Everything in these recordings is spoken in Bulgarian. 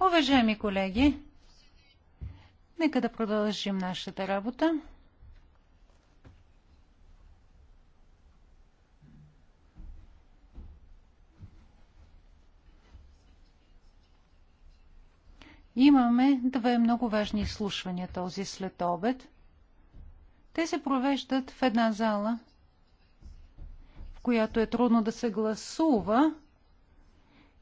Уважаеми колеги, нека да продължим нашата работа. Имаме две много важни изслушвания този след обед. Те се провеждат в една зала, в която е трудно да се гласува,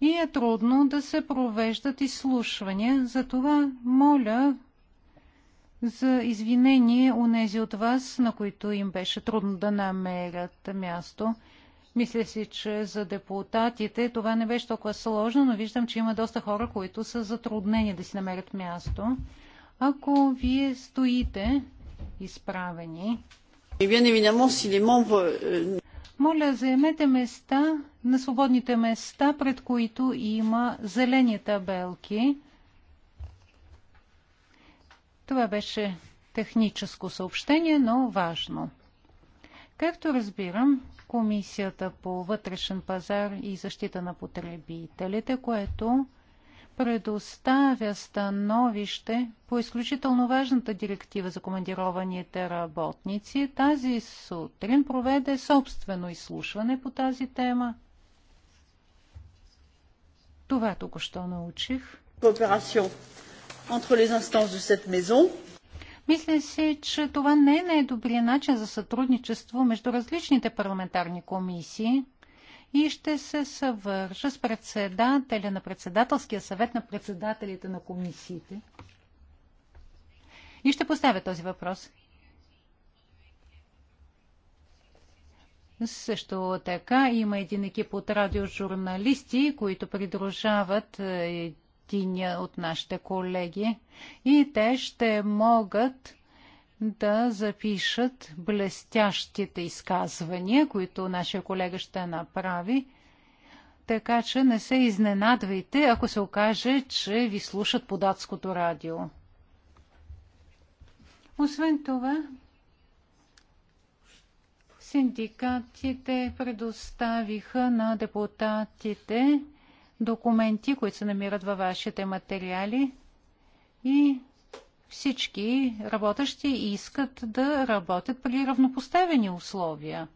и е трудно да се провеждат изслушвания. Затова моля за извинение у нези от вас, на които им беше трудно да намерят място. Мисля си, че за депутатите това не беше толкова сложно, но виждам, че има доста хора, които са затруднени да си намерят място. Ако вие стоите изправени, euh, моля, заемете места, на свободните места, пред които има зелени табелки. Това беше техническо съобщение, но важно. Както разбирам, Комисията по вътрешен пазар и защита на потребителите, което предоставя становище по изключително важната директива за командированите работници, тази сутрин проведе собствено изслушване по тази тема. Това току-що научих. Мисля си, че това не е най-добрият начин за сътрудничество между различните парламентарни комисии и ще се съвържа с председателя на председателския съвет на председателите на комисиите. И ще поставя този въпрос. Също така има един екип от радиожурналисти, които придружават е, един от нашите колеги и те ще могат да запишат блестящите изказвания, които нашия колега ще направи. Така че не се изненадвайте, ако се окаже, че ви слушат по датското радио. Освен това, Синдикатите предоставиха на депутатите документи, които се намират във вашите материали и всички работещи искат да работят при равнопоставени условия.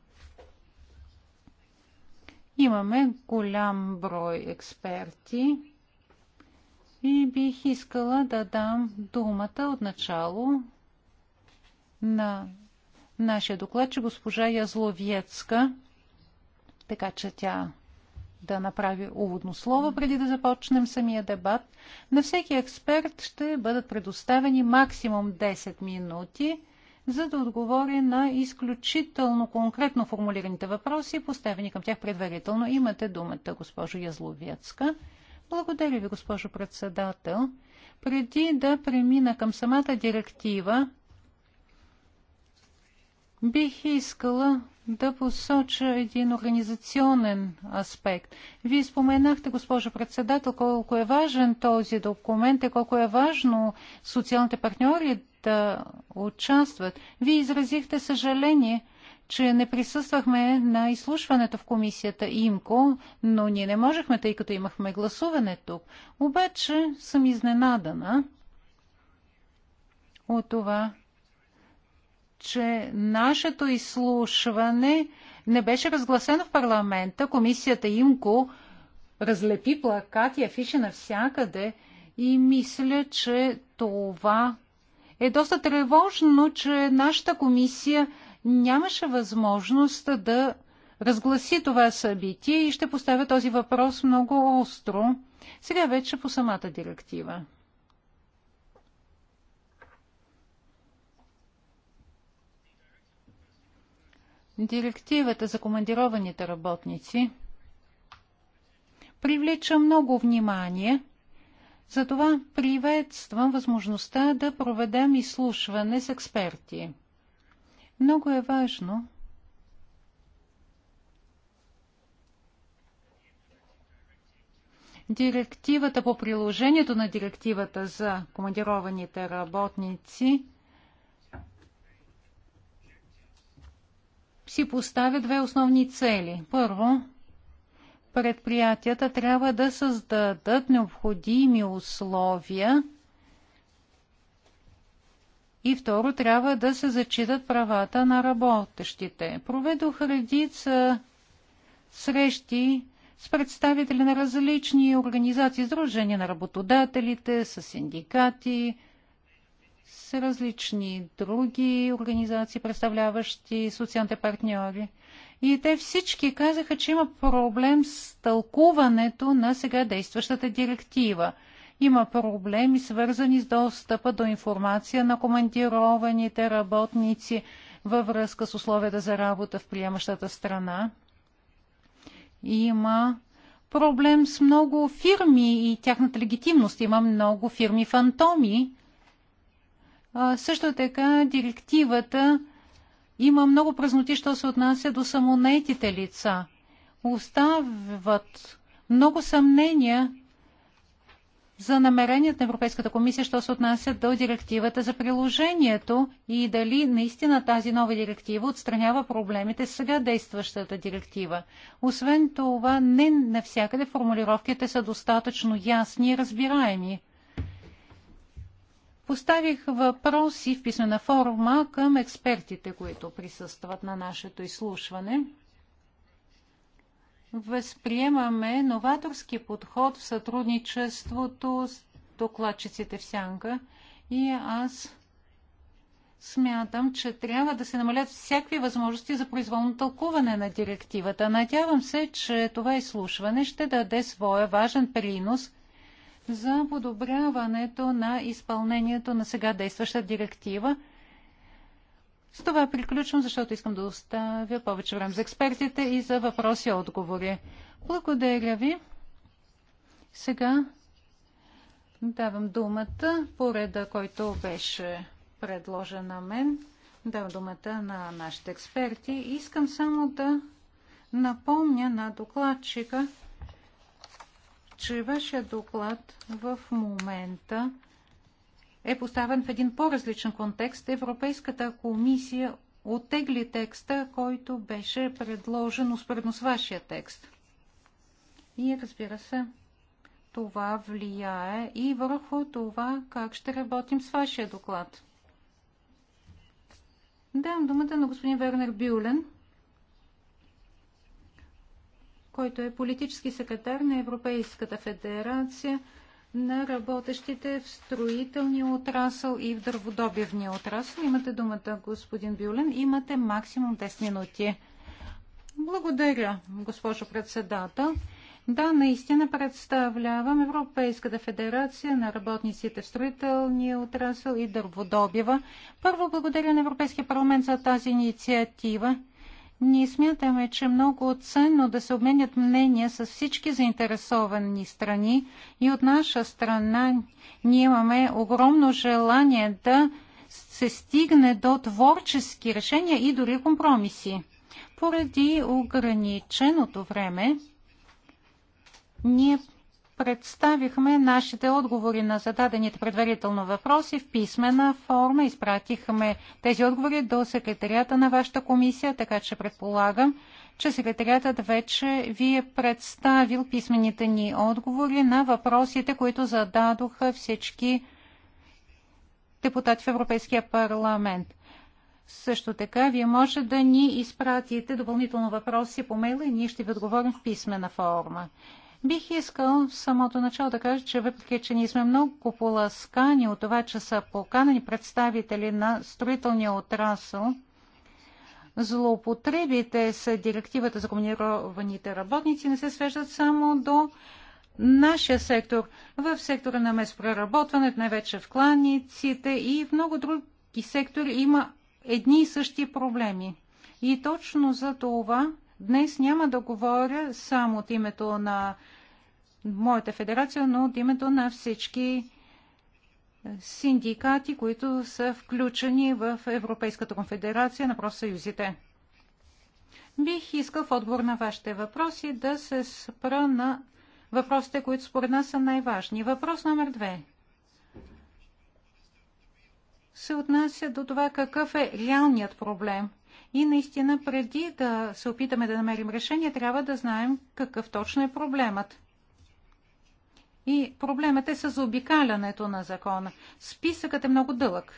Имаме голям брой експерти и бих искала да дам думата от начало на нашия доклад, че госпожа Язловецка, така че тя да направи уводно слово, преди да започнем самия дебат. На всеки експерт ще бъдат предоставени максимум 10 минути, за да отговори на изключително конкретно формулираните въпроси, поставени към тях предварително. Имате думата, госпожо Язловецка. Благодаря ви, госпожо председател. Преди да премина към самата директива, Бих искала да посоча един организационен аспект. Вие споменахте, госпожо председател, колко е важен този документ и колко е важно социалните партньори да участват. Вие изразихте съжаление, че не присъствахме на изслушването в комисията ИМКО, но ние не можехме, тъй като имахме гласуване тук. Обаче съм изненадана от това, че нашето изслушване не беше разгласено в парламента. Комисията ИМКО разлепи плакати, афиши навсякъде и мисля, че това е доста тревожно, че нашата комисия нямаше възможност да разгласи това събитие и ще поставя този въпрос много остро. Сега вече по самата директива. Директивата за командированите работници привлича много внимание. Затова приветствам възможността да проведем изслушване с експерти. Много е важно директивата по приложението на директивата за командированите работници си поставя две основни цели. Първо, предприятията трябва да създадат необходими условия и второ, трябва да се зачитат правата на работещите. Проведох редица срещи с представители на различни организации, сдружения на работодателите, с синдикати, с различни други организации, представляващи социалните партньори. И те всички казаха, че има проблем с тълкуването на сега действащата директива. Има проблеми, свързани с достъпа до информация на командированите работници във връзка с условията за работа в приемащата страна. Има проблем с много фирми и тяхната легитимност. Има много фирми-фантоми, също така директивата има много празноти, що се отнася до самонетите лица. Остават много съмнения за намеренията на Европейската комисия, що се отнася до директивата за приложението и дали наистина тази нова директива отстранява проблемите с сега действащата директива. Освен това, не навсякъде формулировките са достатъчно ясни и разбираеми. Поставих въпроси в писмена форма към експертите, които присъстват на нашето изслушване. Възприемаме новаторски подход в сътрудничеството с докладчиците в Сянка и аз смятам, че трябва да се намалят всякакви възможности за произволно тълкуване на директивата. Надявам се, че това изслушване ще даде своя важен принос – за подобряването на изпълнението на сега действаща директива. С това приключвам, защото искам да оставя повече време за експертите и за въпроси и отговори. Благодаря ви. Сега давам думата по реда, който беше предложен на мен. Давам думата на нашите експерти. Искам само да напомня на докладчика, че вашия доклад в момента е поставен в един по-различен контекст. Европейската комисия отегли текста, който беше предложен успоредно с вашия текст. И разбира се, това влияе и върху това, как ще работим с вашия доклад. Давам думата на господин Вернер Бюлен, който е политически секретар на Европейската федерация на работещите в строителния отрасъл и в дърводобивния отрасъл. Имате думата, господин Бюлен. Имате максимум 10 минути. Благодаря, госпожо председател. Да, наистина представлявам Европейската федерация на работниците в строителния отрасъл и дърводобива. Първо благодаря на Европейския парламент за тази инициатива. Ние смятаме, че много ценно да се обменят мнения с всички заинтересовани страни и от наша страна ние имаме огромно желание да се стигне до творчески решения и дори компромиси. Поради ограниченото време, ние представихме нашите отговори на зададените предварително въпроси в писмена форма. Изпратихме тези отговори до секретарията на вашата комисия, така че предполагам, че секретариатът вече ви е представил писмените ни отговори на въпросите, които зададоха всички депутати в Европейския парламент. Също така, вие може да ни изпратите допълнително въпроси по мейла и ние ще ви отговорим в писмена форма. Бих искал в самото начало да кажа, че въпреки, че ние сме много поласкани от това, че са поканани представители на строителния отрасъл, злоупотребите с директивата за комбинированите работници не се свеждат само до нашия сектор. В сектора на месопреработването, най-вече в кланиците и в много други сектори има едни и същи проблеми. И точно за това Днес няма да говоря само от името на моята федерация, но от името на всички синдикати, които са включени в Европейската конфедерация на профсъюзите. Бих искал в отговор на вашите въпроси да се спра на въпросите, които според нас са най-важни. Въпрос номер две се отнася до това какъв е реалният проблем – и наистина, преди да се опитаме да намерим решение, трябва да знаем какъв точно е проблемът. И проблемът е с обикалянето на закона. Списъкът е много дълъг.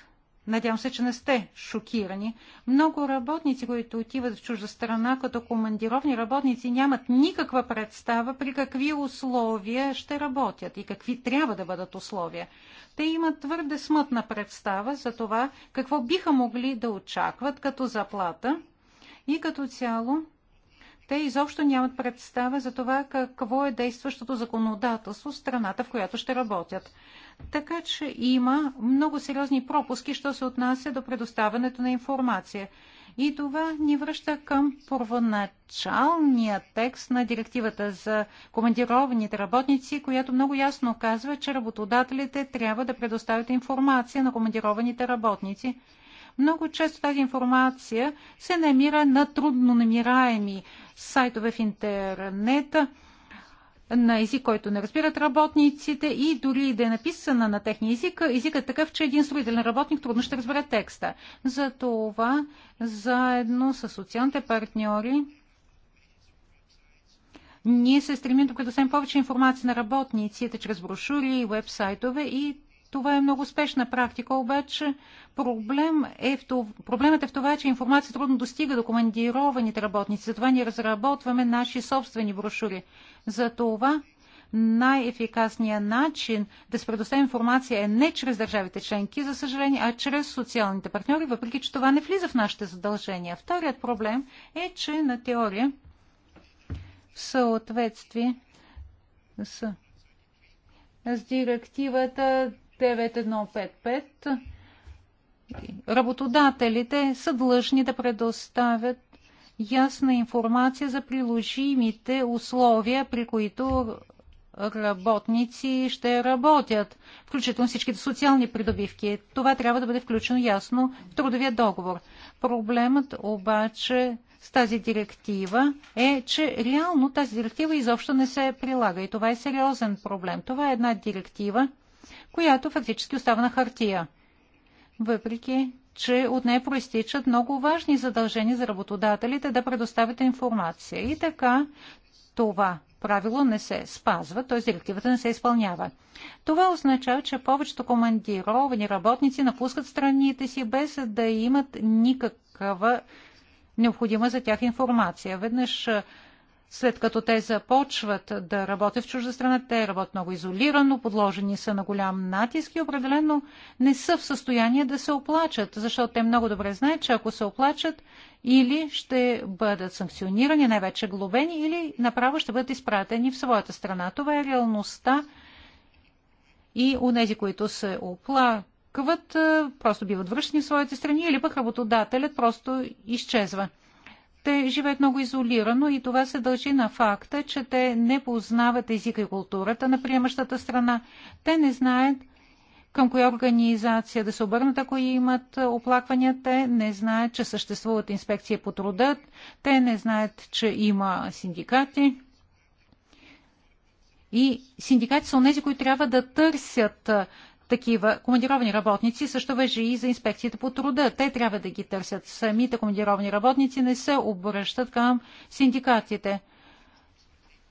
Надявам се, че не сте шокирани. Много работници, които отиват в чужда страна като командировни работници, нямат никаква представа при какви условия ще работят и какви трябва да бъдат условия. Те имат твърде смътна представа за това какво биха могли да очакват като заплата и като цяло те изобщо нямат представа за това какво е действащото законодателство в страната, в която ще работят. Така че има много сериозни пропуски, що се отнася до предоставянето на информация. И това ни връща към първоначалния текст на директивата за командированите работници, която много ясно казва, че работодателите трябва да предоставят информация на командированите работници. Много често тази информация се намира на трудно намираеми сайтове в интернета, на език, който не разбират работниците и дори да е написана на техния език, езикът е такъв, че един строителен работник трудно ще разбере текста. Затова заедно с социалните партньори ние се стремим да предоставим повече информация на работниците чрез брошури и вебсайтове и това е много успешна практика, обаче проблем е в това, проблемът е в това, че информация трудно достига до командированите работници. Затова ние разработваме наши собствени брошури. За това най-ефикасният начин да се предоставя информация е не чрез държавите членки, за съжаление, а чрез социалните партньори, въпреки че това не влиза в нашите задължения. Вторият проблем е, че на теория в съответствие с, с директивата 9155 работодателите са длъжни да предоставят ясна информация за приложимите условия, при които работници ще работят, включително всичките социални придобивки. Това трябва да бъде включено ясно в трудовия договор. Проблемът обаче с тази директива е, че реално тази директива изобщо не се прилага и това е сериозен проблем. Това е една директива, която фактически остава на хартия. Въпреки, че от нея проистичат много важни задължения за работодателите да предоставят информация. И така това правило не се спазва, т.е. директивата не се изпълнява. Това означава, че повечето командировани работници напускат страните си без да имат никаква необходима за тях информация. Веднъж след като те започват да работят в чужда страна, те работят много изолирано, подложени са на голям натиск и определено не са в състояние да се оплачат, защото те много добре знаят, че ако се оплачат, или ще бъдат санкционирани, най-вече глобени, или направо ще бъдат изпратени в своята страна. Това е реалността и у нези, които се оплакват, просто биват връщани в своите страни, или пък работодателят просто изчезва те живеят много изолирано и това се дължи на факта, че те не познават езика и културата на приемащата страна. Те не знаят към коя организация да се обърнат, ако имат оплаквания. Те не знаят, че съществуват инспекции по труда. Те не знаят, че има синдикати. И синдикати са тези, които трябва да търсят такива командировани работници. Също въжи и за инспекциите по труда. Те трябва да ги търсят. Самите командировани работници не се обръщат към синдикатите.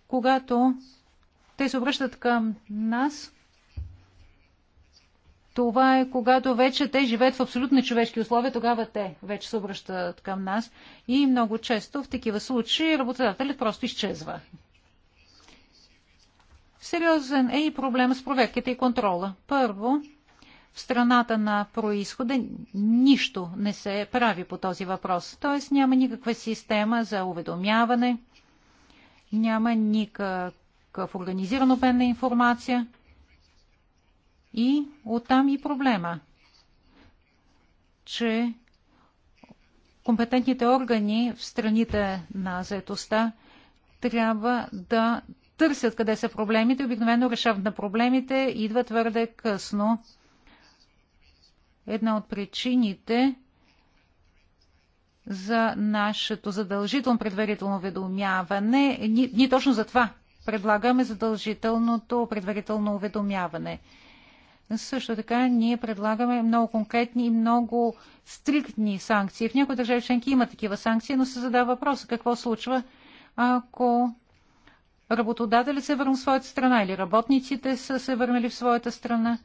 Когато те се обръщат към нас, това е когато вече те живеят в абсолютно човешки условия, тогава те вече се обръщат към нас и много често в такива случаи работодателят просто изчезва Сериозен е и проблем с проверките и контрола. Първо, в страната на происхода нищо не се прави по този въпрос. Т.е. няма никаква система за уведомяване, няма никакъв организиран обмен на информация и оттам и проблема, че компетентните органи в страните на заетостта трябва да търсят къде са проблемите. Обикновено решават на проблемите идва твърде късно. Една от причините за нашето задължително предварително уведомяване, ние, ние точно за това предлагаме задължителното предварително уведомяване. Също така ние предлагаме много конкретни и много стриктни санкции. В някои държави членки има такива санкции, но се задава въпрос какво случва, ако работодателят се е върнал в своята страна или работниците са се върнали в своята страна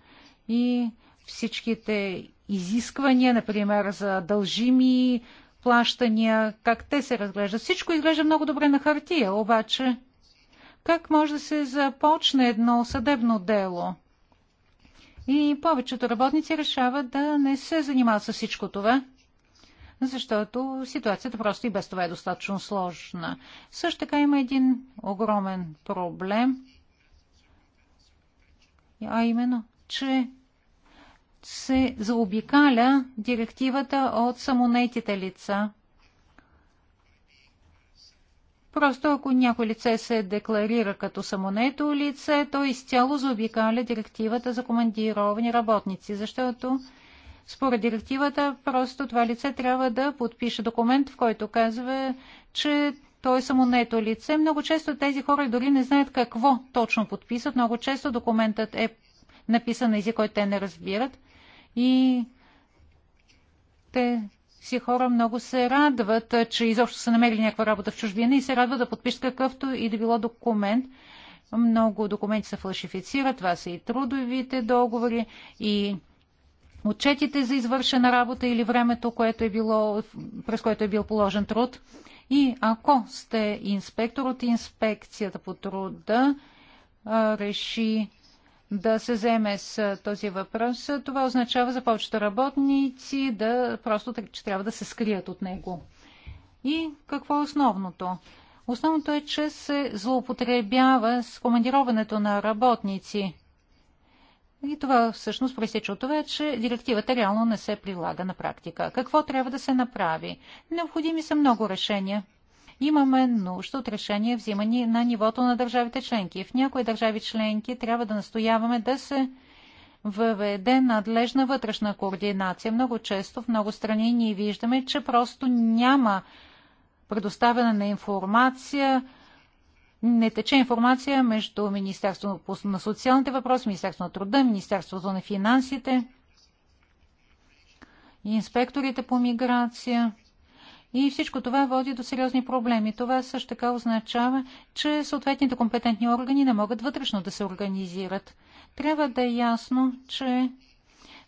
и всичките изисквания, например, за дължими плащания, как те се разглеждат. Всичко изглежда много добре на хартия, обаче как може да се започне едно съдебно дело? И повечето работници решават да не се занимават с всичко това защото ситуацията просто и без това е достатъчно сложна. Също така има един огромен проблем, а именно, че се заобикаля директивата от самонетите лица. Просто ако някой лице се декларира като самонето лице, то изцяло заобикаля директивата за командировани работници, защото според директивата, просто това лице трябва да подпише документ, в който казва, че той е самонето лице. Много често тези хора дори не знаят какво точно подписат. Много често документът е написан на език, който те не разбират. И те си хора много се радват, че изобщо са намерили някаква работа в чужбина и се радват да подпишат какъвто и да било документ. Много документи се фалшифицират, това са и трудовите договори, и отчетите за извършена работа или времето, което е било, през което е бил положен труд. И ако сте инспектор от инспекцията по труда, реши да се вземе с този въпрос, това означава за повечето работници да просто че трябва да се скрият от него. И какво е основното? Основното е, че се злоупотребява с командироването на работници. И това всъщност пресече от това, че директивата реално не се прилага на практика. Какво трябва да се направи? Необходими са много решения. Имаме нужда от решения, взимани на нивото на държавите членки. В някои държави членки трябва да настояваме да се въведе надлежна вътрешна координация. Много често в много страни ние виждаме, че просто няма предоставяне на информация, не тече информация между Министерството на социалните въпроси, Министерство на труда, Министерството на финансите, инспекторите по миграция. И всичко това води до сериозни проблеми. Това също така означава, че съответните компетентни органи не могат вътрешно да се организират. Трябва да е ясно, че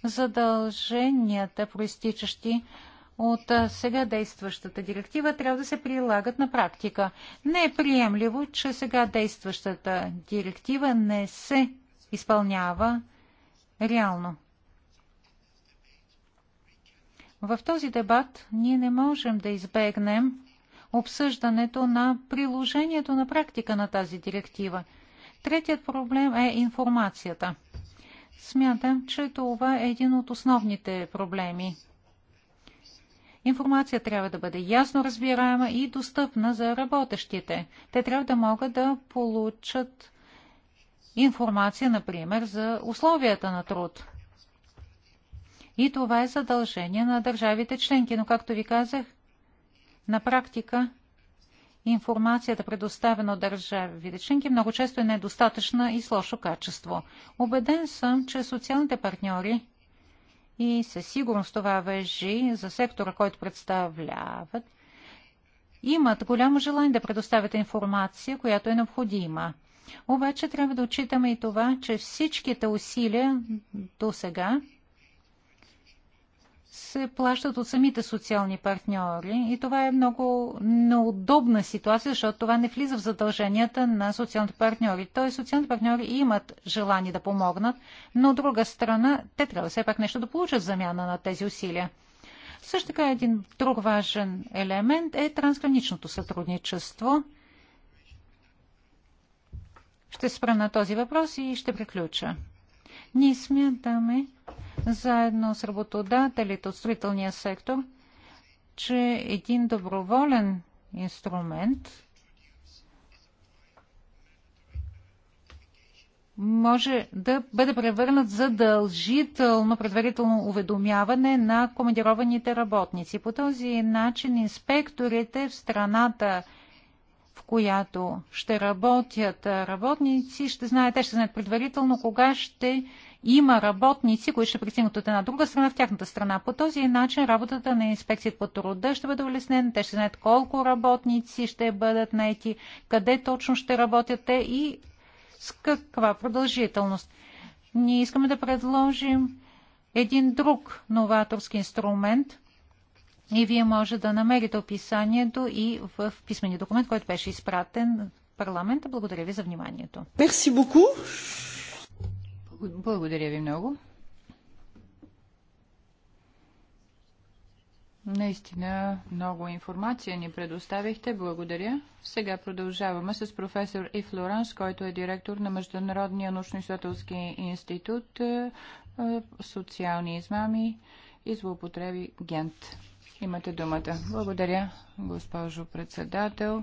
задълженията, проистичащи от сега действащата директива трябва да се прилагат на практика. Не е приемливо, че сега действащата директива не се изпълнява реално. В този дебат ние не можем да избегнем обсъждането на приложението на практика на тази директива. Третият проблем е информацията. Смятам, че това е един от основните проблеми. Информация трябва да бъде ясно разбираема и достъпна за работещите. Те трябва да могат да получат информация, например, за условията на труд. И това е задължение на държавите членки, но както ви казах, на практика информацията, предоставена от държавите членки, много често е недостатъчна и с лошо качество. Обеден съм, че социалните партньори и със сигурност това въжи за сектора, който представляват, имат голямо желание да предоставят информация, която е необходима. Обаче трябва да отчитаме и това, че всичките усилия до сега се плащат от самите социални партньори и това е много неудобна ситуация, защото това не влиза в задълженията на социалните партньори. Т.е. социалните партньори имат желание да помогнат, но от друга страна те трябва все пак нещо да получат замяна на тези усилия. Също така един друг важен елемент е трансграничното сътрудничество. Ще спра на този въпрос и ще приключа. Ние смятаме, заедно с работодателите от строителния сектор, че един доброволен инструмент може да бъде превърнат задължително предварително уведомяване на командированите работници. По този начин инспекторите в страната която ще работят работници, ще знаят, те ще знаят предварително кога ще има работници, които ще пристигнат от една друга страна в тяхната страна. По този начин работата на инспекцията по труда ще бъде улеснена. Те ще знаят колко работници ще бъдат наети, къде точно ще работят те и с каква продължителност. Ние искаме да предложим един друг новаторски инструмент – и вие може да намерите описанието и в писмения документ, който беше изпратен в парламента. Благодаря ви за вниманието. Мерси буку. Благодаря ви много. Наистина много информация ни предоставихте. Благодаря. Сега продължаваме с професор Ив Лоранс, който е директор на Международния научно-изследователски институт е, е, социални измами и злоупотреби Гент. Имате думата. Благодаря, госпожо председател.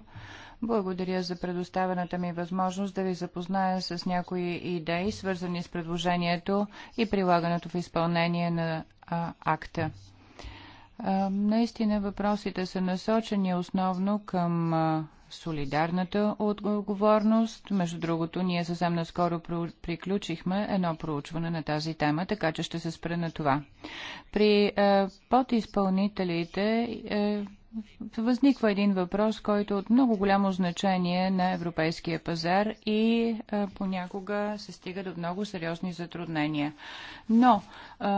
Благодаря за предоставената ми възможност да ви запозная с някои идеи, свързани с предложението и прилагането в изпълнение на а, акта. А, наистина въпросите са насочени основно към а, солидарната отговорност. Между другото, ние съвсем наскоро приключихме едно проучване на тази тема, така че ще се спре на това. При е, подизпълнителите е, възниква един въпрос, който е от много голямо значение на европейския пазар и а, понякога се стига до много сериозни затруднения. Но, а,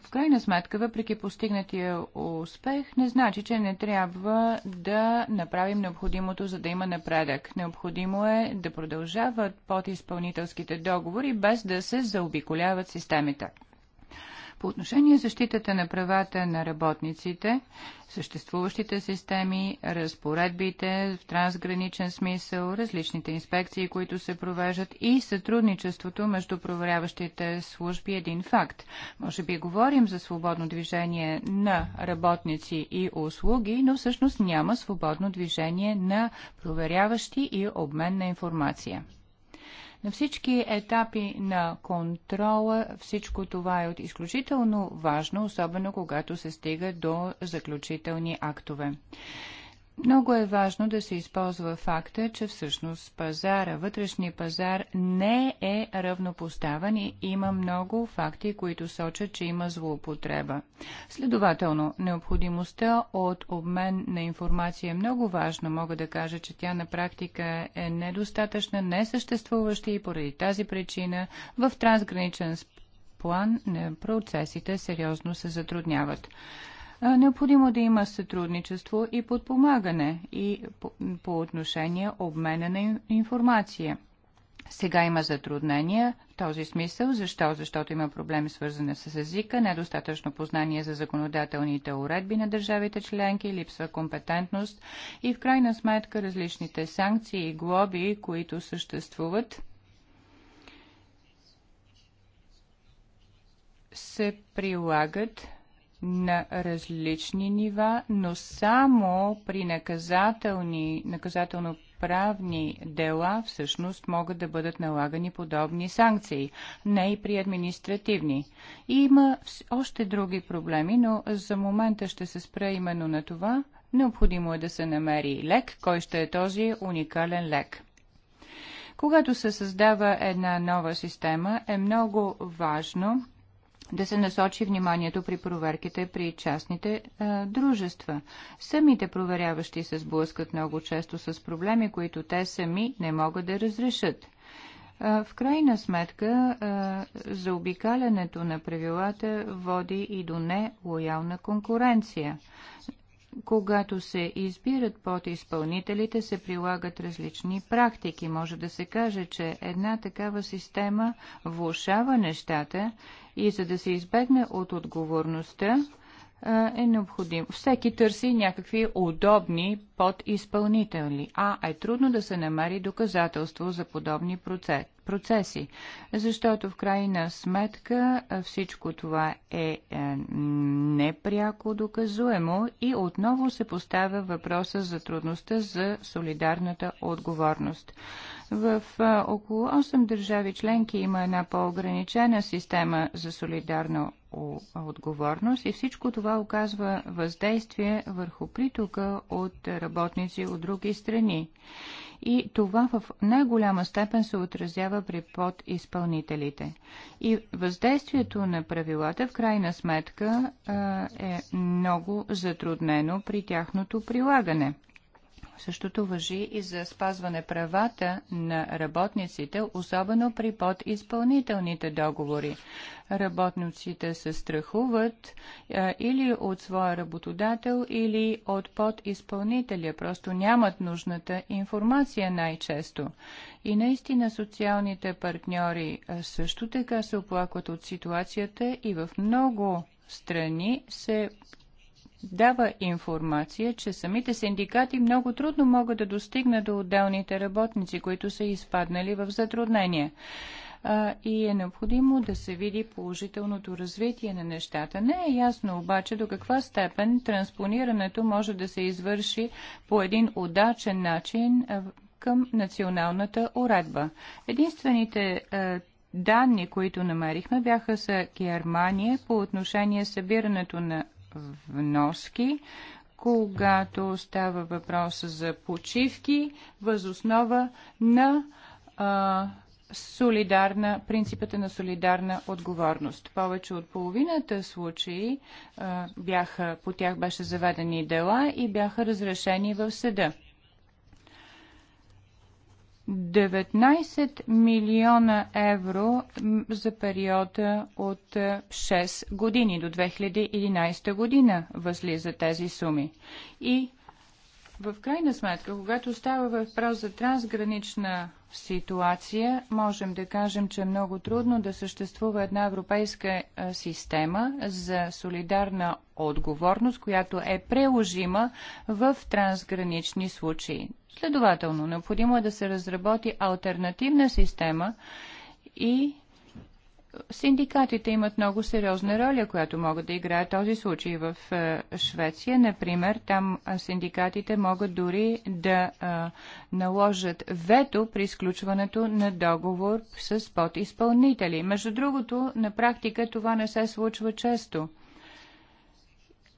в крайна сметка, въпреки постигнатия успех, не значи, че не трябва да направим необходимото, за да има напредък. Необходимо е да продължават подизпълнителските договори, без да се заобиколяват системите. По отношение защитата на правата на работниците, съществуващите системи, разпоредбите в трансграничен смисъл, различните инспекции, които се провеждат и сътрудничеството между проверяващите служби е един факт. Може би говорим за свободно движение на работници и услуги, но всъщност няма свободно движение на проверяващи и обмен на информация. На всички етапи на контрола всичко това е от изключително важно, особено когато се стига до заключителни актове. Много е важно да се използва факта, че всъщност пазара, вътрешния пазар не е равнопоставен и има много факти, които сочат, че има злоупотреба. Следователно, необходимостта от обмен на информация е много важна. Мога да кажа, че тя на практика е недостатъчна, несъществуваща и поради тази причина в трансграничен план процесите сериозно се затрудняват. Необходимо да има сътрудничество и подпомагане и по, по отношение обмена на информация. Сега има затруднения в този смисъл. Защо? Защото има проблеми свързани с езика, недостатъчно познание за законодателните уредби на държавите членки, липсва компетентност и в крайна сметка различните санкции и глоби, които съществуват, се прилагат на различни нива, но само при наказателни, наказателно правни дела всъщност могат да бъдат налагани подобни санкции, не и при административни. Има още други проблеми, но за момента ще се спра именно на това. Необходимо е да се намери лек, кой ще е този уникален лек. Когато се създава една нова система, е много важно да се насочи вниманието при проверките при частните а, дружества. Самите проверяващи се сблъскат много често с проблеми, които те сами не могат да разрешат. А, в крайна сметка, а, заобикалянето на правилата води и до нелоялна конкуренция. Когато се избират подизпълнителите, се прилагат различни практики. Може да се каже, че една такава система влушава нещата и за да се избегне от отговорността, е необходим. Всеки търси някакви удобни подизпълнители, а е трудно да се намери доказателство за подобни процеси, защото в крайна сметка всичко това е, е непряко доказуемо и отново се поставя въпроса за трудността за солидарната отговорност. В около 8 държави членки има една по-ограничена система за солидарна отговорност и всичко това оказва въздействие върху притока от работници от други страни. И това в най-голяма степен се отразява при подизпълнителите. И въздействието на правилата в крайна сметка е много затруднено при тяхното прилагане. Същото въжи и за спазване правата на работниците, особено при подизпълнителните договори. Работниците се страхуват а, или от своя работодател, или от подизпълнителя. Просто нямат нужната информация най-често. И наистина социалните партньори също така се оплакват от ситуацията и в много страни се дава информация, че самите синдикати много трудно могат да достигнат до отделните работници, които са изпаднали в затруднение. А, и е необходимо да се види положителното развитие на нещата. Не е ясно обаче до каква степен транспонирането може да се извърши по един удачен начин към националната уредба. Единствените е, данни, които намерихме, бяха за Германия по отношение събирането на вноски, когато става въпрос за почивки възоснова на а, солидарна, принципата на солидарна отговорност. Повече от половината случаи а, бяха, по тях беше заведени дела и бяха разрешени в съда. 19 милиона евро за периода от 6 е, години до 2011 година възлиза тези суми. И в крайна сметка, когато става въпрос за трансгранична ситуация, можем да кажем, че е много трудно да съществува една европейска система за солидарна отговорност, която е приложима в трансгранични случаи. Следователно, необходимо е да се разработи альтернативна система и Синдикатите имат много сериозна роля, която могат да играят този случай в е, Швеция. Например, там е, синдикатите могат дори да е, наложат вето при изключването на договор с подизпълнители. Между другото, на практика това не се случва често.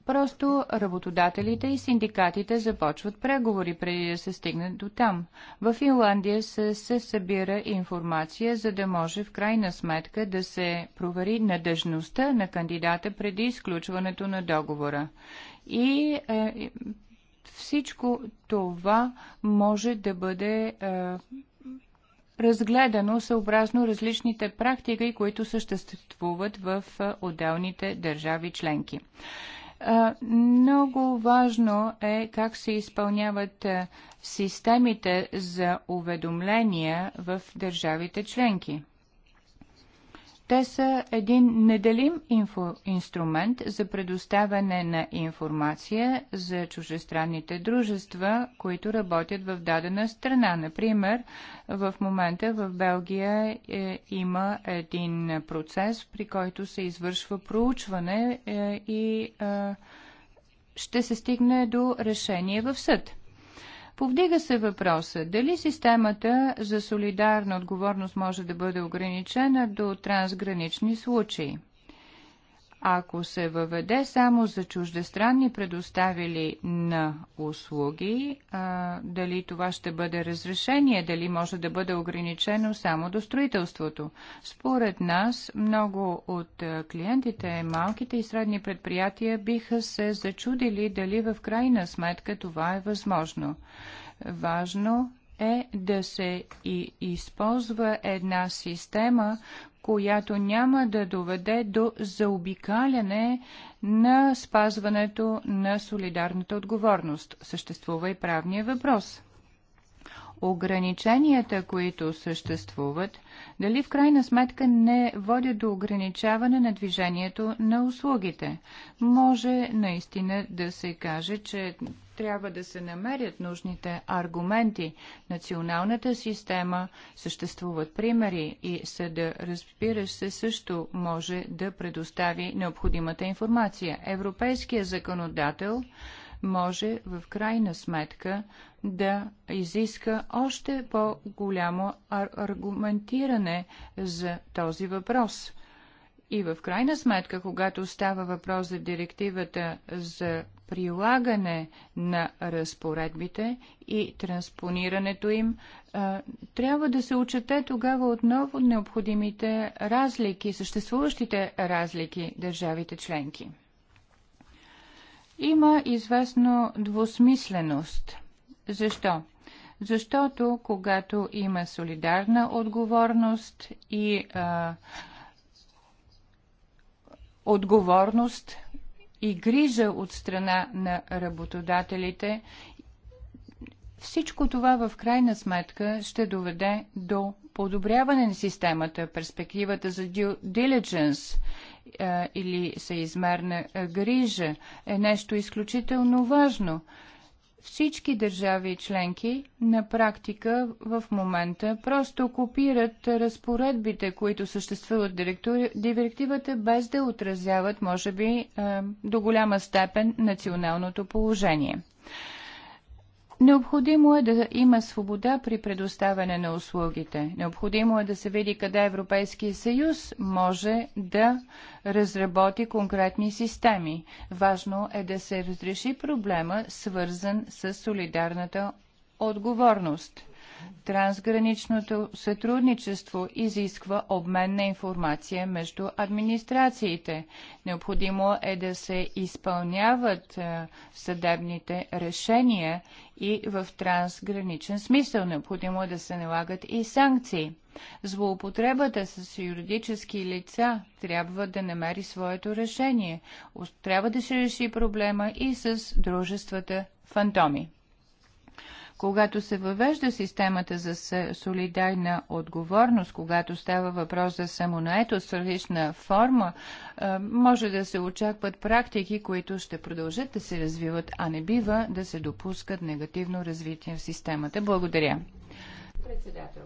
Просто работодателите и синдикатите започват преговори преди да се стигне до там. В Финландия се, се събира информация, за да може в крайна сметка да се провери надъжността на кандидата преди изключването на договора. И е, всичко това може да бъде е, разгледано съобразно различните практики, които съществуват в е, отделните държави членки. Много важно е как се изпълняват системите за уведомления в държавите членки. Те са един неделим инфо инструмент за предоставяне на информация за чужестранните дружества, които работят в дадена страна. Например, в момента в Белгия е, има един процес, при който се извършва проучване е, и е, ще се стигне до решение в съд. Повдига се въпроса дали системата за солидарна отговорност може да бъде ограничена до трансгранични случаи ако се въведе само за чуждестранни предоставили на услуги, а, дали това ще бъде разрешение, дали може да бъде ограничено само до строителството. Според нас, много от клиентите, малките и средни предприятия биха се зачудили дали в крайна сметка това е възможно. Важно е да се и използва една система, която няма да доведе до заобикаляне на спазването на солидарната отговорност. Съществува и правния въпрос ограниченията, които съществуват, дали в крайна сметка не водят до ограничаване на движението на услугите. Може наистина да се каже, че трябва да се намерят нужните аргументи. Националната система съществуват примери и съда, разбираш се, също може да предостави необходимата информация. Европейския законодател може в крайна сметка да изиска още по-голямо аргументиране за този въпрос. И в крайна сметка, когато става въпрос за директивата за прилагане на разпоредбите и транспонирането им, трябва да се учете тогава отново необходимите разлики, съществуващите разлики държавите членки. Има известно двусмисленост. Защо? Защото когато има солидарна отговорност и а, отговорност и грижа от страна на работодателите, всичко това в крайна сметка ще доведе до подобряване на системата, перспективата за due diligence е, или съизмерна е, грижа е нещо изключително важно. Всички държави членки на практика в момента просто копират разпоредбите, които съществуват директивата, без да отразяват, може би, е, до голяма степен националното положение. Необходимо е да има свобода при предоставяне на услугите. Необходимо е да се види къде Европейския съюз може да разработи конкретни системи. Важно е да се разреши проблема, свързан с солидарната отговорност. Трансграничното сътрудничество изисква обмен на информация между администрациите. Необходимо е да се изпълняват е, съдебните решения и в трансграничен смисъл. Необходимо е да се налагат и санкции. Злоупотребата с юридически лица трябва да намери своето решение. Трябва да се реши проблема и с дружествата фантоми. Когато се въвежда системата за солидарна отговорност, когато става въпрос за самонаетост с различна форма, е, може да се очакват практики, които ще продължат да се развиват, а не бива да се допускат негативно развитие в системата. Благодаря. Председател.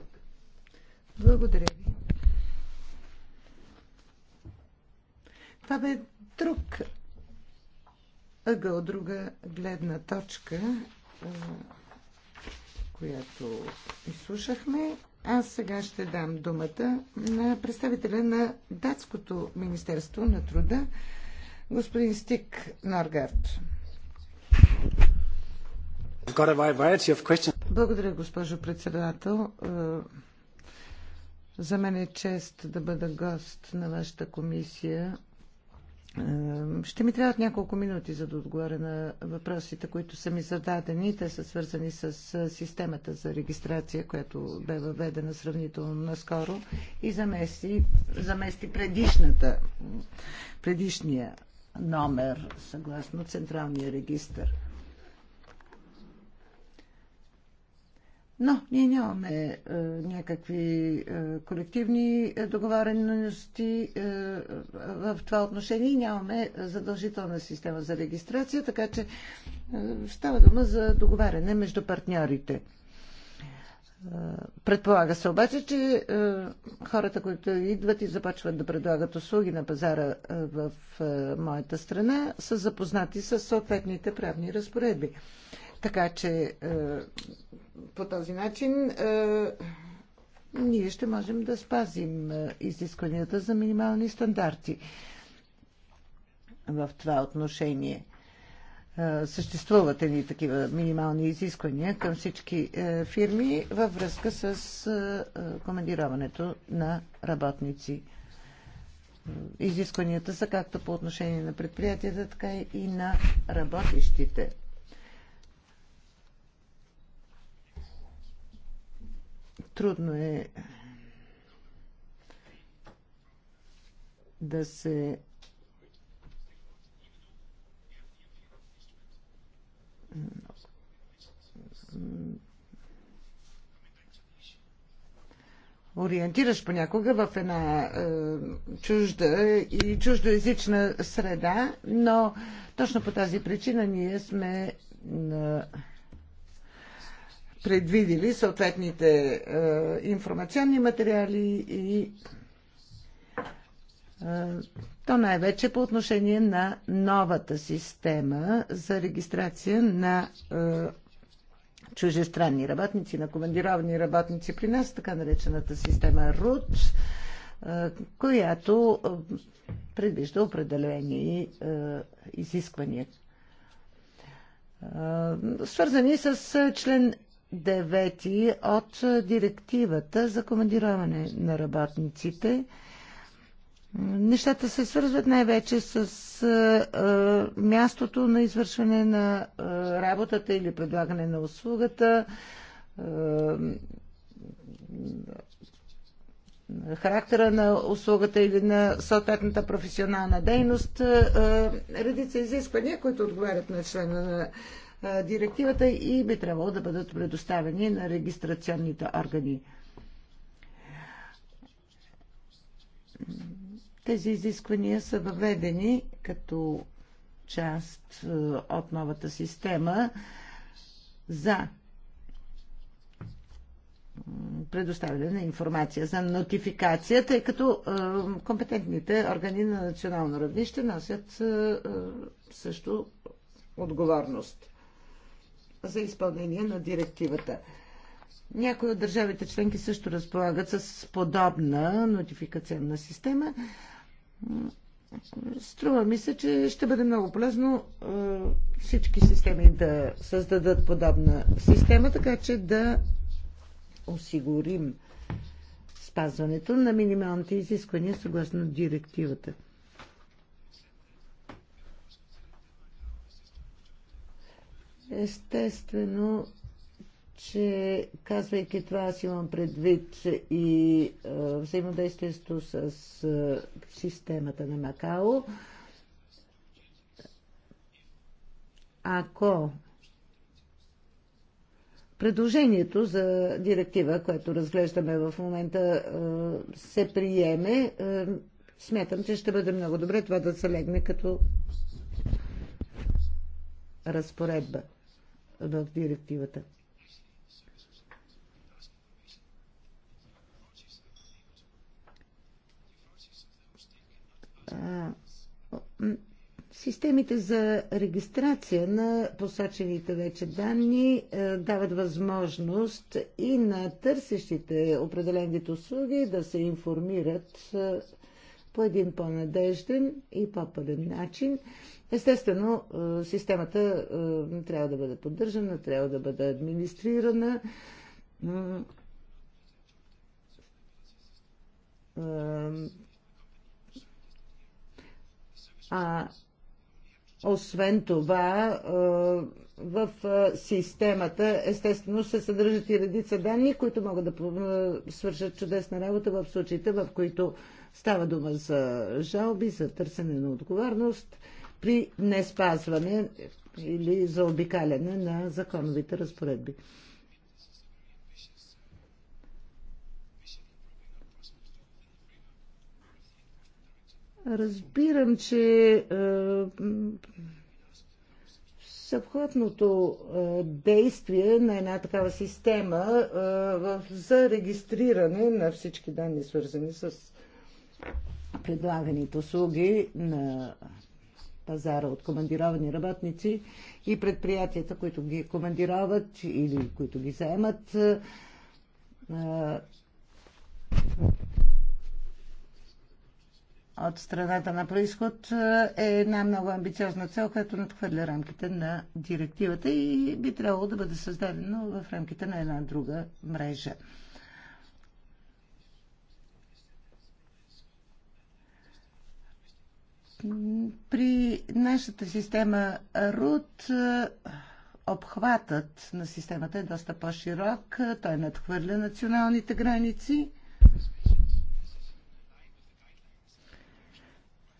Благодаря ви. Това бе друг ъгъл, друга гледна точка е, която изслушахме. Аз сега ще дам думата на представителя на Датското Министерство на труда, господин Стик Норгард. Благодаря, госпожо председател. Е, за мен е чест да бъда гост на вашата комисия е, ще ми трябват няколко минути, за да отговоря на въпросите, които са ми зададени. Те са свързани с е, системата за регистрация, която бе въведена сравнително наскоро и замести, замести предишната, предишния номер, съгласно Централния регистр. Но ние нямаме е, някакви е, колективни договорености е, в това отношение и нямаме задължителна система за регистрация, така че е, става дума за договаряне между партньорите. Е, предполага се обаче, че е, хората, които идват и започват да предлагат услуги на пазара е, в е, моята страна, са запознати с съответните правни разпоредби. Така че е, по този начин е, ние ще можем да спазим е, изискванията за минимални стандарти в това отношение. Съществуват едни такива минимални изисквания към всички фирми във връзка с командироването на работници. Изискванията са както по отношение на предприятията, така и на работещите. Трудно е да се ориентираш понякога в една е, чужда и чуждоязична среда, но точно по тази причина ние сме на. Е, предвидили съответните е, информационни материали и е, то най-вече по отношение на новата система за регистрация на е, чужестранни работници, на командировани работници при нас, така наречената система РУД, която предвижда определени изисквания, свързани с член 9 от директивата за командироване на работниците. Нещата се свързват най-вече с а, мястото на извършване на а, работата или предлагане на услугата, а, характера на услугата или на съответната професионална дейност, а, редица изисквания, които отговарят на члена на директивата и би трябвало да бъдат предоставени на регистрационните органи. Тези изисквания са въведени като част от новата система за предоставяне на информация за нотификация, тъй като е, компетентните органи на национално равнище носят е, също отговорност за изпълнение на директивата. Някои от държавите членки също разполагат с подобна нотификационна система. Струва ми се, че ще бъде много полезно е, всички системи да създадат подобна система, така че да осигурим спазването на минималните изисквания съгласно директивата. Естествено, че казвайки това, аз имам предвид и а, взаимодействието с а, системата на Макао. Ако предложението за директива, което разглеждаме в момента, се приеме, смятам, че ще бъде много добре това да се легне като разпоредба в директивата. Системите за регистрация на посочените вече данни дават възможност и на търсещите определените услуги да се информират по един по-надежден и по-пълен начин. Естествено, е, системата е, трябва да бъде поддържана, трябва да бъде администрирана. Е, а освен това, в системата естествено се съдържат и редица данни, които могат да свършат чудесна работа в случаите, в които Става дума за жалби, за търсене на отговорност при неспазване или за обикаляне на законовите разпоредби. Разбирам, че е, съвхватното е, действие на една такава система е, за регистриране на всички данни, свързани с предлаганите услуги на пазара от командировани работници и предприятията, които ги командироват или които ги заемат. От страната на происход е една много амбициозна цел, която надхвърля рамките на директивата и би трябвало да бъде създадено в рамките на една друга мрежа. При нашата система РУД е, обхватът на системата е доста по-широк. Е, той надхвърля националните граници.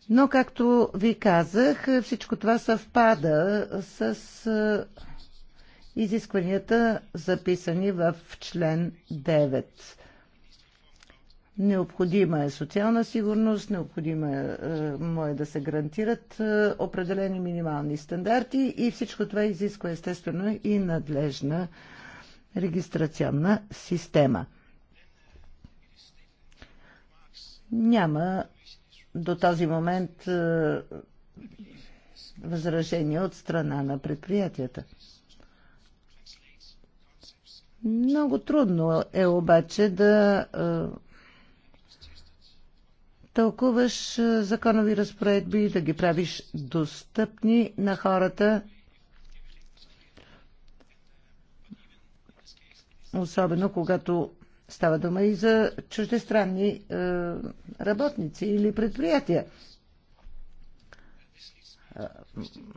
Но, както ви казах, е, всичко това съвпада с изискванията, записани в член 9. Необходима е социална сигурност, необходима е, е да се гарантират е, определени минимални стандарти и всичко това изисква естествено и надлежна регистрационна система. Няма до този момент е, възражения от страна на предприятията. Много трудно е обаче да е, тълкуваш законови разпоредби, да ги правиш достъпни на хората, особено когато става дума и за чуждестранни е, работници или предприятия.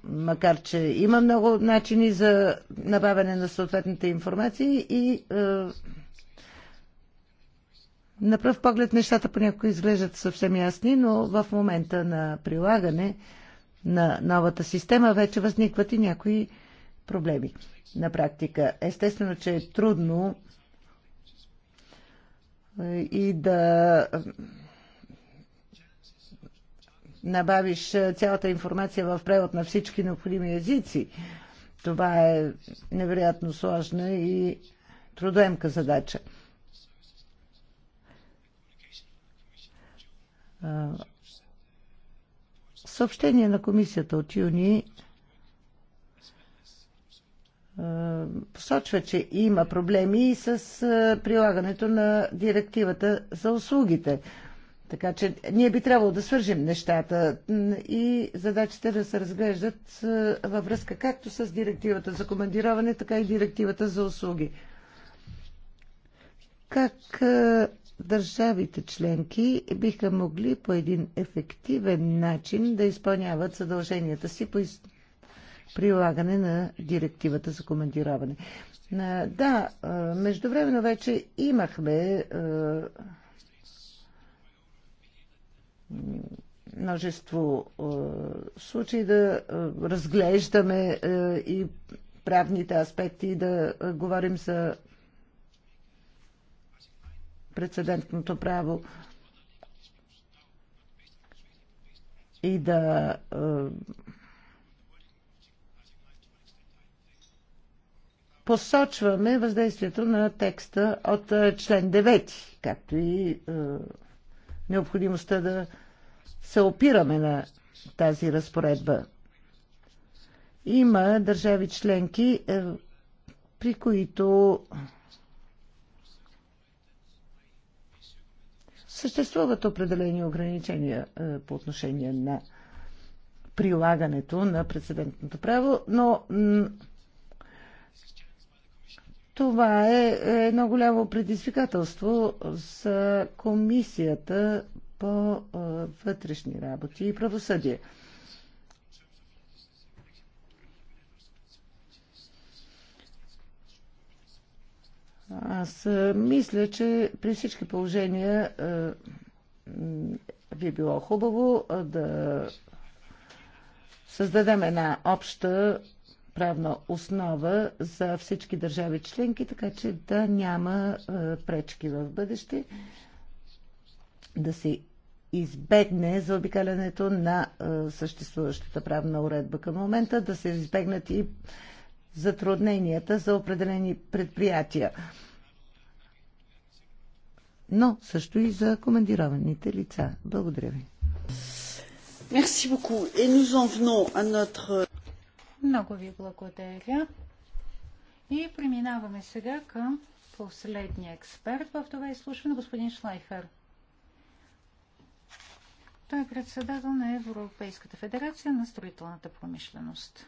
Макар, че има много начини за набавяне на съответната информация и е, на пръв поглед нещата понякога изглеждат съвсем ясни, но в момента на прилагане на новата система вече възникват и някои проблеми на практика. Естествено, че е трудно е, и да набавиш е, цялата информация в превод на всички необходими езици. Това е невероятно сложна и трудоемка задача. Съобщение на комисията от юни посочва, че има проблеми и с прилагането на директивата за услугите. Така че ние би трябвало да свържим нещата и задачите да се разглеждат във връзка както с директивата за командироване, така и директивата за услуги. Как държавите членки биха могли по един ефективен начин да изпълняват задълженията си по прилагане на директивата за командироване. Да, междувременно вече имахме множество случаи да разглеждаме и правните аспекти и да говорим за прецедентното право и да е, посочваме въздействието на текста от е, член 9, както и е, необходимостта да се опираме на тази разпоредба. Има държави членки, е, при които Съществуват определени ограничения е, по отношение на прилагането на прецедентното право, но това е, е едно голямо предизвикателство за комисията по е, вътрешни работи и правосъдие. Аз мисля, че при всички положения би било хубаво да създадем една обща правна основа за всички държави членки, така че да няма пречки в бъдеще, да се избегне за обикалянето на съществуващата правна уредба към момента, да се избегнат и затрудненията за определени предприятия, но също и за командированите лица. Благодаря ви. Merci beaucoup. Et nous en venons à notre... Много ви благодаря. И преминаваме сега към последния експерт в това изслушване, господин Шлайфер. Той е председател на Европейската федерация на строителната промишленост.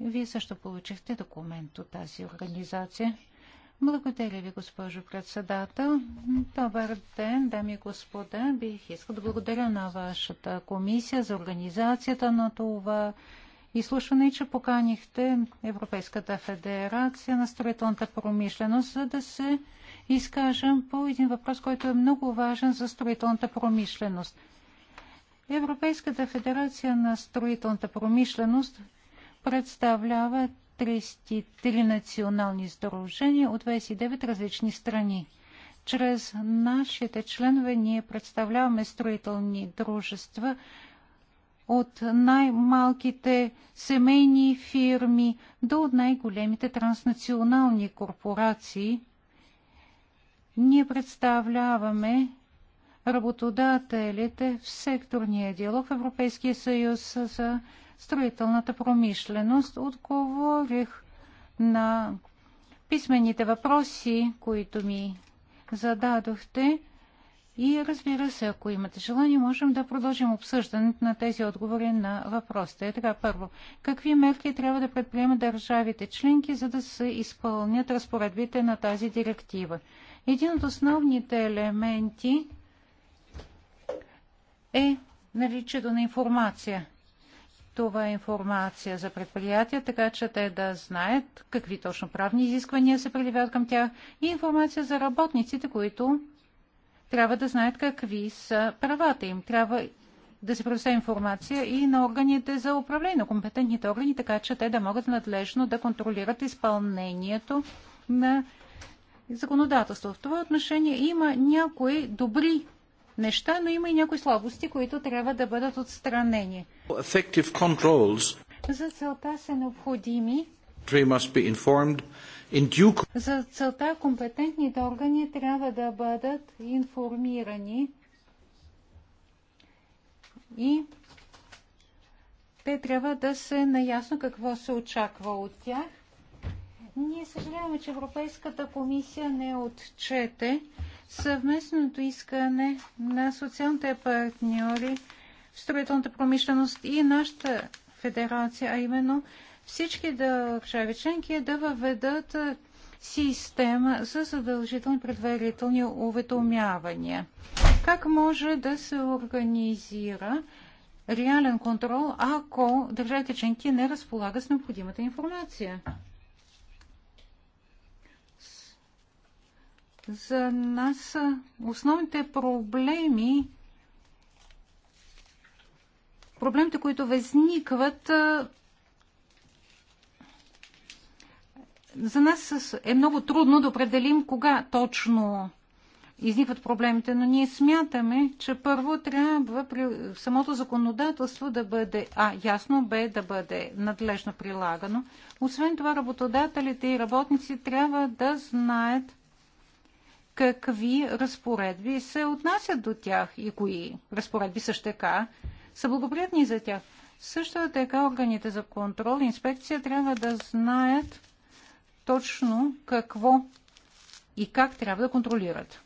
Вие също получихте документ от тази организация. Благодаря ви, госпожо председател. Добър ден, дами и господа. Бих искал да благодаря на вашата комисия за организацията на това изслушване и че поканихте Европейската федерация на строителната промишленост, за да се изкажем по един въпрос, който е много важен за строителната промишленост. Европейската федерация на строителната промишленост представлява 33 национални сдружения от 29 различни страни. Чрез нашите членове ние представляваме строителни дружества от най-малките семейни фирми до най-големите транснационални корпорации. Ние представляваме работодателите в секторния диалог в Европейския съюз за строителната промишленост, отговорих на писмените въпроси, които ми зададохте. И разбира се, ако имате желание, можем да продължим обсъждането на тези отговори на въпросите. Така, първо, какви мерки трябва да предприемат държавите членки, за да се изпълнят разпоредбите на тази директива? Един от основните елементи е наличието на информация това е информация за предприятия, така че те да знаят какви точно правни изисквания се приливят към тях и информация за работниците, които трябва да знаят какви са правата им. Трябва да се предостави информация и на органите за управление, на компетентните органи, така че те да могат надлежно да контролират изпълнението на законодателство. В това отношение има някои добри неща, но има и някои слабости, които трябва да бъдат отстранени. За целта са необходими за целта компетентните органи трябва да бъдат информирани и те трябва да се наясно какво се очаква от тях. Ние съжаляваме, че Европейската комисия не е отчете съвместното искане на социалните партньори в строителната промишленост и нашата федерация, а именно всички държави членки е да въведат система за задължителни предварителни уведомявания. Как може да се организира реален контрол, ако държавите членки не разполагат с необходимата информация? За нас основните проблеми, проблемите, които възникват, за нас е много трудно да определим кога точно изникват проблемите, но ние смятаме, че първо трябва при самото законодателство да бъде, а ясно бе да бъде надлежно прилагано. Освен това, работодателите и работници трябва да знаят какви разпоредби се отнасят до тях и кои разпоредби също така са благоприятни за тях. Също така органите за контрол и инспекция трябва да знаят точно какво и как трябва да контролират.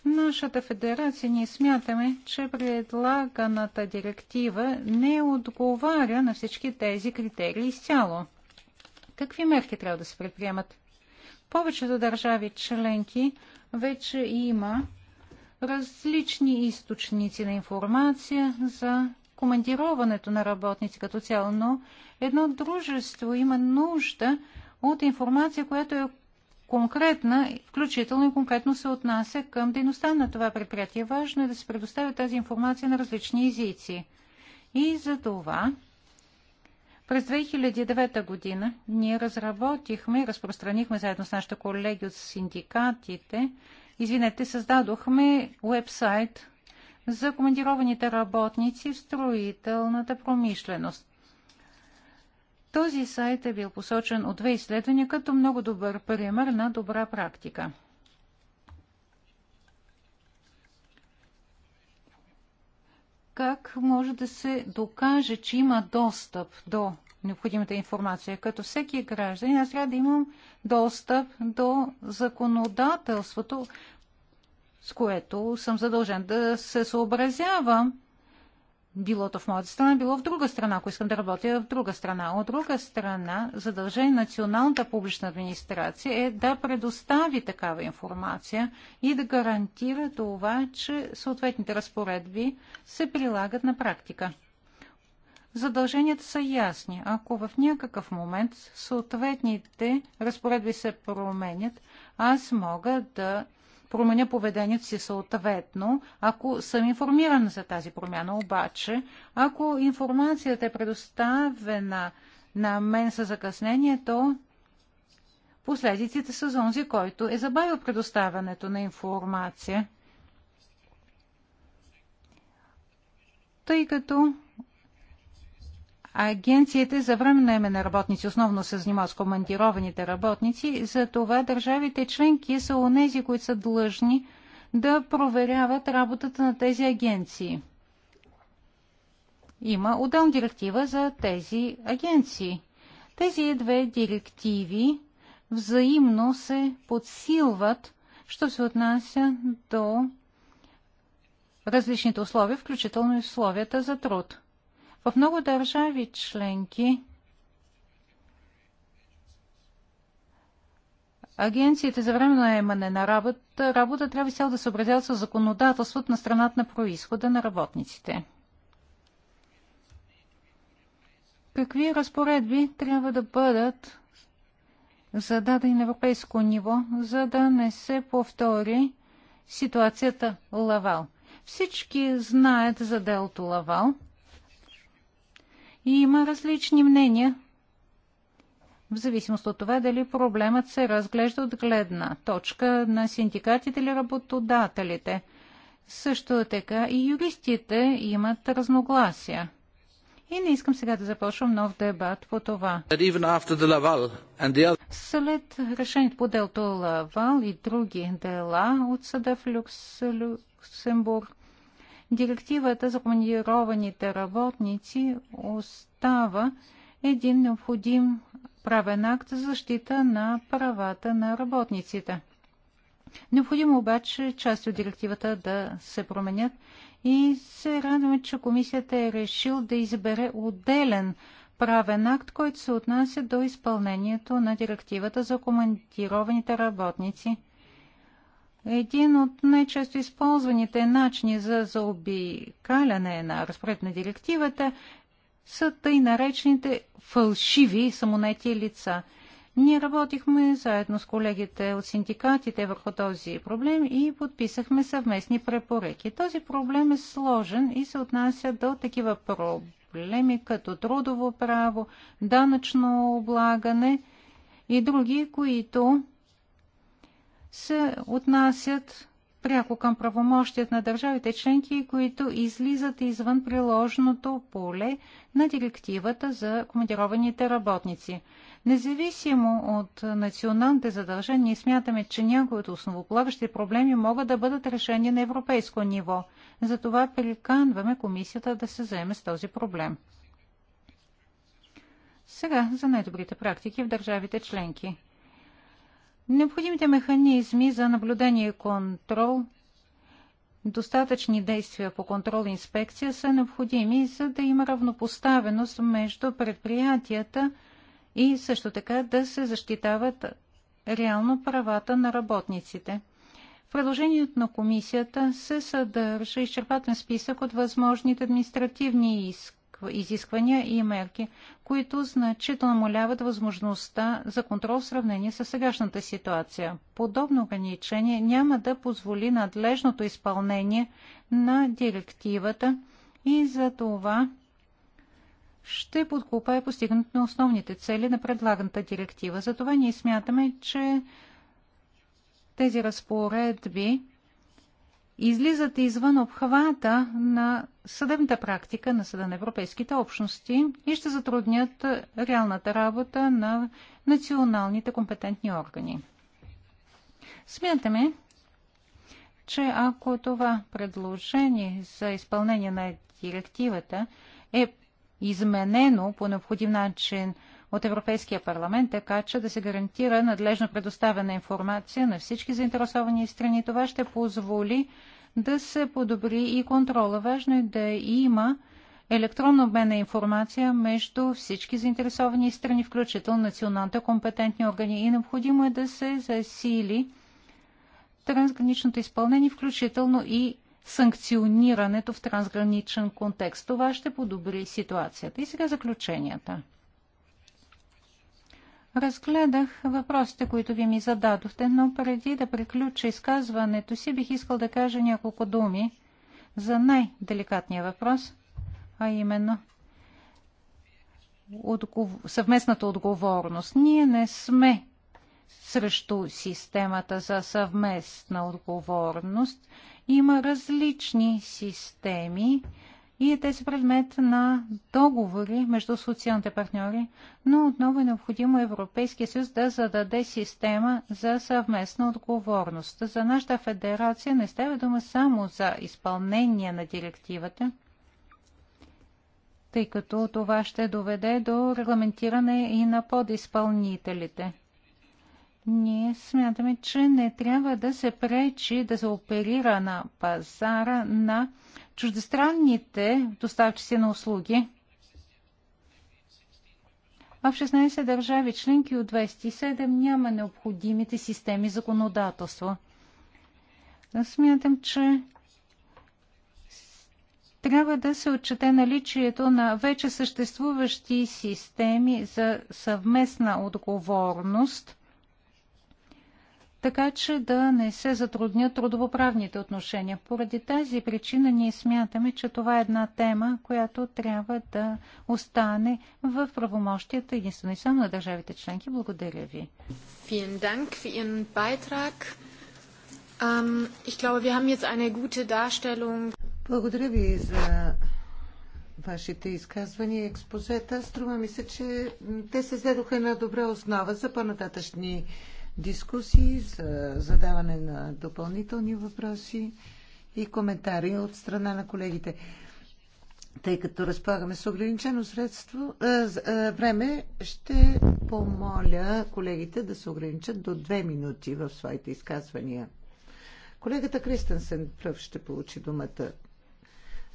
В нашата федерация ние смятаме, че предлаганата директива не отговаря на всички тези критерии изцяло. Какви мерки трябва да се предприемат? повечето държави членки вече има различни източници на информация за командироването на работници като цяло, но едно дружество има нужда от информация, която е конкретна, включително и конкретно се отнася към дейността на това предприятие. Важно е да се предоставя тази информация на различни езици. И за това през 2009 година ние разработихме и разпространихме заедно с нашите колеги от синдикатите, извинете, създадохме уебсайт за командированите работници в строителната промишленост. Този сайт е бил посочен от две изследвания като много добър пример на добра практика. как може да се докаже, че има достъп до необходимата информация. Като всеки гражданин, аз трябва да имам достъп до законодателството, с което съм задължен да се съобразявам било то в моята страна, било в друга страна, ако искам да работя в друга страна. От друга страна, задължение националната публична администрация е да предостави такава информация и да гарантира това, че съответните разпоредби се прилагат на практика. Задълженията са ясни. Ако в някакъв момент съответните разпоредби се променят, аз мога да променя поведението си съответно, ако съм информиран за тази промяна. Обаче, ако информацията е предоставена на мен със закъснение, то последиците са за онзи, който е забавил предоставянето на информация. Тъй като Агенциите за време наеме на работници основно се занимават с командированите работници, затова държавите членки са онези, които са длъжни да проверяват работата на тези агенции. Има отделна директива за тези агенции. Тези две директиви взаимно се подсилват, що се отнася до различните условия, включително и условията за труд. В много държави членки агенциите за време наемане на работа, работа трябва цяло да съобразяват с законодателството на страната на происхода на работниците. Какви разпоредби трябва да бъдат зададени на европейско ниво, за да не се повтори ситуацията Лавал? Всички знаят за делото Лавал – и има различни мнения, в зависимост от това дали проблемът се разглежда от гледна точка на синдикатите или работодателите. Също така и юристите имат разногласия. И не искам сега да започвам нов дебат по това. След решението по делто Лавал и други дела от съда в Люксембург, директивата за командированите работници остава един необходим правен акт за защита на правата на работниците. Необходимо обаче част от директивата да се променят и се радваме, че комисията е решил да избере отделен правен акт, който се отнася до изпълнението на директивата за командированите работници – един от най-често използваните начини за заобикаляне на разпоред на директивата са тъй наречените фалшиви самонети лица. Ние работихме заедно с колегите от синдикатите върху този проблем и подписахме съвместни препоръки. Този проблем е сложен и се отнася до такива проблеми като трудово право, данъчно облагане и други, които се отнасят пряко към правомощият на държавите членки, които излизат извън приложното поле на директивата за командированите работници. Независимо от националните задължения, ние смятаме, че някои от основополагащи проблеми могат да бъдат решени на европейско ниво. Затова приканваме комисията да се заеме с този проблем. Сега за най-добрите практики в държавите членки. Необходимите механизми за наблюдение и контрол, достатъчни действия по контрол и инспекция са необходими, за да има равнопоставеност между предприятията и също така да се защитават реално правата на работниците. В предложението на комисията се съдържа изчерпателен списък от възможните административни иск изисквания и мерки, които значително намаляват възможността за контрол в сравнение с сегашната ситуация. Подобно ограничение няма да позволи надлежното изпълнение на директивата и за това ще подкопае постигнато на основните цели на предлаганата директива. Затова ние смятаме, че тези разпоредби излизат извън обхвата на съдебната практика на Съда на Европейските общности и ще затруднят е, реалната работа на националните компетентни органи. Смятаме, че ако това предложение за изпълнение на директивата е изменено по необходим начин – от Европейския парламент, така че да се гарантира надлежно предоставена информация на всички заинтересовани страни. Това ще позволи да се подобри и контрола. Важно е да има електронно обмен на информация между всички заинтересовани страни, включително националните компетентни органи. И необходимо е да се засили трансграничното изпълнение, включително и санкционирането в трансграничен контекст. Това ще подобри ситуацията. И сега заключенията. Разгледах въпросите, които ви ми зададохте, но преди да приключа изказването си, бих искал да кажа няколко думи за най-деликатния въпрос, а именно отгов... съвместната отговорност. Ние не сме срещу системата за съвместна отговорност. Има различни системи и е те са предмет на договори между социалните партньори, но отново е необходимо Европейския съюз да зададе система за съвместна отговорност. За нашата федерация не става дума само за изпълнение на директивата, тъй като това ще доведе до регламентиране и на подизпълнителите. Ние смятаме, че не трябва да се пречи да се оперира на пазара на чуждестранните доставчици на услуги. А в 16 държави членки от 27 няма необходимите системи законодателство. Смятам, че трябва да се отчете наличието на вече съществуващи системи за съвместна отговорност така че да не се затруднят трудовоправните отношения. Поради тази причина ние смятаме, че това е една тема, която трябва да остане в правомощията единствено и само на държавите членки. Благодаря ви. Благодаря ви за вашите изказвания и експозета. Струва ми се, че те се зедоха една добра основа за по-нататъчни дискусии, за задаване на допълнителни въпроси и коментари от страна на колегите. Тъй като разполагаме с ограничено средство, е, е, време, ще помоля колегите да се ограничат до две минути в своите изказвания. Колегата Кристенсен пръв ще получи думата.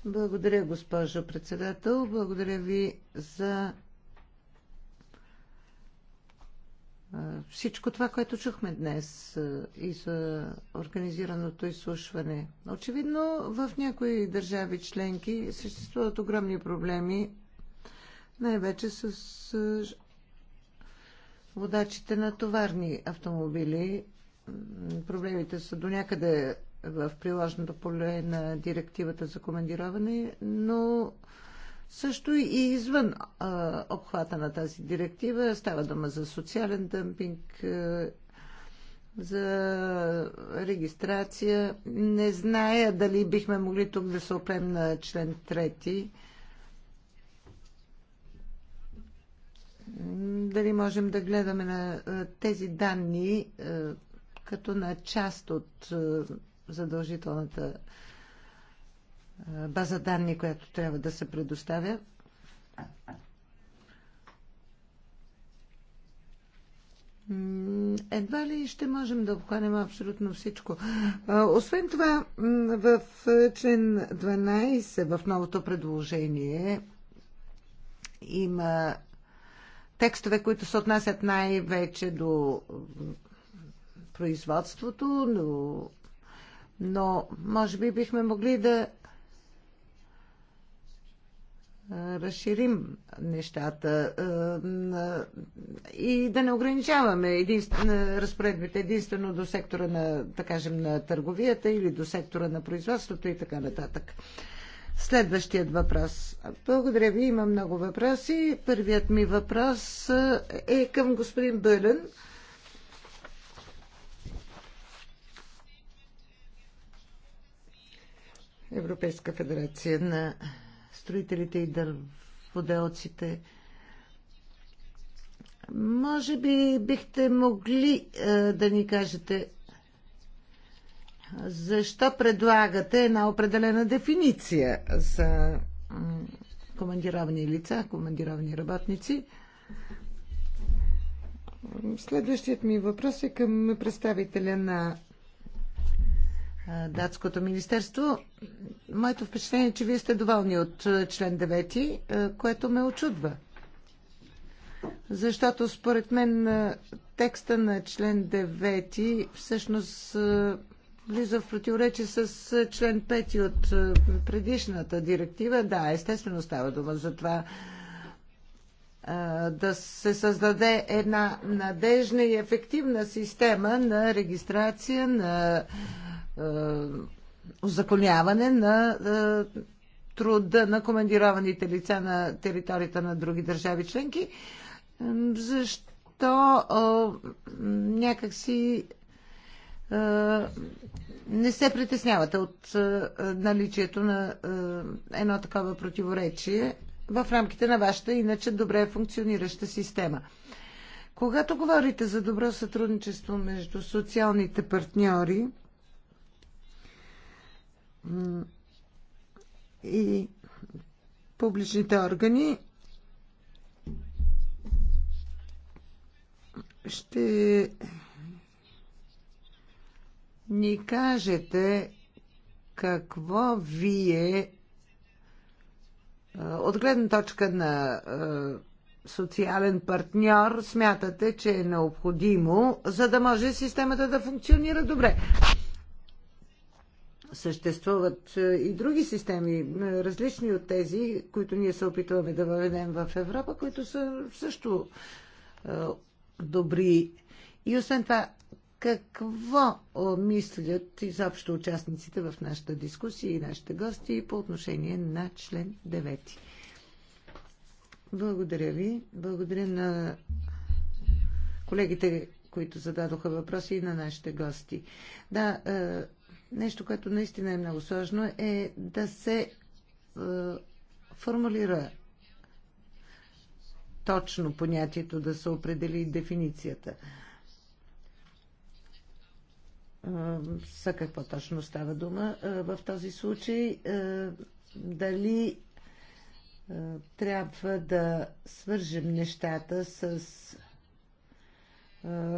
Благодаря, госпожо председател. Благодаря ви за всичко това, което чухме днес и за организираното изслушване. Очевидно, в някои държави членки съществуват огромни проблеми, най-вече с водачите на товарни автомобили. Проблемите са до някъде в приложното поле на директивата за командироване, но също и извън а, обхвата на тази директива. Става дума за социален дъмпинг, а, за регистрация. Не зная дали бихме могли тук да се опрем на член 3. Дали можем да гледаме на тези данни като на част от задължителната е, база данни, която трябва да се предоставя. Едва ли ще можем да обхванем абсолютно всичко. Е, освен това, в е, член 12, в новото предложение, има текстове, които се отнасят най-вече до производството, но, но може би бихме могли да разширим нещата и да не ограничаваме единствено, разпоредбите единствено до сектора на, да кажем, на търговията или до сектора на производството и така нататък. Следващият въпрос. Благодаря ви, има много въпроси. Първият ми въпрос е към господин Бълен. Европейска федерация на строителите и дърводелците. Може би бихте могли е, да ни кажете защо предлагате една определена дефиниция за командировани лица, командировани работници. Следващият ми въпрос е към представителя на датското министерство. Моето впечатление е, че вие сте доволни от член 9, което ме очудва. Защото според мен текста на член 9 всъщност влиза в противоречие с член 5 от предишната директива. Да, естествено става дума за това да се създаде една надежна и ефективна система на регистрация на озаконяване е, на е, труда на командированите лица на територията на други държави членки, защо е, някакси не се притеснявате от наличието на едно такова противоречие в рамките на вашата иначе добре функционираща система. Когато говорите за добро сътрудничество между социалните партньори, и публичните органи ще ни кажете какво вие от гледна точка на социален партньор смятате, че е необходимо, за да може системата да функционира добре. Съществуват е, и други системи, е, различни от тези, които ние се опитваме да въведем в Европа, които са също е, добри. И освен това, какво мислят изобщо участниците в нашата дискусия и нашите гости по отношение на член 9? Благодаря ви. Благодаря на колегите, които зададоха въпроси и на нашите гости. Да, Нещо, което наистина е много сложно, е да се е, формулира точно понятието, да се определи дефиницията. Е, за какво точно става дума е, в този случай? Е, дали трябва да свържем нещата с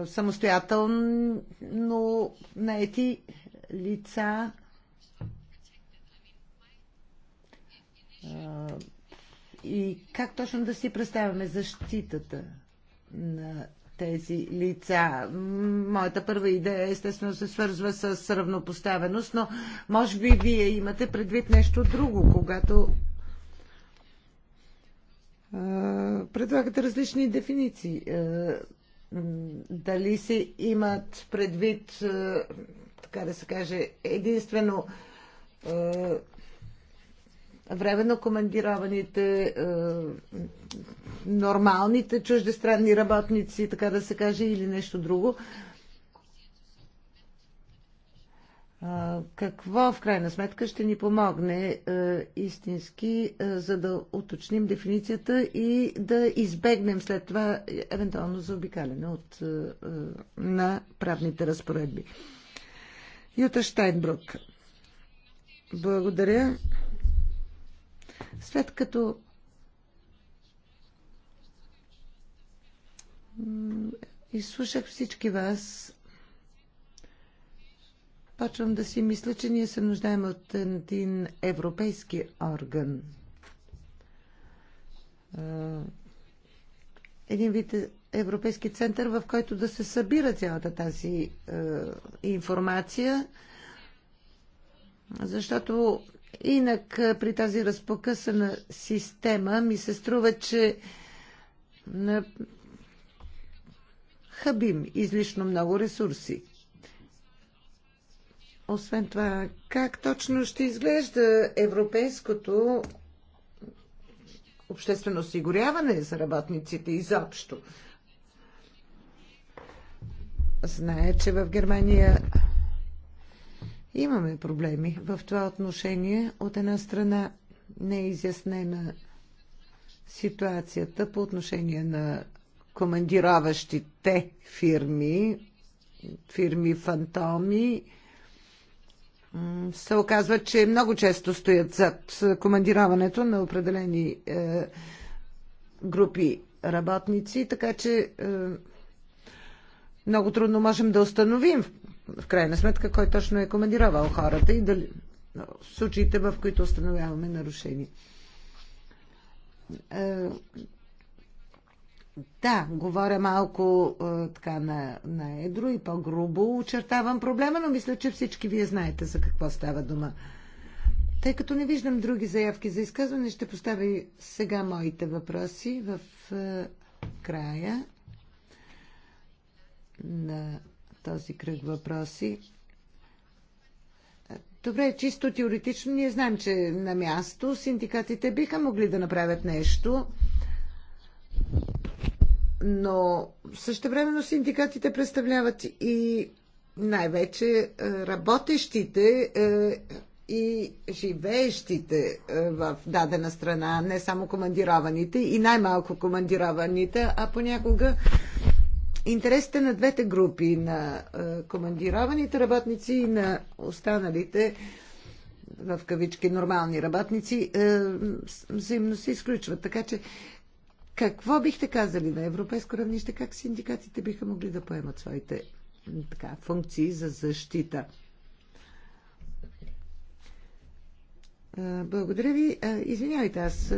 самостоятелно наети лица и как точно да си представяме защитата на тези лица. Моята първа идея естествено се свързва с равнопоставеност, но може би вие имате предвид нещо друго, когато предлагате различни дефиниции. Дали се имат предвид така да се каже, единствено е, временно командированите, е, нормалните чуждестранни работници, така да се каже, или нещо друго. Е, какво в крайна сметка ще ни помогне е, истински, е, за да уточним дефиницията и да избегнем след това е, евентуално заобикаляне от, е, е на правните разпоредби? Юта Штайнбрук. Благодаря. След като изслушах всички вас, почвам да си мисля, че ние се нуждаем от един европейски орган. Един вид европейски център, в който да се събира цялата тази е, информация, защото инак е, при тази разпокъсана система ми се струва, че на... Е, хабим излишно много ресурси. Освен това, как точно ще изглежда европейското обществено осигуряване за работниците изобщо? знае, че в Германия имаме проблеми в това отношение. От една страна не е изяснена ситуацията по отношение на командироващите фирми, фирми фантоми, се оказва, че много често стоят зад командироването на определени е, групи работници, така че е, много трудно можем да установим в крайна сметка кой точно е командировал хората и дали, в случаите, в които установяваме нарушение. Да, говоря малко е, така на, на едро и по-грубо очертавам проблема, но мисля, че всички вие знаете за какво става дума. Тъй като не виждам други заявки за изказване, ще поставя сега моите въпроси в е, края на този кръг въпроси. Добре, чисто теоретично ние знаем, че на място синдикатите биха могли да направят нещо, но същевременно синдикатите представляват и най-вече е, работещите е, и живеещите е, в дадена страна, не само командированите и най-малко командированите, а понякога интересите на двете групи, на е, командированите работници и на останалите в кавички нормални работници, е, взаимно се изключват. Така че, какво бихте казали на европейско равнище? Как синдикатите биха могли да поемат своите така, функции за защита? Е, благодаря ви. Извинявайте, аз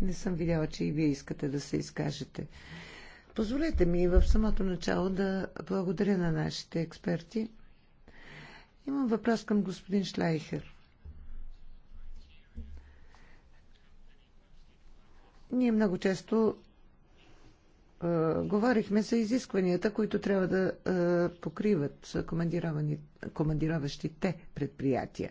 не съм видяла, че и вие искате да се изкажете. Позволете ми в самото начало да благодаря на нашите експерти. Имам въпрос към господин Шлайхер. Ние много често е, говорихме за изискванията, които трябва да е, покриват командироващите предприятия.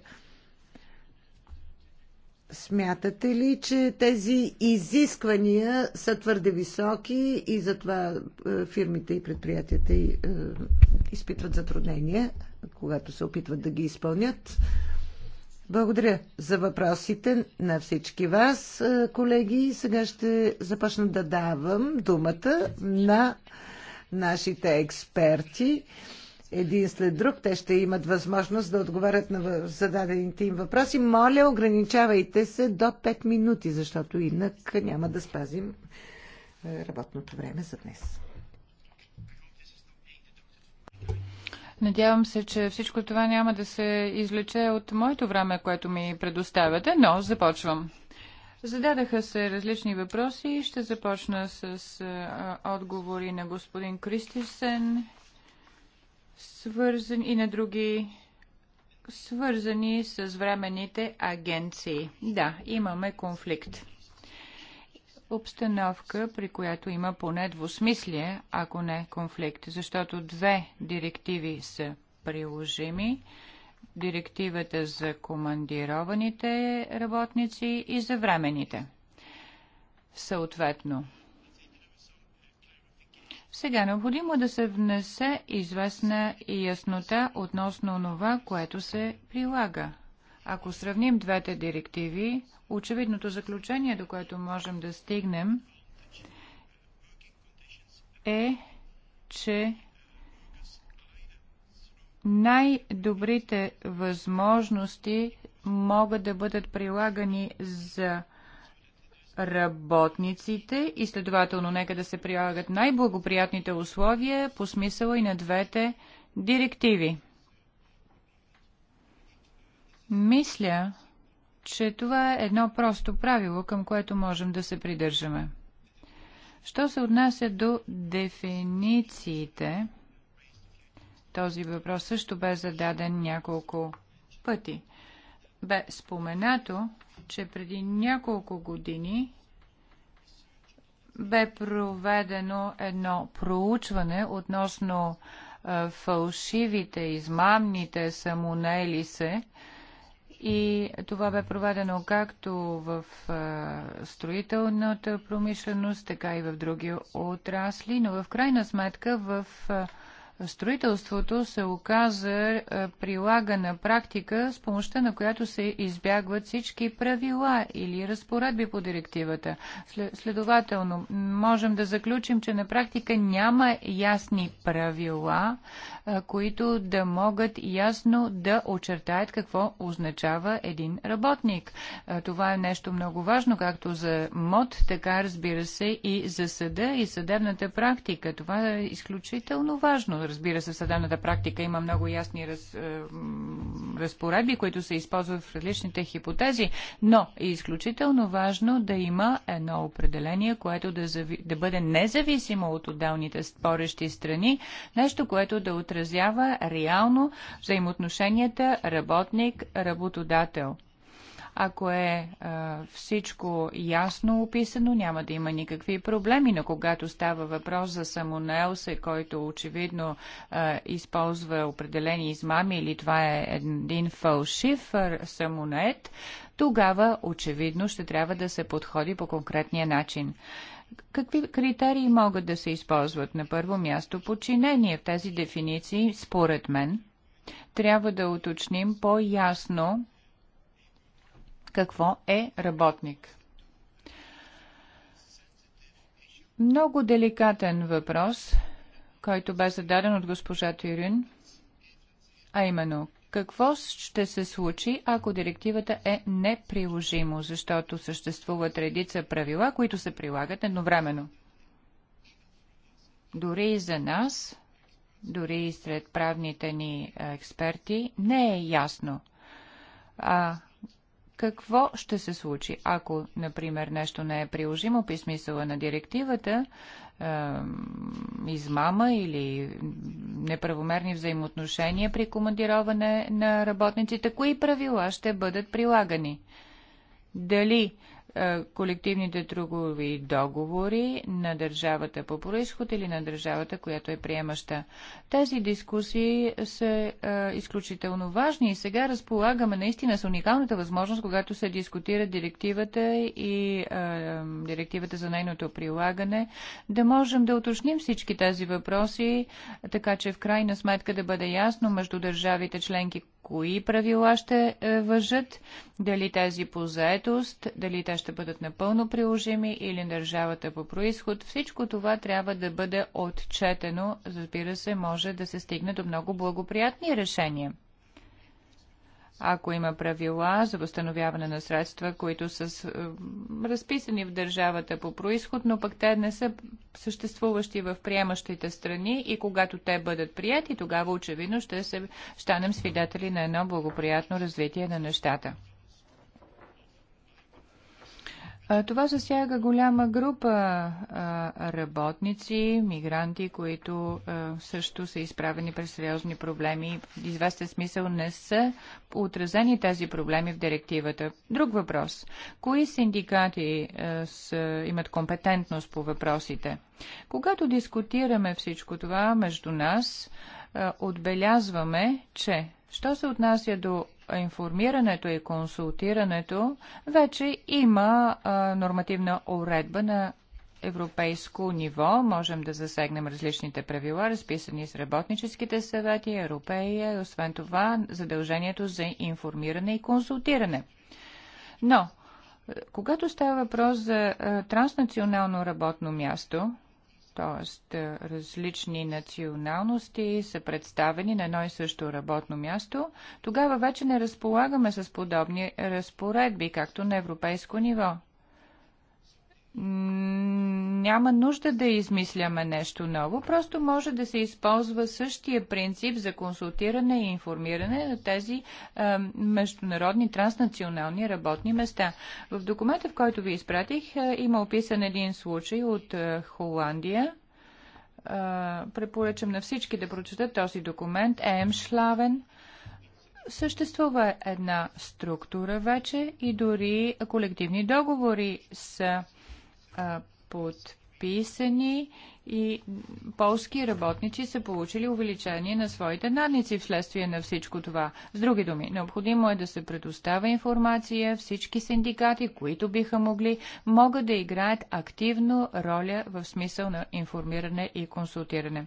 Смятате ли, че тези изисквания са твърде високи и затова е, фирмите и предприятията е, изпитват затруднения, когато се опитват да ги изпълнят? Благодаря за въпросите на всички вас, е, колеги. Сега ще започна да давам думата на нашите експерти един след друг. Те ще имат възможност да отговарят на зададените им въпроси. Моля, ограничавайте се до 5 минути, защото инак няма да спазим е, работното време за днес. Надявам се, че всичко това няма да се излече от моето време, което ми предоставяте, но започвам. Зададаха се различни въпроси. Ще започна с а, е, отговори на господин Кристисен свързани и на други свързани с временните агенции. Да, имаме конфликт. Обстановка, при която има поне двусмислие, ако не конфликт, защото две директиви са приложими. Директивата за командированите работници и за времените. Съответно, сега е необходимо да се внесе известна яснота относно това, което се прилага. Ако сравним двете директиви, очевидното заключение, до което можем да стигнем, е, че най-добрите възможности могат да бъдат прилагани за работниците и следователно нека да се прилагат най-благоприятните условия по смисъла и на двете директиви. Мисля, че това е едно просто правило, към което можем да се придържаме. Що се отнася до дефинициите, този въпрос също бе зададен няколко пъти. Бе споменато, че преди няколко години бе проведено едно проучване относно фалшивите, измамните самонели се. И това бе проведено както в строителната промишленост, така и в други отрасли, но в крайна сметка в а, строителството се оказа е, прилагана практика, с помощта на която се избягват всички правила или разпоредби по директивата. Следователно, можем да заключим, че на практика няма ясни правила, е, които да могат ясно да очертаят какво означава един работник. Е, това е нещо много важно, както за МОД, така разбира се и за съда и съдебната практика. Това е изключително важно Разбира се, в съдебната практика има много ясни раз, е, разпоредби, които се използват в различните хипотези, но е изключително важно да има едно определение, което да, зави, да бъде независимо от отделните спорещи страни, нещо, което да отразява реално взаимоотношенията работник-работодател. Ако е а, е, всичко ясно описано, няма да има никакви проблеми, но когато става въпрос за Самонелсе, който очевидно а, е, използва определени измами или това е един фалшив е, самонет, тогава очевидно ще трябва да се подходи по конкретния начин. Какви критерии могат да се използват? На първо място подчинение в тези дефиниции, според мен, трябва да уточним по-ясно какво е работник. Много деликатен въпрос, който бе зададен от госпожа Тюрин, а именно какво ще се случи, ако директивата е неприложимо, защото съществуват редица правила, които се прилагат едновременно. Дори и за нас, дори и сред правните ни експерти, не е ясно. А какво ще се случи, ако, например, нещо не е приложимо при смисъла на директивата, е, измама или неправомерни взаимоотношения при командироване на работниците? Кои правила ще бъдат прилагани? Дали е, колективните трудови договори на държавата по происход или на държавата, която е приемаща. Тези дискусии са е, изключително важни и сега разполагаме наистина с уникалната възможност, когато се дискутира директивата и е, директивата за нейното прилагане, да можем да уточним всички тези въпроси, така че в крайна сметка да бъде ясно между държавите членки кои правила ще е, въжат, дали тези по заетост, дали те ще бъдат напълно приложими или държавата по происход. Всичко това трябва да бъде отчетено. Разбира се, може да се стигне до много благоприятни решения ако има правила за възстановяване на средства, които са е, разписани в държавата по происход, но пък те не са съществуващи в приемащите страни и когато те бъдат прияти, тогава очевидно ще се станем свидетели на едно благоприятно развитие на нещата. Това засяга голяма група работници, мигранти, които също са изправени през сериозни проблеми. В известен смисъл не са отразени тези проблеми в директивата. Друг въпрос. Кои синдикати имат компетентност по въпросите? Когато дискутираме всичко това между нас, отбелязваме, че Що се отнася до информирането и консултирането, вече има а, нормативна уредба на европейско ниво. Можем да засегнем различните правила, разписани с работническите съвети, Европея, освен това задължението за информиране и консултиране. Но, когато става въпрос за транснационално работно място, Тоест, е, различни националности са представени на едно и също работно място, тогава вече не разполагаме с подобни разпоредби, както на европейско ниво няма нужда да измисляме нещо ново, просто може да се използва същия принцип за консултиране и информиране на тези а, международни транснационални работни места. В документа, в който ви изпратих, а, има описан един случай от а, Холандия. А, препоръчам на всички да прочетат този документ. Ем Шлавен съществува една структура вече и дори колективни договори са подписани и полски работници са получили увеличение на своите надници вследствие на всичко това. С други думи, необходимо е да се предоставя информация, всички синдикати, които биха могли, могат да играят активно роля в смисъл на информиране и консултиране.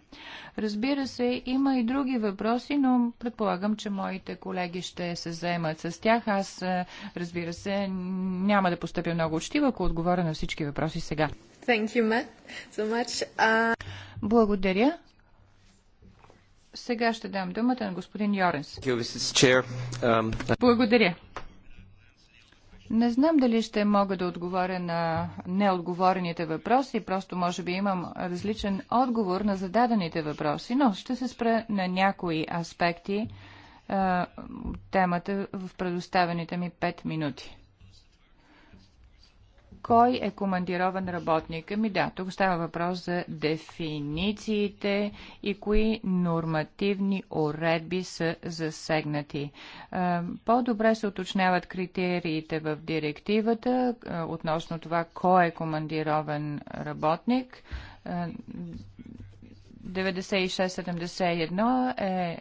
Разбира се, има и други въпроси, но предполагам, че моите колеги ще се заемат с тях. Аз, е, разбира се, няма да поступя много учтиво, ако отговоря на всички въпроси сега. Thank you, Matt, so much. Uh... Благодаря. Сега ще дам думата на господин Йоренс. Um, Благодаря. Не знам дали ще мога да отговоря на неотговорените въпроси, просто може би имам различен отговор на зададените въпроси, но ще се спра на някои аспекти темата в предоставените ми 5 минути кой е командирован работник? Ами да, тук става въпрос за дефинициите и кои нормативни уредби са засегнати. Е, по-добре се уточняват критериите в директивата е, относно това кой е командирован работник е, 9671 е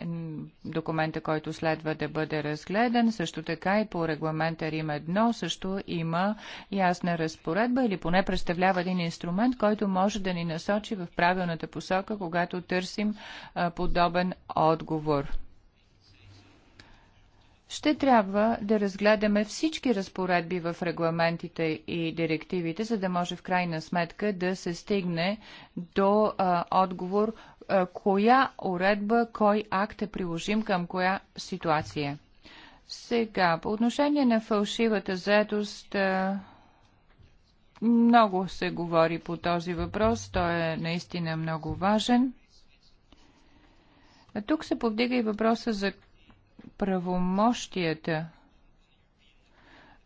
документа, който следва да бъде разгледан. Също така и по регламента Рим 1 също има ясна разпоредба или поне представлява един инструмент, който може да ни насочи в правилната посока, когато търсим подобен отговор ще трябва да разгледаме всички разпоредби в регламентите и директивите, за да може в крайна сметка да се стигне до а, отговор а, коя уредба, кой акт е приложим към коя ситуация. Сега, по отношение на фалшивата заедост, а, много се говори по този въпрос. Той е наистина много важен. А тук се повдига и въпроса за правомощията,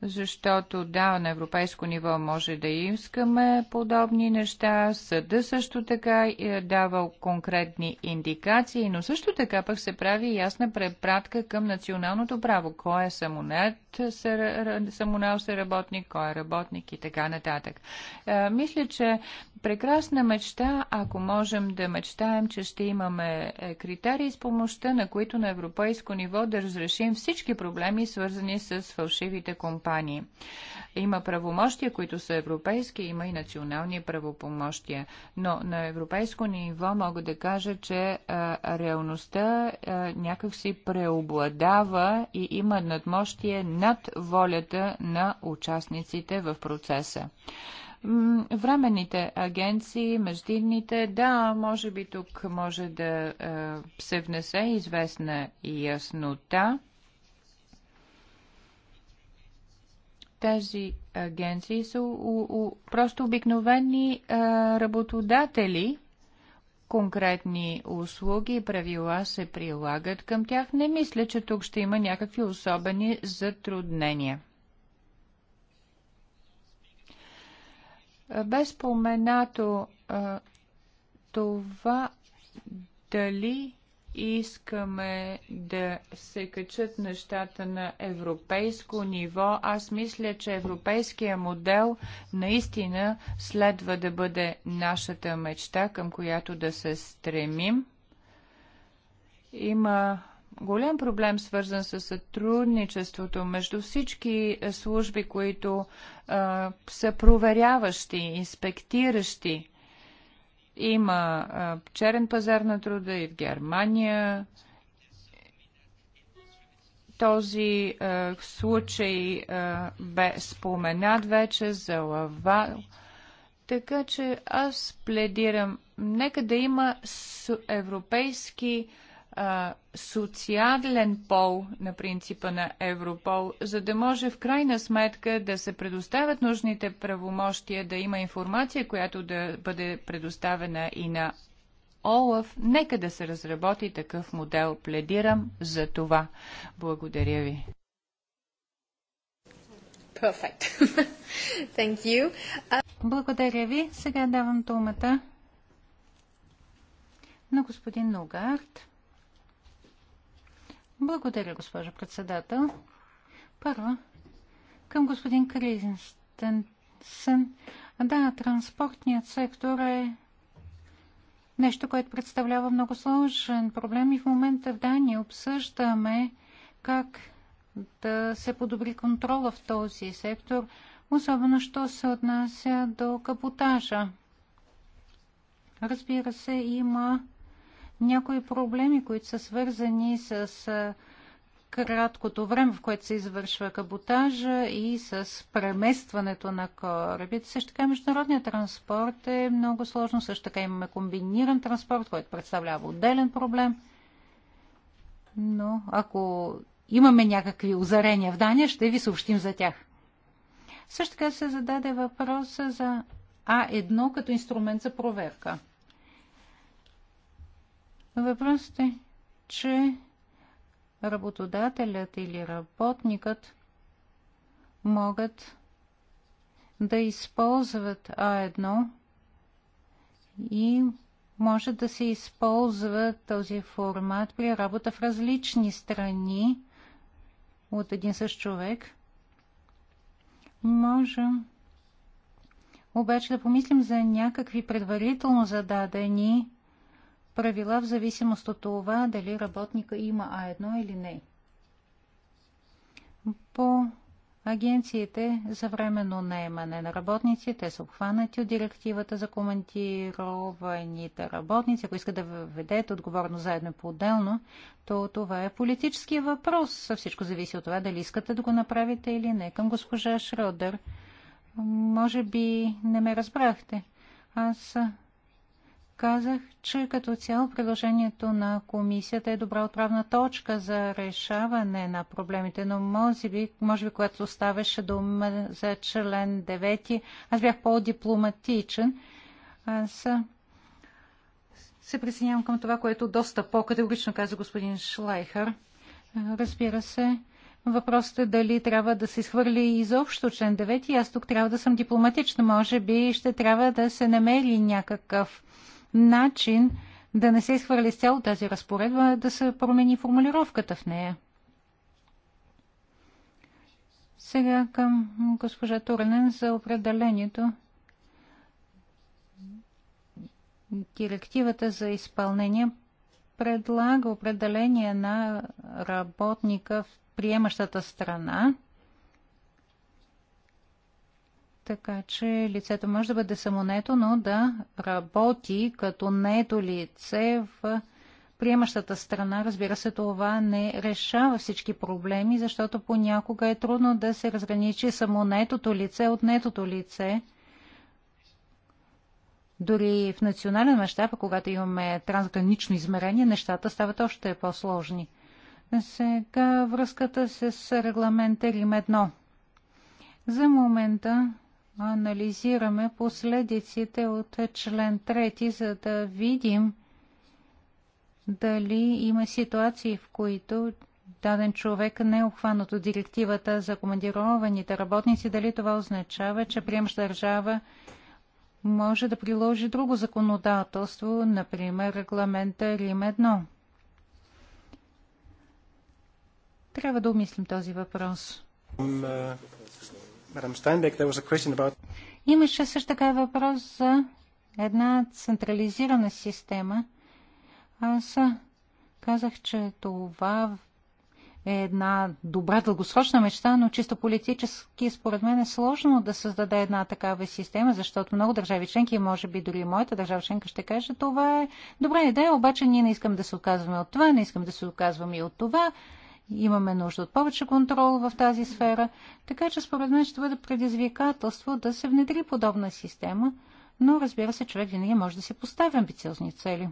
защото да, на европейско ниво може да искаме подобни неща, съда също така е давал конкретни индикации, но също така пък се прави ясна препратка към националното право. Кой е самонет, са, самонал са работник, кой е работник и така нататък. Е, мисля, че прекрасна мечта, ако можем да мечтаем, че ще имаме е, критерии с помощта, на които на европейско ниво да разрешим всички проблеми, свързани с фалшивите компании. Има правомощия, които са европейски, има и национални правопомощия. Но на европейско ниво мога да кажа, че а, е, реалността а, някакси преобладава и има надмощие на над волята на участниците в процеса. Временните агенции, междинните, да, може би тук може да е, се внесе известна яснота. Тези агенции са у, у, просто обикновени а, е, работодатели, конкретни услуги и правила се прилагат към тях, не мисля, че тук ще има някакви особени затруднения. Без споменато това дали искаме да се качат нещата на европейско ниво, аз мисля, че европейския модел наистина следва да бъде нашата мечта, към която да се стремим. Има голям проблем, свързан с сътрудничеството между всички служби, които а, са проверяващи, инспектиращи има черен пазар на труда и в Германия. Този случай бе споменат вече за Лава. Така че аз пледирам, нека да има европейски а, социален пол на принципа на Европол, за да може в крайна сметка да се предоставят нужните правомощия, да има информация, която да бъде предоставена и на ОЛАФ. Нека да се разработи такъв модел. Пледирам за това. Благодаря ви. Thank you. Uh... Благодаря ви. Сега давам думата на господин Ногард. Благодаря, госпожо председател. Първо, към господин Кризенсен. Да, транспортният сектор е нещо, което представлява много сложен проблем и в момента в Дания обсъждаме как да се подобри контрола в този сектор, особено що се отнася до капотажа. Разбира се, има някои проблеми, които са свързани с краткото време, в което се извършва каботажа и с преместването на корабите. Също така международният транспорт е много сложно. Също така имаме комбиниран транспорт, който представлява отделен проблем. Но ако имаме някакви озарения в Дания, ще ви съобщим за тях. Също така се зададе въпроса за А1 като инструмент за проверка. Въпросът е, че работодателят или работникът могат да използват А1 и може да се използва този формат при работа в различни страни от един същ човек. Можем обаче да помислим за някакви предварително зададени правила в зависимост от това дали работника има А1 или не. По агенциите за временно наемане на работници, те са обхванати от директивата за коментированите работници. Ако искат да введете отговорно заедно и по-отделно, то това е политически въпрос. Всичко зависи от това дали искате да го направите или не. Към госпожа Шродер, може би не ме разбрахте. Аз казах, че като цяло предложението на комисията е добра отправна точка за решаване на проблемите, но може би, може би когато оставаше дума за член 9, аз бях по-дипломатичен. Аз се присъединявам към това, което доста по-категорично каза господин Шлайхър. Разбира се, Въпросът е дали трябва да се изхвърли изобщо член 9. Аз тук трябва да съм дипломатична. Може би ще трябва да се намери някакъв начин да не се изхвърли с цяло тази разпоредба, да се промени формулировката в нея. Сега към госпожа Турнен за определението. Директивата за изпълнение предлага определение на работника в приемащата страна – така че лицето може да бъде самонето, но да работи като нето лице в приемащата страна. Разбира се, това не решава всички проблеми, защото понякога е трудно да се разграничи самонетото лице от нетото лице. Дори в национален мащаб, когато имаме трансгранично измерение, нещата стават още по-сложни. Сега връзката с регламент Рим 1. За момента анализираме последиците от член 3, за да видим дали има ситуации, в които даден човек не е обхванат от директивата за командированите работници, дали това означава, че приемаща държава може да приложи друго законодателство, например регламента Рим 1. Трябва да умислим този въпрос. Имаше също така въпрос за една централизирана система. Аз казах, че това е една добра дългосрочна мечта, но чисто политически според мен е сложно да създаде една такава система, защото много държави членки, може би дори моята държава членка ще каже, това е добра идея, обаче ние не искам да се отказваме от това, не искам да се отказваме и от това. Имаме нужда от повече контрол в тази сфера, така че според мен ще бъде предизвикателство да се внедри подобна система, но разбира се, човек винаги може да си постави амбициозни цели.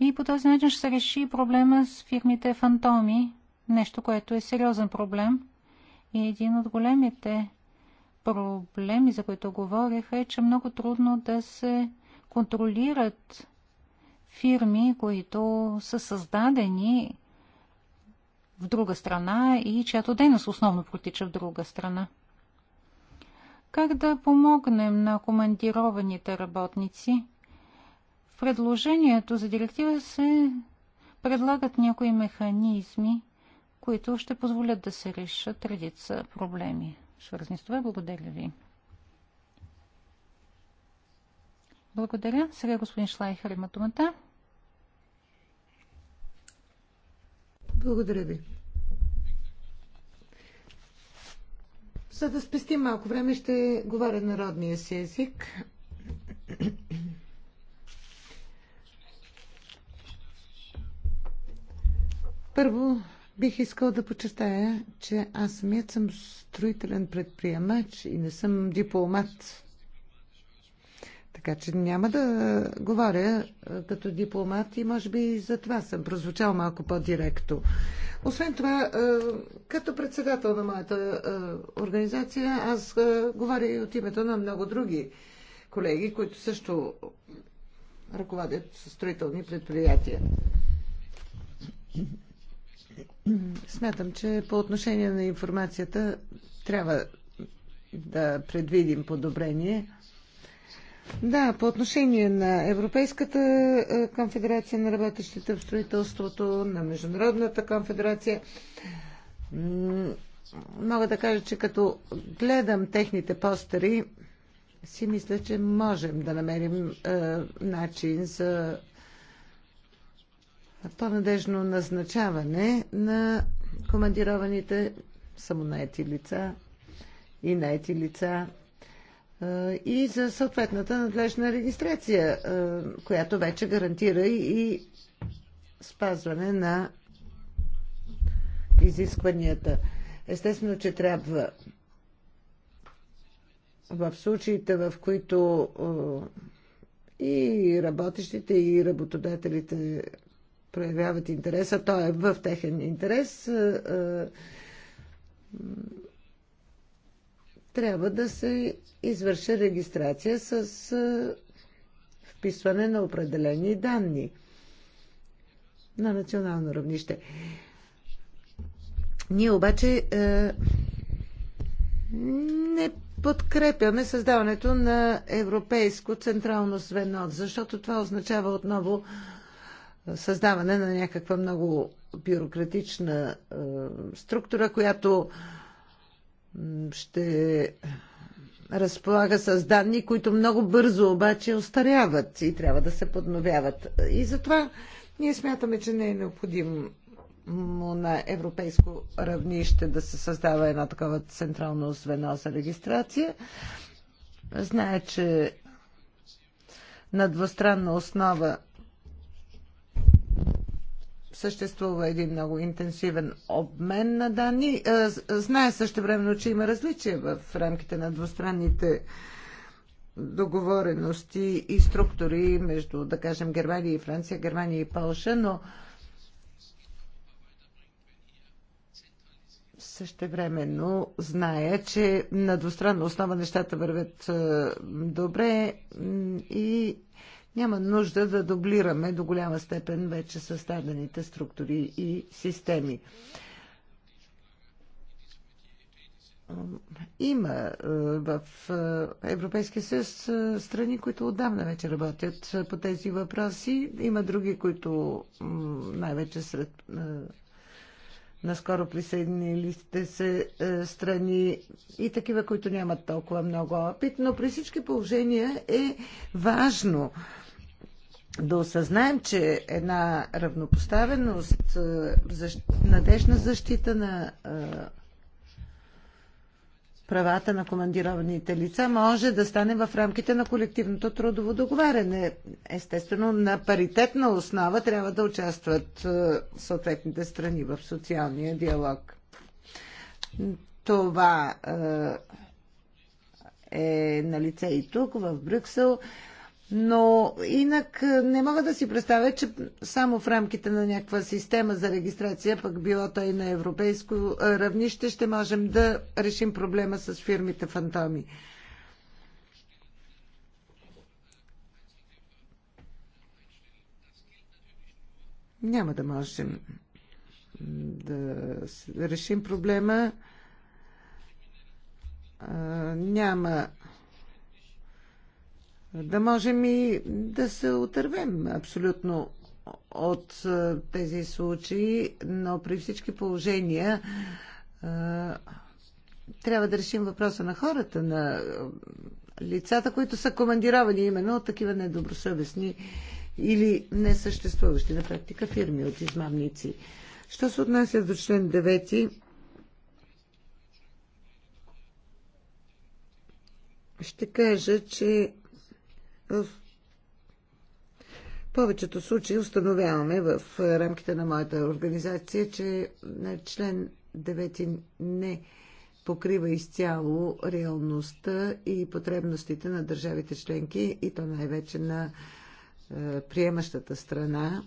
И по този начин ще се реши проблема с фирмите фантоми, нещо, което е сериозен проблем. И един от големите проблеми, за които говорих, е, че е много трудно да се контролират фирми, които са създадени в друга страна и чиято дейност основно протича в друга страна. Как да помогнем на командированите работници? В предложението за директива се предлагат някои механизми, които ще позволят да се решат редица проблеми. Свързани с това, благодаря ви. Благодаря. Сега господин Шлайхер има думата. Благодаря ви. За да спестим малко време, ще говоря народния си език. Първо, бих искал да подчертая, че аз самият съм строителен предприемач и не съм дипломат така че няма да говоря като дипломат и може би за това съм прозвучал малко по-директно. Освен това, като председател на моята организация, аз говоря и от името на много други колеги, които също ръководят строителни предприятия. Смятам, че по отношение на информацията трябва да предвидим подобрение. Да, по отношение на Европейската е, конфедерация на работещите в строителството, на Международната конфедерация, мога да кажа, че като гледам техните постери, си мисля, че можем да намерим е, начин за по-надежно назначаване на командированите самонаети лица и наети лица и за съответната надлежна регистрация, която вече гарантира и спазване на изискванията. Естествено, че трябва в случаите, в които и работещите, и работодателите проявяват интереса, то е в техен интерес, трябва да се извърши регистрация с вписване на определени данни на национално равнище. Ние обаче е, не подкрепяме създаването на Европейско централно звено, защото това означава отново създаване на някаква много бюрократична е, структура, която е, ще разполага с данни, които много бързо обаче остаряват и трябва да се подновяват. И затова ние смятаме, че не е необходимо на европейско равнище да се създава едно такова централно звено за регистрация. Знае, че на двустранна основа съществува един много интенсивен обмен на данни. Е, знае също времено, че има различия в рамките на двустранните договорености и структури между, да кажем, Германия и Франция, Германия и Полша, но същевременно знае, че на двустранна основа нещата вървят е, добре и няма нужда да дублираме до голяма степен вече създадените структури и системи. Има е, в е, Европейския съюз е, страни, които отдавна вече работят по тези въпроси. Има други, които най-вече сред наскоро присъединилите се страни и такива, които нямат толкова много опит. Но при всички положения е важно да осъзнаем, че една равнопоставеност, е, надежна защита на е, правата на командированите лица може да стане в рамките на колективното трудово договаряне. Естествено, на паритетна основа трябва да участват е, съответните страни в социалния диалог. Това е на лице и тук, в Брюксел. Но инак е, не мога да си представя, че само в рамките на някаква система за регистрация, пък било то и на европейско е, равнище, ще можем да решим проблема с фирмите фантоми. Няма да можем да решим проблема. няма да можем и да се отървем абсолютно от тези случаи, но при всички положения трябва да решим въпроса на хората, на лицата, които са командировани именно от такива недобросъвестни или несъществуващи на практика фирми от измамници. Що се отнася до член 9, ще кажа, че в повечето случаи установяваме в рамките на моята организация, че член 9 не покрива изцяло реалността и потребностите на държавите членки и то най-вече на е, приемащата страна.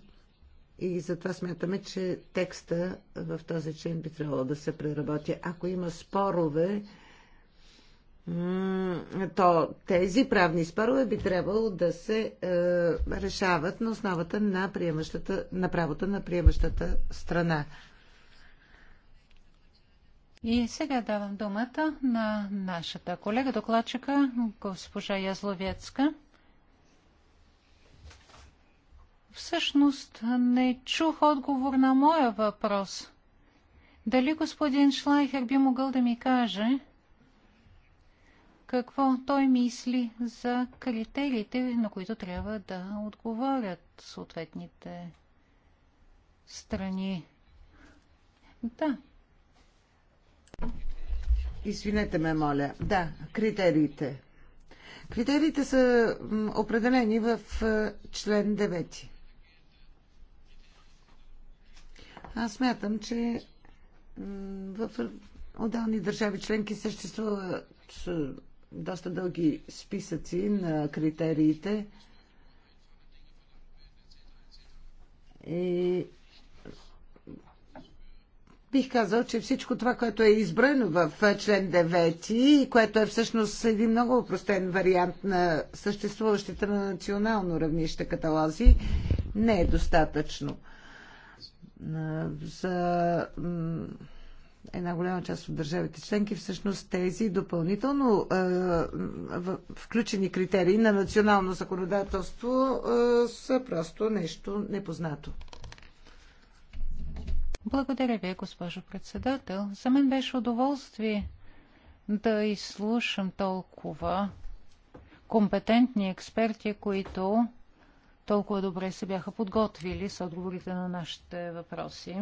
И затова смятаме, че текста в този член би трябвало да се преработи. Ако има спорове, то тези правни спорове би трябвало да се е, решават на основата на, на правото на приемащата страна. И сега давам думата на нашата колега докладчика, госпожа Язловецка. Всъщност не чух отговор на моя въпрос. Дали господин Шлайхер би могъл да ми каже какво той мисли за критериите, на които трябва да отговорят съответните страни. Да. Извинете ме, моля. Да, критериите. Критериите са определени в е, член 9. Аз смятам, че в отдални държави членки съществуват е, доста дълги списъци на критериите и бих казал, че всичко това, което е изброено в член 9 и което е всъщност един много упростен вариант на съществуващите на национално равнище каталази, не е достатъчно. За една голяма част от държавите членки, всъщност тези допълнително е, включени критерии на национално законодателство е, са просто нещо непознато. Благодаря ви, госпожо председател. За мен беше удоволствие да изслушам толкова компетентни експерти, които толкова добре се бяха подготвили с отговорите на нашите въпроси.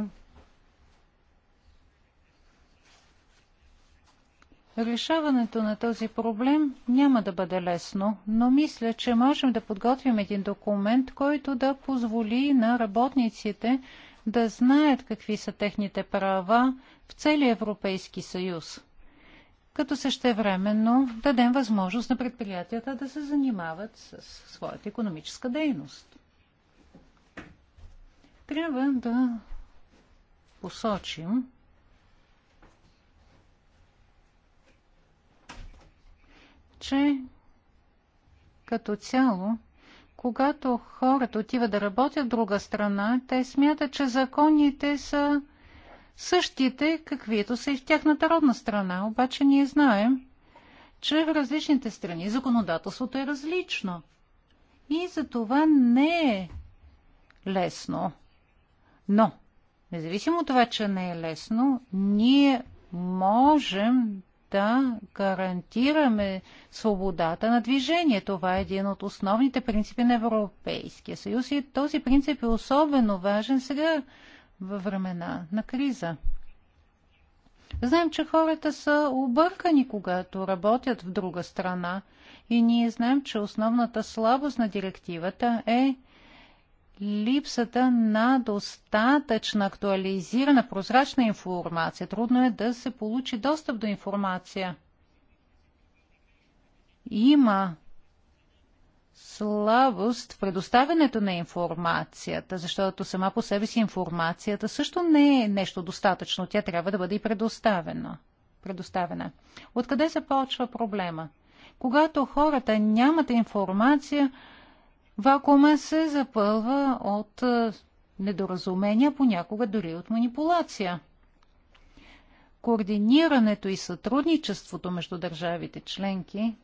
Решаването на този проблем няма да бъде лесно, но мисля, че можем да подготвим един документ, който да позволи на работниците да знаят какви са техните права в целия Европейски съюз. Като същевременно дадем възможност на предприятията да се занимават с своята економическа дейност. Трябва да посочим, че като цяло, когато хората отиват да работят в друга страна, те смятат, че законите са същите, каквито са и в тяхната родна страна. Обаче ние знаем, че в различните страни законодателството е различно. И за това не е лесно. Но, независимо от това, че не е лесно, ние можем да гарантираме свободата на движение. Това е един от основните принципи на Европейския съюз и този принцип е особено важен сега във времена на криза. Знаем, че хората са объркани, когато работят в друга страна и ние знаем, че основната слабост на директивата е, липсата на достатъчна актуализирана прозрачна информация. Трудно е да се получи достъп до информация. Има слабост в предоставянето на информацията, защото сама по себе си информацията също не е нещо достатъчно. Тя трябва да бъде и предоставена. предоставена. Откъде започва проблема? Когато хората нямат информация, вакуума се запълва от е, недоразумения, понякога дори от манипулация. Координирането и сътрудничеството между държавите членки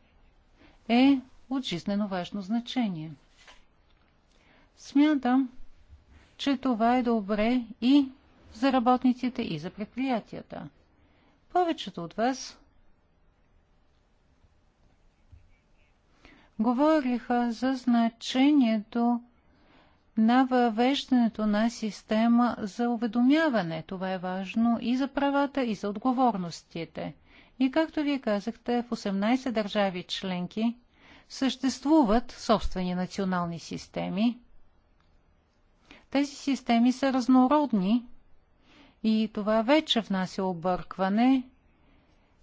е от жизнено важно значение. Смятам, че това е добре и за работниците, и за предприятията. Повечето от вас говориха за значението на въвеждането на система за уведомяване. Това е важно и за правата, и за отговорностите. И както вие казахте, в 18 държави членки съществуват собствени национални системи. Тези системи са разнородни и това вече внася объркване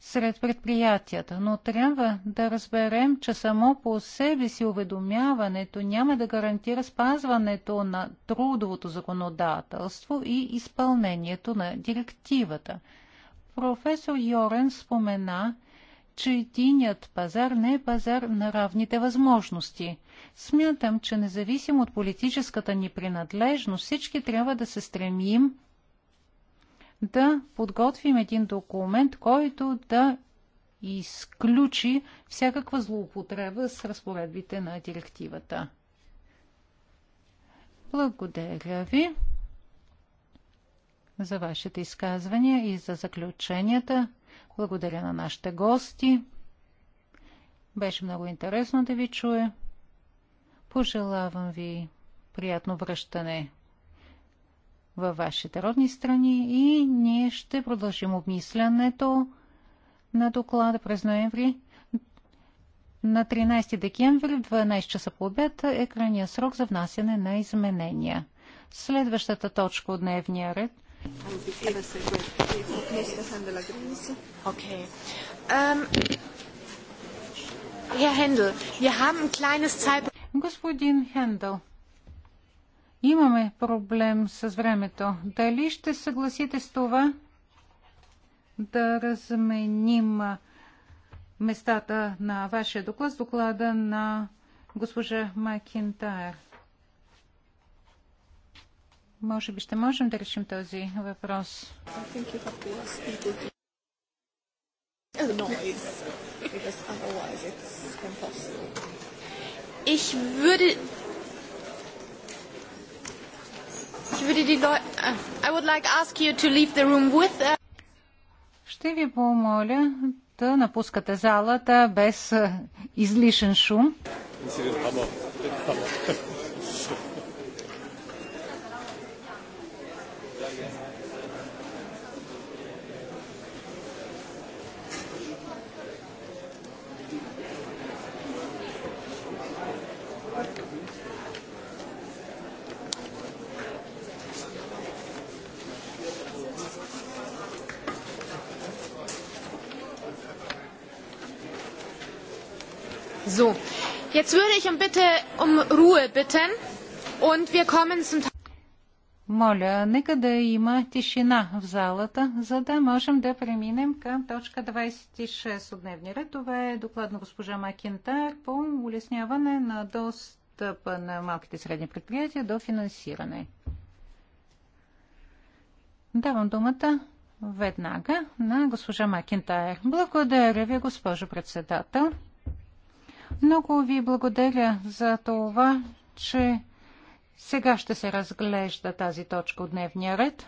сред предприятията, но трябва да разберем, че само по себе си уведомяването няма да гарантира спазването на трудовото законодателство и изпълнението на директивата. Професор Йорен спомена, че единят пазар не е пазар на равните възможности. Смятам, че независимо от политическата ни принадлежност, всички трябва да се стремим да подготвим един документ, който да изключи всякаква злоупотреба с разпоредбите на директивата. Благодаря ви за вашите изказвания и за заключенията. Благодаря на нашите гости. Беше много интересно да ви чуя. Пожелавам ви приятно връщане във вашите родни страни и ние ще продължим обмислянето на доклада през ноември. На 13 декември в 12 часа по обед е крайния срок за внасяне на изменения. Следващата точка от дневния ред um, Господин Хендъл, Имаме проблем с времето. Дали ще съгласите с това да разменим местата на вашия доклад с доклада на госпожа Макинтайр? Може би ще можем да решим този въпрос. Ich würde Uh, uh, Ще ви помоля да напускате залата без uh, излишен шум. Jetzt würde ich um, bitte, um Ruhe bitten und wir kommen zum моля, нека да има тишина в залата, за да можем да преминем към точка 26 от дневния ред. Това е доклад на госпожа Макентар по улесняване на достъпа на малките и средни предприятия до финансиране. Давам думата веднага на госпожа Макентайр. Благодаря ви, госпожо председател. Много ви благодаря за това, че сега ще се разглежда тази точка от дневния ред.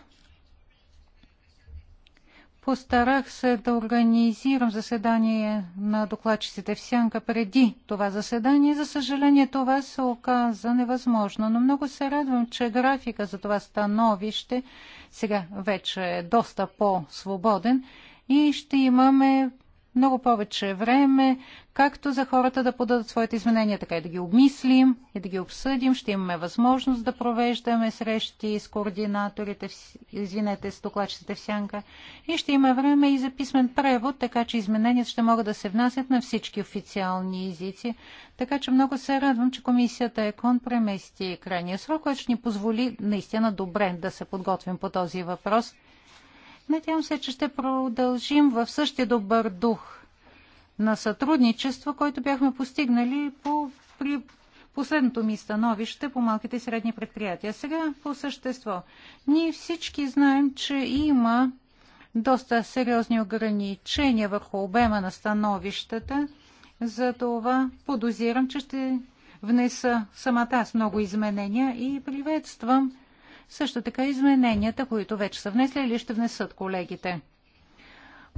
Постарах се да организирам заседание на докладчиците в Сянка преди това заседание. За съжаление, това се оказа невъзможно, но много се радвам, че графика за това становище сега вече е доста по-свободен и ще имаме много повече време както за хората да подадат своите изменения, така и да ги обмислим и да ги обсъдим. Ще имаме възможност да провеждаме срещи с координаторите, извинете, с докладчиците в сянка. И ще има време и за писмен превод, така че измененията ще могат да се внасят на всички официални езици. Така че много се радвам, че комисията ЕКОН премести крайния срок, който ще ни позволи наистина добре да се подготвим по този въпрос. Надявам се, че ще продължим в същия добър дух на сътрудничество, който бяхме постигнали по, при последното ми становище по малките и средни предприятия. Сега по същество. Ние всички знаем, че има доста сериозни ограничения върху обема на становищата. Затова подозирам, че ще внеса самата с много изменения и приветствам също така измененията, които вече са внесли или ще внесат колегите.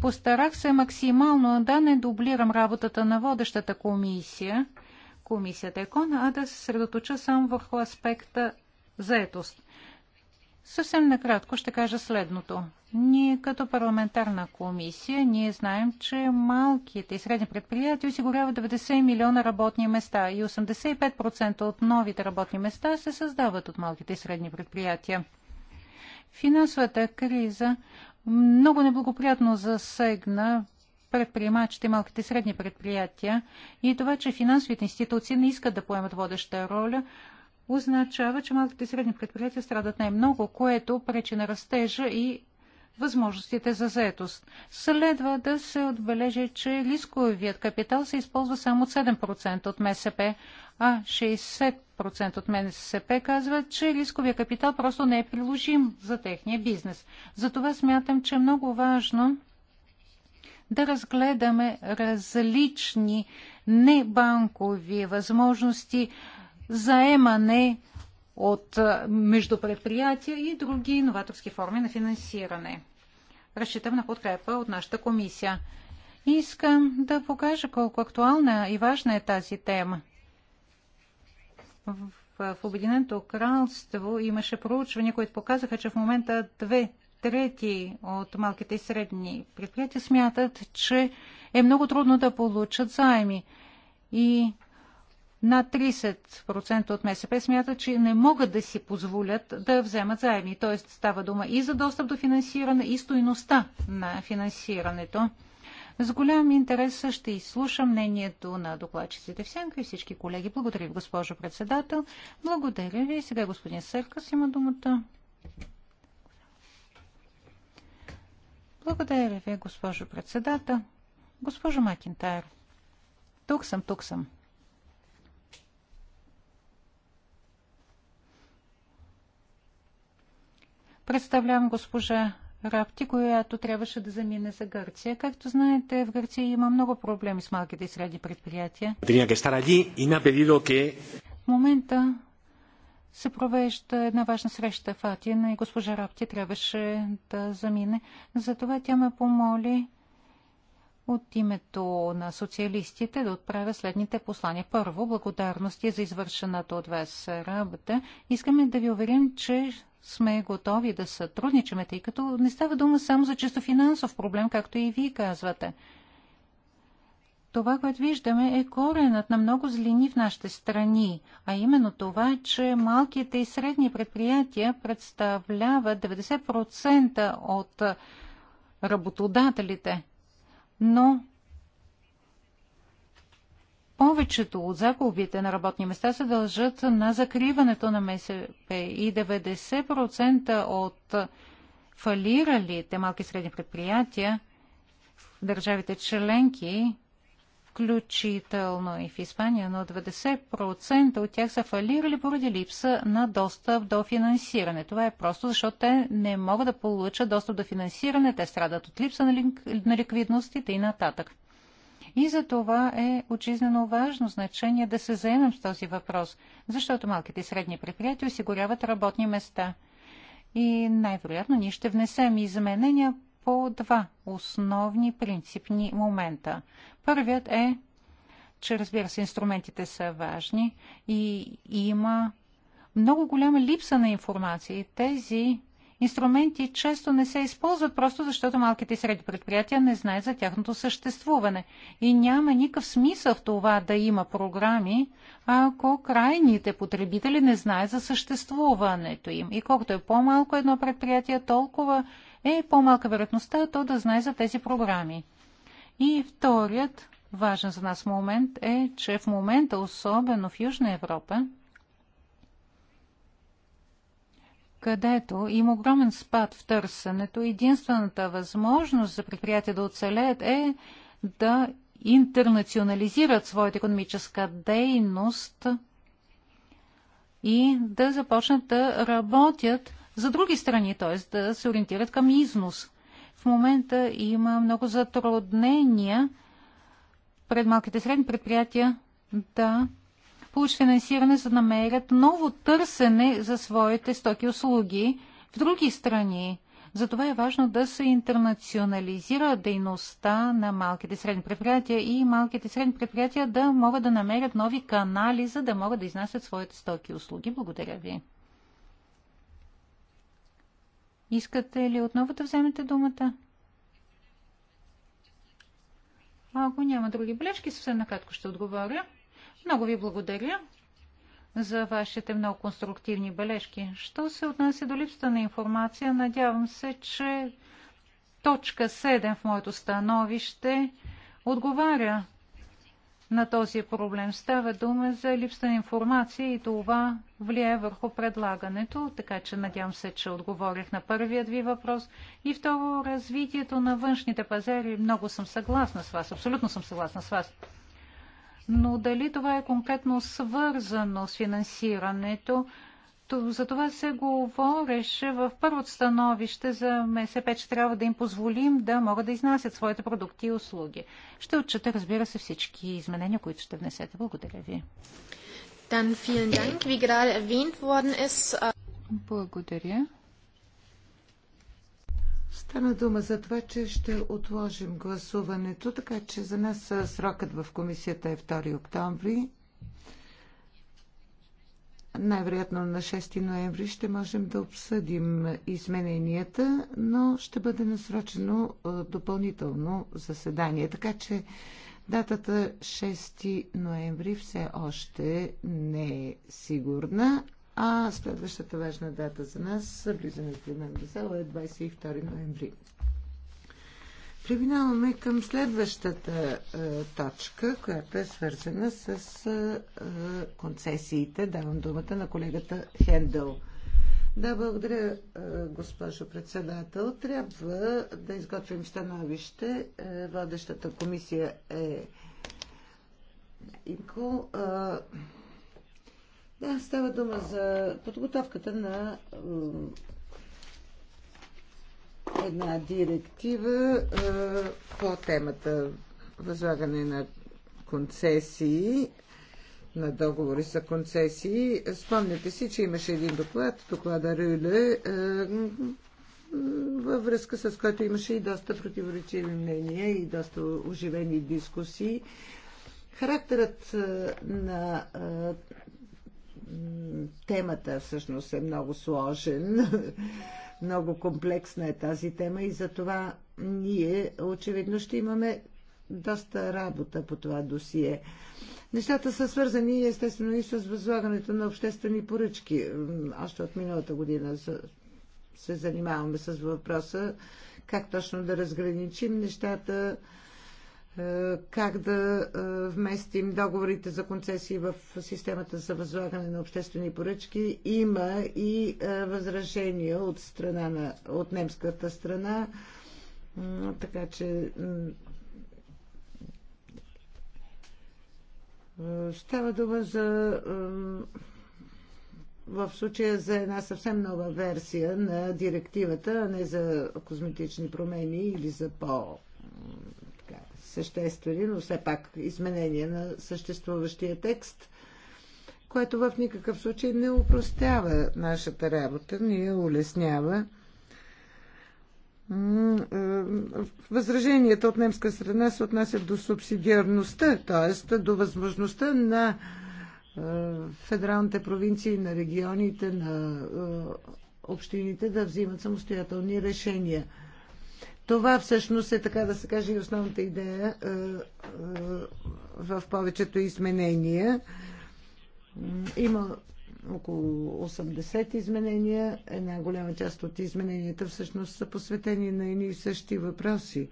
Постарах се максимално да не дублирам работата на водещата комисия, комисията ЕКОН, а да се средоточа само върху аспекта заетост. Съвсем накратко ще кажа следното. Ние като парламентарна комисия, ние знаем, че малките и средни предприятия осигуряват 90 милиона работни места и 85% от новите работни места се създават от малките и средни предприятия. Финансовата криза много неблагоприятно засегна предприемачите, малките и средни предприятия и това, че финансовите институции не искат да поемат водеща роля, означава, че малките и средни предприятия страдат най-много, което пречи на растежа и възможностите за заетост. Следва да се отбележи, че рисковият капитал се използва само 7% от МСП, а 60 90% от МСП казват, че рисковия капитал просто не е приложим за техния бизнес. Затова смятам, че е много важно да разгледаме различни небанкови възможности, заемане от междупредприятия и други иноваторски форми на финансиране. Разчитам на подкрепа от нашата комисия. Искам да покажа колко актуална и важна е тази тема. В, в Обединеното кралство имаше проучвания, които показаха, че в момента две трети от малките и средни предприятия смятат, че е много трудно да получат заеми. И на 30% от МСП смятат, че не могат да си позволят да вземат заеми. Т.е. става дума и за достъп до финансиране, и стоиността на финансирането. С голям интерес ще изслушам мнението на докладчиците в сянка и всички колеги. Благодаря ви, госпожо председател. Благодаря ви. Сега господин Съркас има думата. Благодаря ви, госпожо председател. Госпожо Макинтайр. Тук съм, тук съм. Представлявам госпожа Рапти, която трябваше да замине за Гърция. Както знаете, в Гърция има много проблеми с малките и средни предприятия. В момента се провежда една важна среща в Атина и госпожа Рапти трябваше да замине. Затова тя ме помоли от името на социалистите да отправя следните послания. Първо, благодарности за извършената от вас работа. Искаме да ви уверим, че сме готови да сътрудничаме, тъй като не става дума само за чисто финансов проблем, както и вие казвате. Това, което виждаме, е коренът на много злини в нашите страни, а именно това, че малките и средни предприятия представляват 90% от работодателите. Но повечето от загубите на работни места се дължат на закриването на МСП и 90% от фалиралите малки и средни предприятия в държавите членки, включително и в Испания, но 90% от тях са фалирали поради липса на достъп до финансиране. Това е просто защото те не могат да получат достъп до финансиране, те страдат от липса на ликвидностите и нататък. И за това е очизнено важно значение да се заемем с този въпрос, защото малките и средни предприятия осигуряват работни места. И най-вероятно ние ще внесем изменения по два основни принципни момента. Първият е, че разбира се, инструментите са важни и има много голяма липса на информация. Тези инструменти често не се използват просто защото малките и средни предприятия не знаят за тяхното съществуване. И няма никакъв смисъл в това да има програми, ако крайните потребители не знаят за съществуването им. И колкото е по-малко едно предприятие, толкова е по-малка вероятността то да знае за тези програми. И вторият важен за нас момент е, че в момента, особено в Южна Европа, където има огромен спад в търсенето, единствената възможност за предприятия да оцелеят е да интернационализират своята економическа дейност и да започнат да работят за други страни, т.е. да се ориентират към износ. В момента има много затруднения пред малките и средни предприятия да получат финансиране, за да намерят ново търсене за своите стоки и услуги в други страни. Затова е важно да се интернационализира дейността на малките и средни предприятия и малките и средни предприятия да могат да намерят нови канали, за да могат да изнасят своите стоки и услуги. Благодаря ви. Искате ли отново да вземете думата? Ако няма други бележки, съвсем накратко ще отговоря. Много ви благодаря за вашите много конструктивни бележки. Що се отнася до липсата на информация, надявам се, че точка 7 в моето становище отговаря на този проблем. Става дума за липса на информация и това влияе върху предлагането, така че надявам се, че отговорих на първият ви въпрос. И второ, развитието на външните пазари. Много съм съгласна с вас, абсолютно съм съгласна с вас но дали това е конкретно свързано с финансирането, то за това се говореше в първото становище за МСП, че трябва да им позволим да могат да изнасят своите продукти и услуги. Ще отчета, разбира се, всички изменения, които ще внесете. Благодаря ви. Äh, Благодаря. Стана дума за това, че ще отложим гласуването, така че за нас срокът в комисията е 2 октомври. Най-вероятно на 6 ноември ще можем да обсъдим измененията, но ще бъде насрочено допълнително заседание. Така че датата 6 ноември все още не е сигурна. А следващата важна дата за нас, влизането в пленарна е 22 ноември. Преминаваме към следващата е, точка, която е свързана с е, е концесиите. Давам думата на колегата Хендъл. Да, благодаря, е, госпожо председател. Трябва да изготвим становище. Е, водещата комисия е Инко. Е, да, става дума за подготовката на една директива по темата възлагане на концесии на договори за концесии. Спомняте си, че имаше един доклад, доклада Рюле, във връзка с който имаше и доста противоречиви мнения и доста оживени дискусии. Характерът на темата всъщност е много сложен, много комплексна е тази тема и затова ние очевидно ще имаме доста работа по това досие. Нещата са свързани естествено и с възлагането на обществени поръчки. Още от миналата година се занимаваме с въпроса как точно да разграничим нещата е, как да е, вместим договорите за концесии в системата за възлагане на обществени поръчки. Има и е, възражения от, страна на, от немската страна, така че става дума за в случая за една съвсем нова версия на директивата, а не за козметични промени или за по съществени, но все пак изменения на съществуващия текст, което в никакъв случай не упростява нашата работа, ни я улеснява. Е, възраженията от немска страна се отнасят до субсидиарността, т.е. до възможността на е, федералните провинции, на регионите, на е, общините да взимат самостоятелни решения – това всъщност е, така да се каже, и основната идея е, е, в повечето изменения. Има около 80 изменения. Една голяма част от измененията всъщност са посветени на едни и същи въпроси.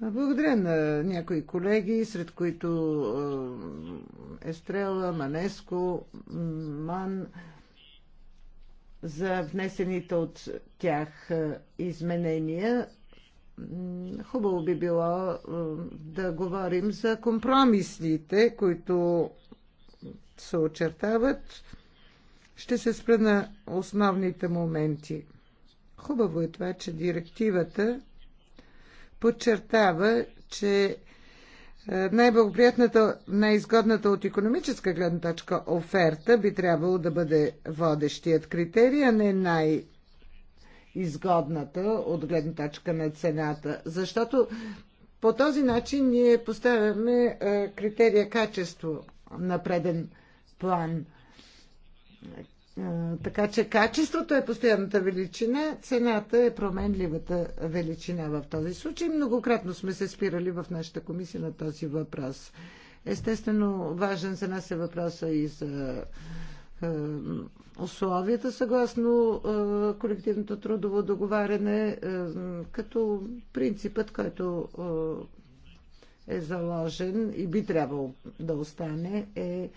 Благодаря на някои колеги, сред които е, Естрела, Манеско, Ман, за внесените от тях е, изменения. Хубаво би било е, да говорим за компромисните, които се очертават. Ще се спра на основните моменти. Хубаво е това, че директивата подчертава, че е, най-благоприятната, най-изгодната от економическа гледна точка оферта би трябвало да бъде водещият критерий, а не най- изгодната от гледна точка на цената. Защото по този начин ние поставяме е, критерия качество на преден план. Така че качеството е постоянната величина, цената е променливата величина в този случай. Многократно сме се спирали в нашата комисия на този въпрос. Естествено, важен за нас е въпроса и за условията съгласно колективното трудово договаряне, като принципът, който е заложен и би трябвало да остане, е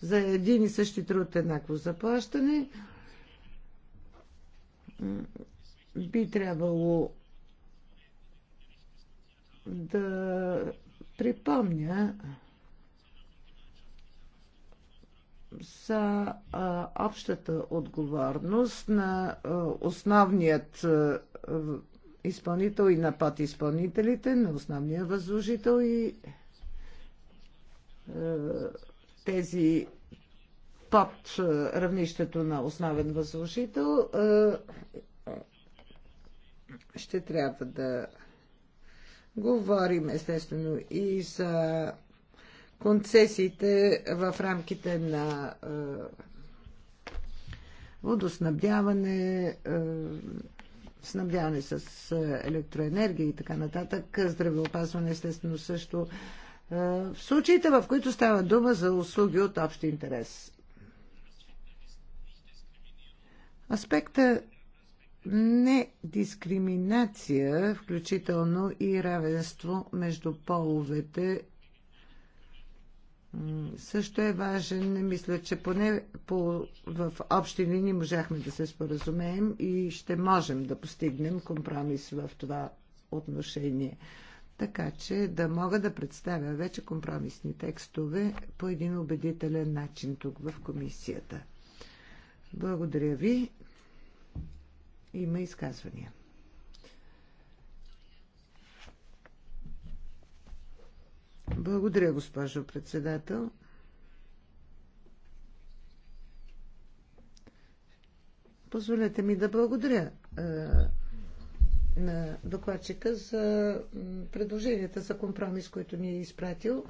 за един и същи труд еднакво заплащане. Би трябвало да припомня за а, общата отговорност на а, основният а, изпълнител и на подизпълнителите, на основния възложител и а, тези под е, равнището на основен възложител, е, ще трябва да говорим естествено и за концесиите в рамките на е, водоснабдяване, снабдяване с електроенергия и така нататък, здравеопазване естествено също в случаите, в които става дума за услуги от общ интерес. Аспекта не дискриминация, включително и равенство между половете, също е важен. Мисля, че поне по, в общи линии можахме да се споразумеем и ще можем да постигнем компромис в това отношение така че да мога да представя вече компромисни текстове по един убедителен начин тук в комисията. Благодаря ви. Има изказвания. Благодаря, госпожо председател. Позволете ми да благодаря на докладчика за предложенията за компромис, които ни е изпратил.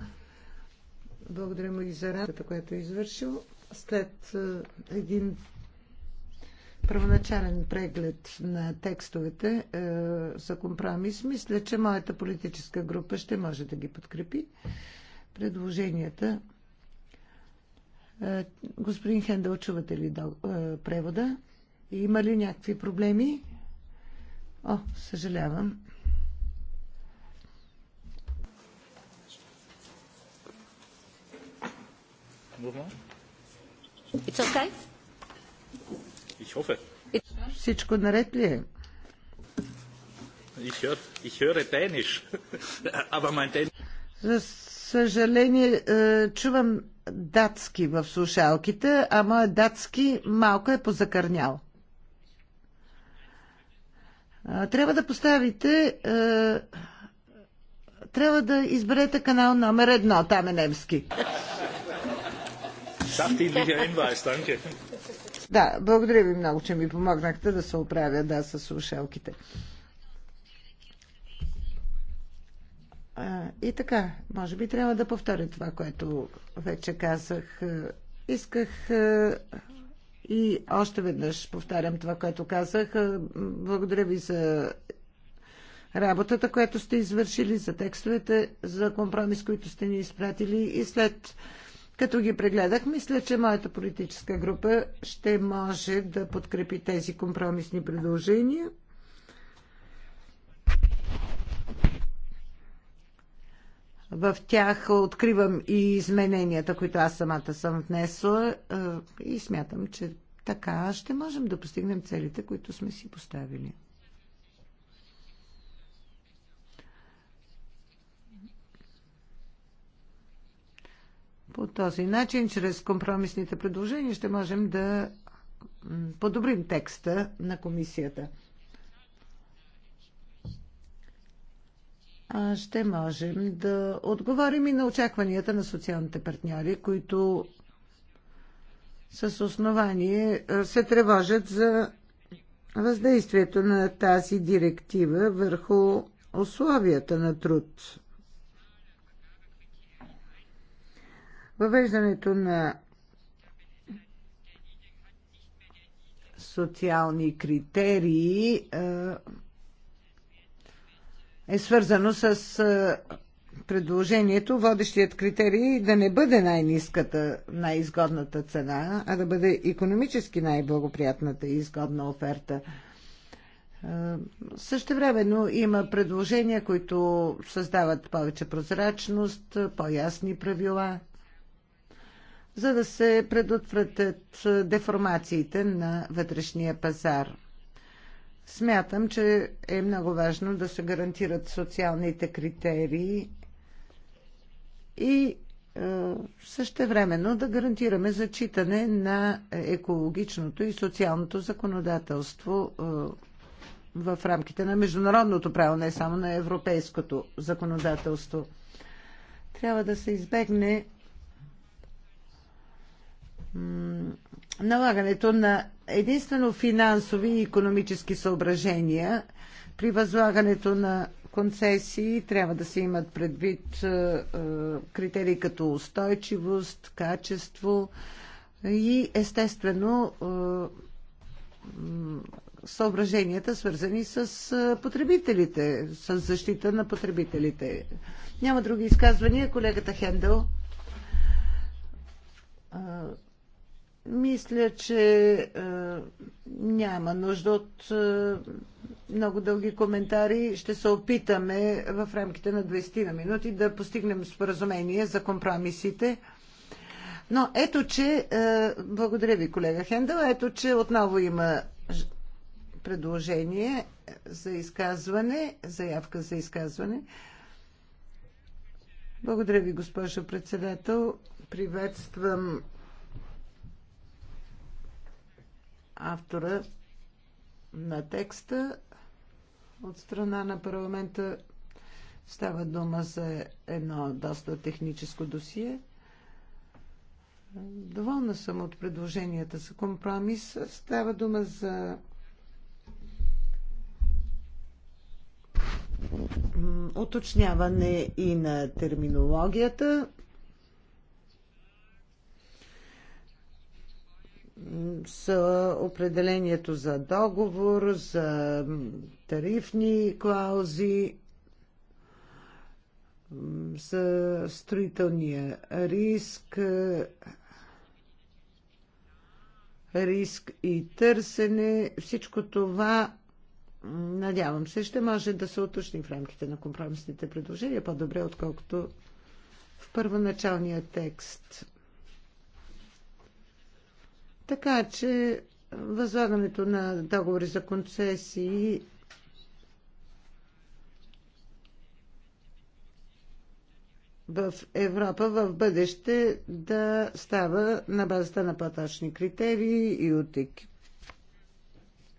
Благодаря му и за работата, която е извършил. След един първоначален преглед на текстовете е, за компромис, мисля, че моята политическа група ще може да ги подкрепи. Предложенията. Е, господин Хендел, чувате ли до, е, превода? Има ли някакви проблеми? О, съжалявам. It's okay? Ich hoffe. Всичко наред ли е? Ich, ich höre aber mein За съжаление, е, чувам датски в слушалките, а моят датски малко е позакърнял. Трябва да поставите. Трябва да изберете канал номер едно. Там е немски. Да, благодаря ви много, че ми помогнахте да се оправя да, с слушалките. И така, може би трябва да повторя това, което вече казах. Исках и още веднъж повтарям това, което казах. Е, благодаря ви за работата, която сте извършили, за текстовете, за компромис, които сте ни изпратили и след като ги прегледах, мисля, че моята политическа група ще може да подкрепи тези компромисни предложения. В тях откривам и измененията, които аз самата съм внесла и смятам, че така ще можем да постигнем целите, които сме си поставили. По този начин, чрез компромисните предложения, ще можем да подобрим текста на комисията. ще можем да отговорим и на очакванията на социалните партньори, които с основание се тревожат за въздействието на тази директива върху условията на труд. Въвеждането на социални критерии е свързано с предложението водещият критерий е да не бъде най-низката, най-изгодната цена, а да бъде економически най-благоприятната и изгодна оферта. Също времено има предложения, които създават повече прозрачност, по-ясни правила, за да се предотвратят деформациите на вътрешния пазар – Смятам, че е много важно да се гарантират социалните критерии и е, същевременно да гарантираме зачитане на екологичното и социалното законодателство е, в рамките на международното право, не само на европейското законодателство. Трябва да се избегне налагането на единствено финансови и економически съображения при възлагането на концесии трябва да се имат предвид е, е, критерии като устойчивост, качество и естествено е, съображенията, свързани с потребителите, с защита на потребителите. Няма други изказвания. Колегата Хендел. Мисля, че е, няма нужда от е, много дълги коментари. Ще се опитаме в рамките на 20 на минути да постигнем споразумение за компромисите. Но ето, че, е, благодаря ви, колега Хендел, ето, че отново има предложение за изказване, заявка за изказване. Благодаря ви, госпожо председател. Приветствам автора на текста от страна на парламента. Става дума за едно доста техническо досие. Доволна съм от предложенията за компромис. Става дума за уточняване и на терминологията са определението за договор, за тарифни клаузи, за строителния риск, риск и търсене. Всичко това, надявам се, ще може да се уточни в рамките на компромисните предложения по-добре, отколкото в първоначалния текст. Така че възлагането на договори за концесии в Европа в бъдеще да става на базата на по-точни критерии и от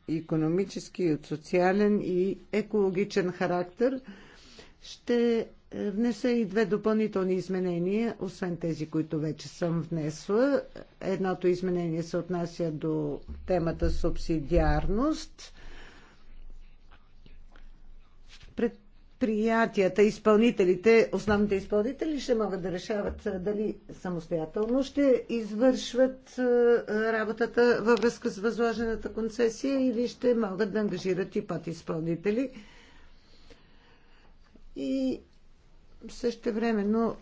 економически, и от социален и екологичен характер. Ще внеса и две допълнителни изменения, освен тези, които вече съм внесла. Едното изменение се отнася до темата субсидиарност. Предприятията, изпълнителите, основните изпълнители ще могат да решават дали самостоятелно ще извършват работата във връзка с възложената концесия или ще могат да ангажират и подизпълнители. И също времено е,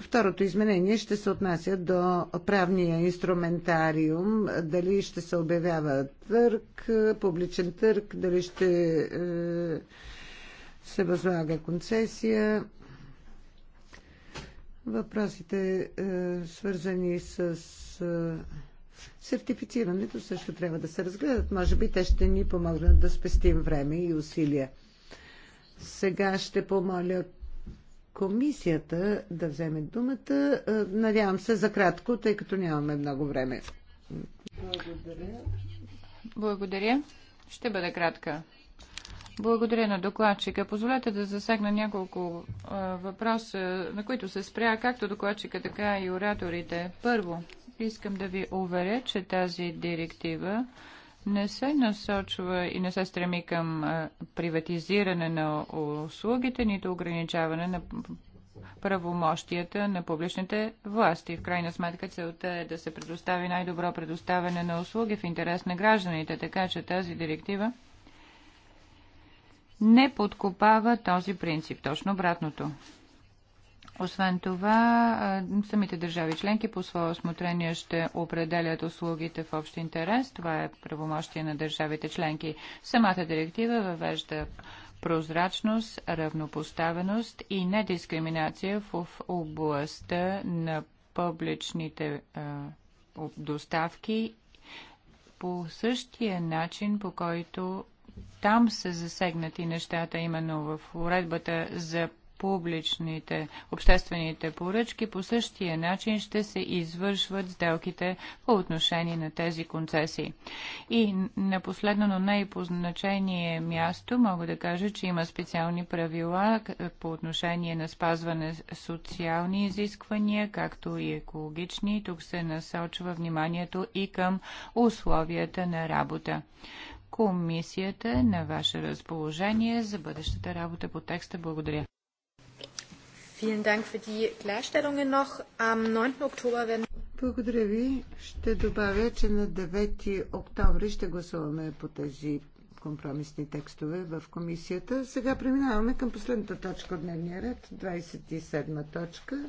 второто изменение ще се отнася до правния инструментариум, дали ще се обявява търг, публичен търг, дали ще е, се възлага концесия. Въпросите, е, свързани с сертифицирането, също трябва да се разгледат. Може би те ще ни помогнат да спестим време и усилия. Сега ще помоля комисията да вземе думата. Е, надявам се за кратко, тъй като нямаме много време. Благодаря. Благодаря. Ще бъде кратка. Благодаря на докладчика. Позволете да засегна няколко а, е, въпроса, на които се спря както докладчика, така и ораторите. Първо, искам да ви уверя, че тази директива не се насочва и не се стреми към приватизиране на услугите, нито ограничаване на правомощията на публичните власти. В крайна сметка целта е да се предостави най-добро предоставяне на услуги в интерес на гражданите, така че тази директива не подкопава този принцип, точно обратното. Освен това, самите държави членки по своя осмотрение ще определят услугите в общ интерес. Това е правомощие на държавите членки. Самата директива въвежда прозрачност, равнопоставеност и недискриминация в областта на публичните доставки по същия начин, по който там са засегнати нещата, именно в уредбата за публичните обществените поръчки, по същия начин ще се извършват сделките по отношение на тези концесии. И на последно, но не и по значение място, мога да кажа, че има специални правила по отношение на спазване социални изисквания, както и екологични. Тук се насочва вниманието и към условията на работа. Комисията е на ваше разположение за бъдещата работа по текста. Благодаря. Vielen Dank für die Klarstellungen noch. Am 9. Oktober werden благодаря ви. Ще добавя, че на 9 октомври ще гласуваме по тези компромисни текстове в комисията. Сега преминаваме към последната точка от дневния ред, 27-ма точка.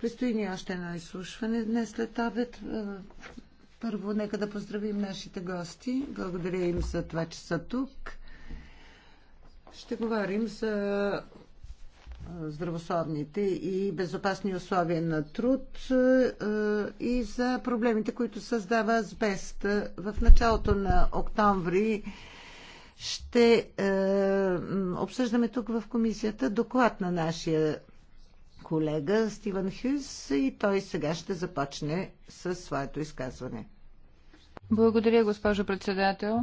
Предстои ни още едно изслушване днес след обед. Първо, нека да поздравим нашите гости. Благодаря им за това, че са тук. Ще говорим за здравословните и безопасни условия на труд е, и за проблемите, които създава азбест. В началото на октомври ще е, обсъждаме тук в комисията доклад на нашия колега Стивен Хюс и той сега ще започне със своето изказване. Благодаря, госпожо председател.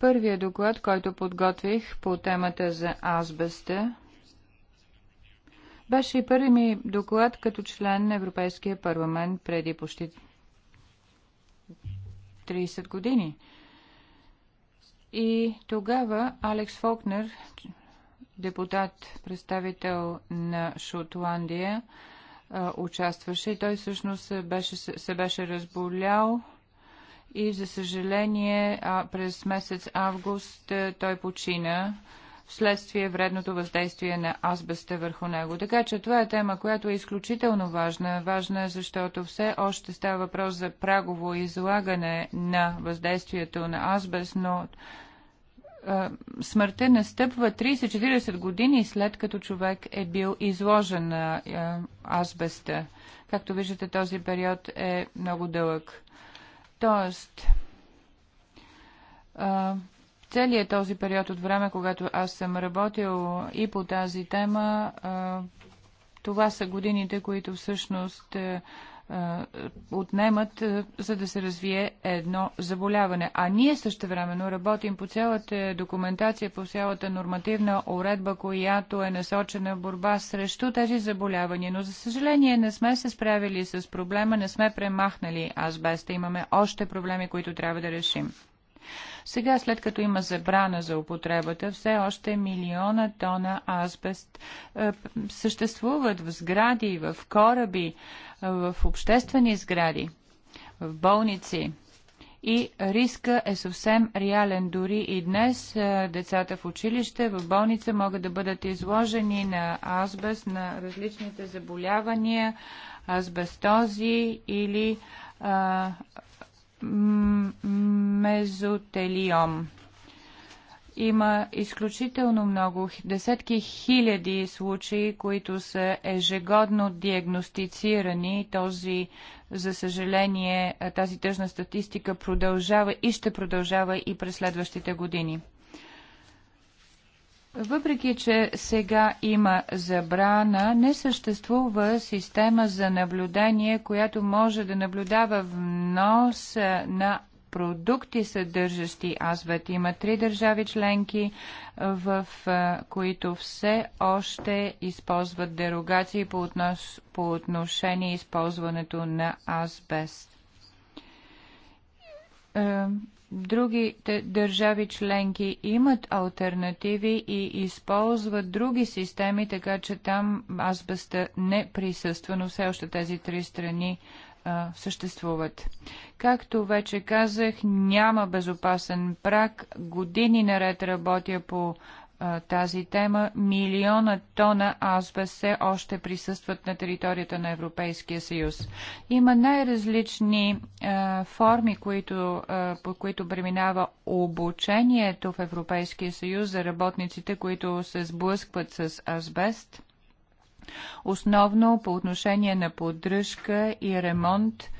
първия доклад, който подготвих по темата за азбеста, беше и първи ми доклад като член на Европейския парламент преди почти 30 години. И тогава Алекс Фокнер, депутат, представител на Шотландия, участваше и той всъщност се беше, се беше разболял и за съжаление през месец август е, той почина вследствие вредното въздействие на азбеста върху него. Така че това е тема, която е изключително важна. Важна е, защото все още става въпрос за прагово излагане на въздействието на азбест, но смъртта настъпва 30-40 години след като човек е бил изложен на азбеста. Както виждате, този период е много дълъг. Тоест, целият този период от време, когато аз съм работил и по тази тема, това са годините, които всъщност е, отнемат, за да се развие едно заболяване. А ние също времено работим по цялата документация, по цялата нормативна уредба, която е насочена борба срещу тези заболявания. Но, за съжаление, не сме се справили с проблема, не сме премахнали азбеста. Имаме още проблеми, които трябва да решим. Сега, след като има забрана за употребата, все още милиона тона азбест е, съществуват в сгради, в кораби, е, в обществени сгради, в болници и риска е съвсем реален. Дори и днес е, децата в училище, в болница могат да бъдат изложени на азбест, на различните заболявания, азбестози или а, мезотелиом. Има изключително много, десетки хиляди случаи, които са ежегодно диагностицирани. Този, за съжаление, тази тъжна статистика продължава и ще продължава и през следващите години. Въпреки, че сега има забрана, не съществува система за наблюдение, която може да наблюдава внос на продукти, съдържащи азбет. Има три държави членки, в които все още използват дерогации по, относ, по отношение използването на азбест другите държави членки имат альтернативи и използват други системи, така че там азбеста не присъства, но все още тези три страни а, съществуват. Както вече казах, няма безопасен прак. Години наред работя по тази тема. Милиона тона азбест все още присъстват на територията на Европейския съюз. Има най-различни форми, които, а, по които преминава обучението в Европейския съюз за работниците, които се сблъскват с азбест. Основно по отношение на поддръжка и ремонт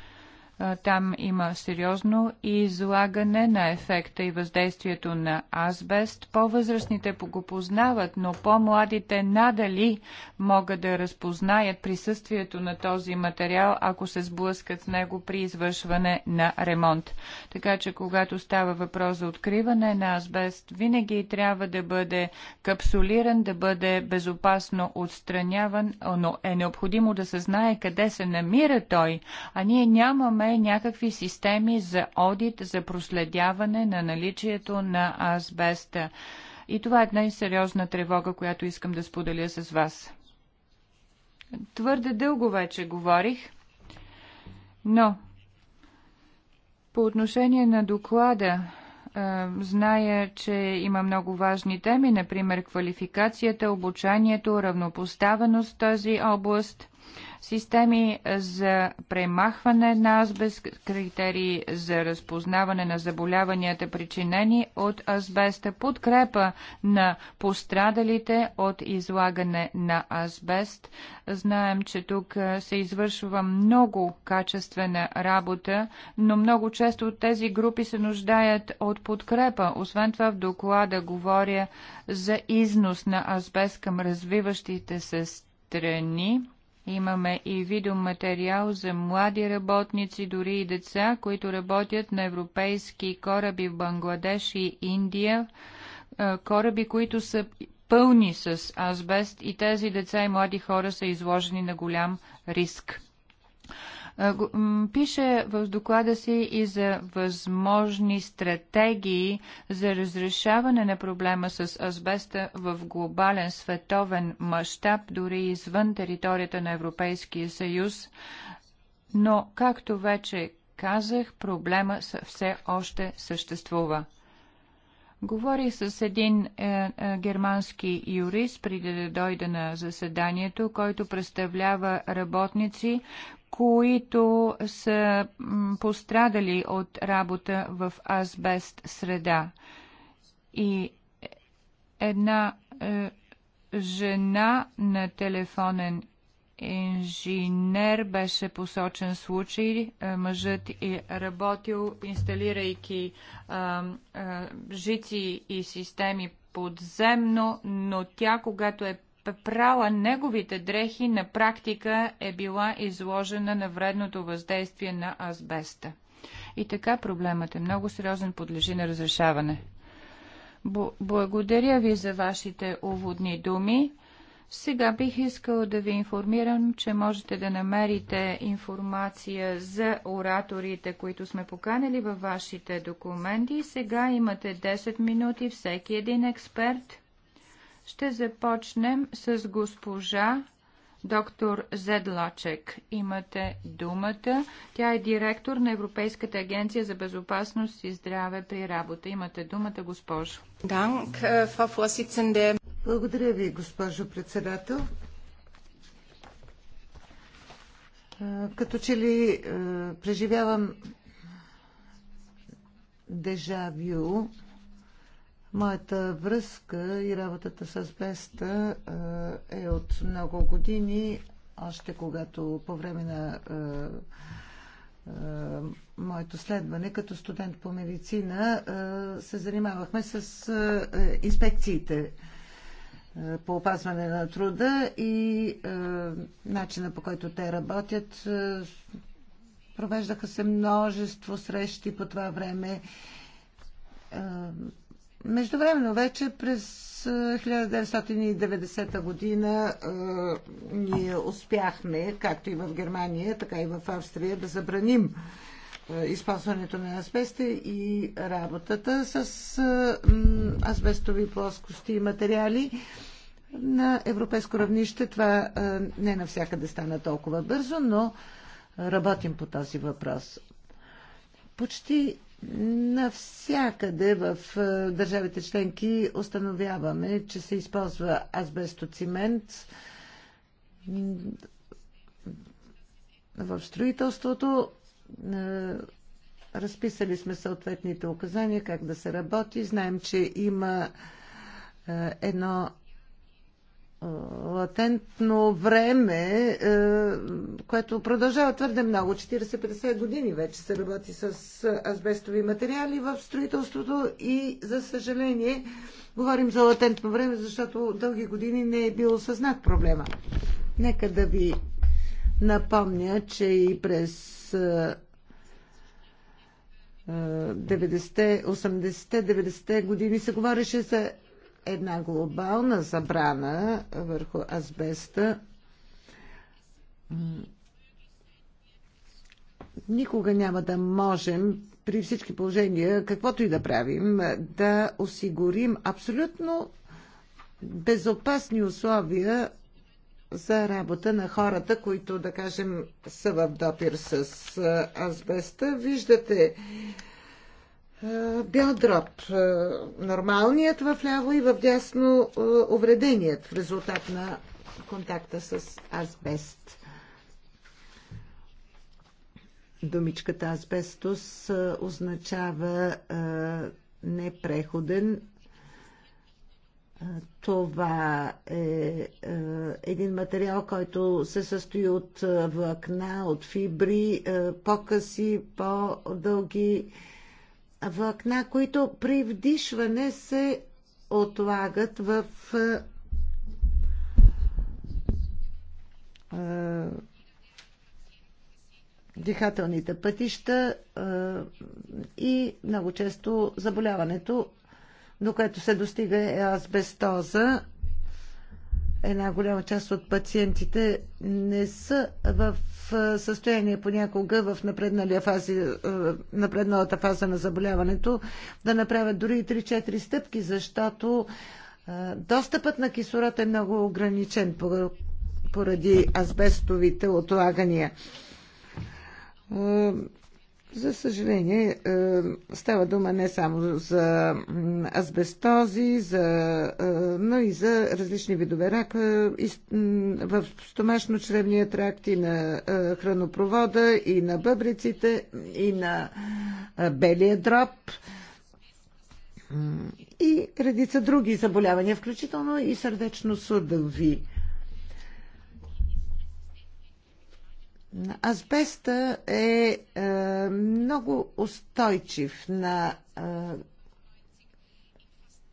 там има сериозно излагане на ефекта и въздействието на азбест. По-възрастните го познават, но по-младите надали могат да разпознаят присъствието на този материал, ако се сблъскат с него при извършване на ремонт. Така че, когато става въпрос за откриване на азбест, винаги трябва да бъде капсулиран, да бъде безопасно отстраняван, но е необходимо да се знае къде се намира той, а ние нямаме и е някакви системи за одит, за проследяване на наличието на азбеста. И това е една и сериозна тревога, която искам да споделя с вас. Твърде дълго вече говорих, но по отношение на доклада, зная, че има много важни теми, например квалификацията, обучанието, равнопоставеност в тази област системи за премахване на азбест, критерии за разпознаване на заболяванията, причинени от азбеста, подкрепа на пострадалите от излагане на азбест. Знаем, че тук се извършва много качествена работа, но много често тези групи се нуждаят от подкрепа. Освен това в доклада говоря за износ на азбест към развиващите се страни Имаме и видеоматериал за млади работници, дори и деца, които работят на европейски кораби в Бангладеш и Индия, е, кораби, които са пълни с азбест и тези деца и млади хора са изложени на голям риск. Пише в доклада си и за възможни стратегии за разрешаване на проблема с азбеста в глобален световен мащаб, дори извън територията на Европейския съюз. Но, както вече казах, проблема все още съществува. Говорих с един е, е, германски юрист преди да дойда на заседанието, който представлява работници, които са пострадали от работа в азбест среда. И една е, жена на телефонен инженер беше посочен случай. Е, мъжът е работил, инсталирайки е, е, жици и системи подземно, но тя, когато е прала неговите дрехи, на практика е била изложена на вредното въздействие на азбеста. И така проблемът е много сериозен, подлежи на разрешаване. Б- благодаря ви за вашите уводни думи. Сега бих искала да ви информирам, че можете да намерите информация за ораторите, които сме поканали във вашите документи. Сега имате 10 минути всеки един експерт ще започнем с госпожа доктор Зедлачек. Имате думата. Тя е директор на Европейската агенция за безопасност и здраве при работа. Имате думата, госпожо. Е, Благодаря ви, госпожо председател. Е, като че ли е, преживявам дежавю, Моята връзка и работата с Беста е от много години, още когато по време на моето следване като студент по медицина се занимавахме с инспекциите по опазване на труда и начина по който те работят. Провеждаха се множество срещи по това време Междувременно вече през 1990 година е, ние успяхме, както и в Германия, така и в Австрия, да забраним използването на асбеста и работата с е, асбестови плоскости и материали. На европейско равнище това е, не навсякъде стана толкова бързо, но работим по този въпрос. Почти Навсякъде в е, държавите членки установяваме, че се използва азбестоцимент в строителството. Е, разписали сме съответните указания как да се работи. Знаем, че има е, едно латентно време, е, което продължава твърде много, 40-50 години вече се работи с азбестови материали в строителството и, за съжаление, говорим за латентно време, защото дълги години не е бил осъзнат проблема. Нека да ви напомня, че и през 90-80-90 е, е, години се говореше за една глобална забрана върху азбеста никога няма да можем при всички положения, каквото и да правим, да осигурим абсолютно безопасни условия за работа на хората, които, да кажем, са в допир с азбеста. Виждате е, бял дроб. Е, нормалният в ляво и в дясно е, увреденият в резултат на контакта с азбест. Думичката азбестос означава непреходен. Това е един материал, който се състои от влакна, от фибри, по-къси, по-дълги влакна, които при вдишване се отлагат в е, е, дихателните пътища е, и много често заболяването, до което се достига е асбестоза. Една голяма част от пациентите не са в състояние понякога в напредналия фази, е, напредналата фаза на заболяването да направят дори 3-4 стъпки, защото е, достъпът на кислород е много ограничен поради азбестовите отлагания. Е, за съжаление, е, става дума не само за азбестози, за, е, но и за различни видове рак в стомашно-чревния тракт и на е, хранопровода, и на бъбриците, и на белия дроб и редица други заболявания, включително и сърдечно-съдови Азбеста е, е много устойчив на е,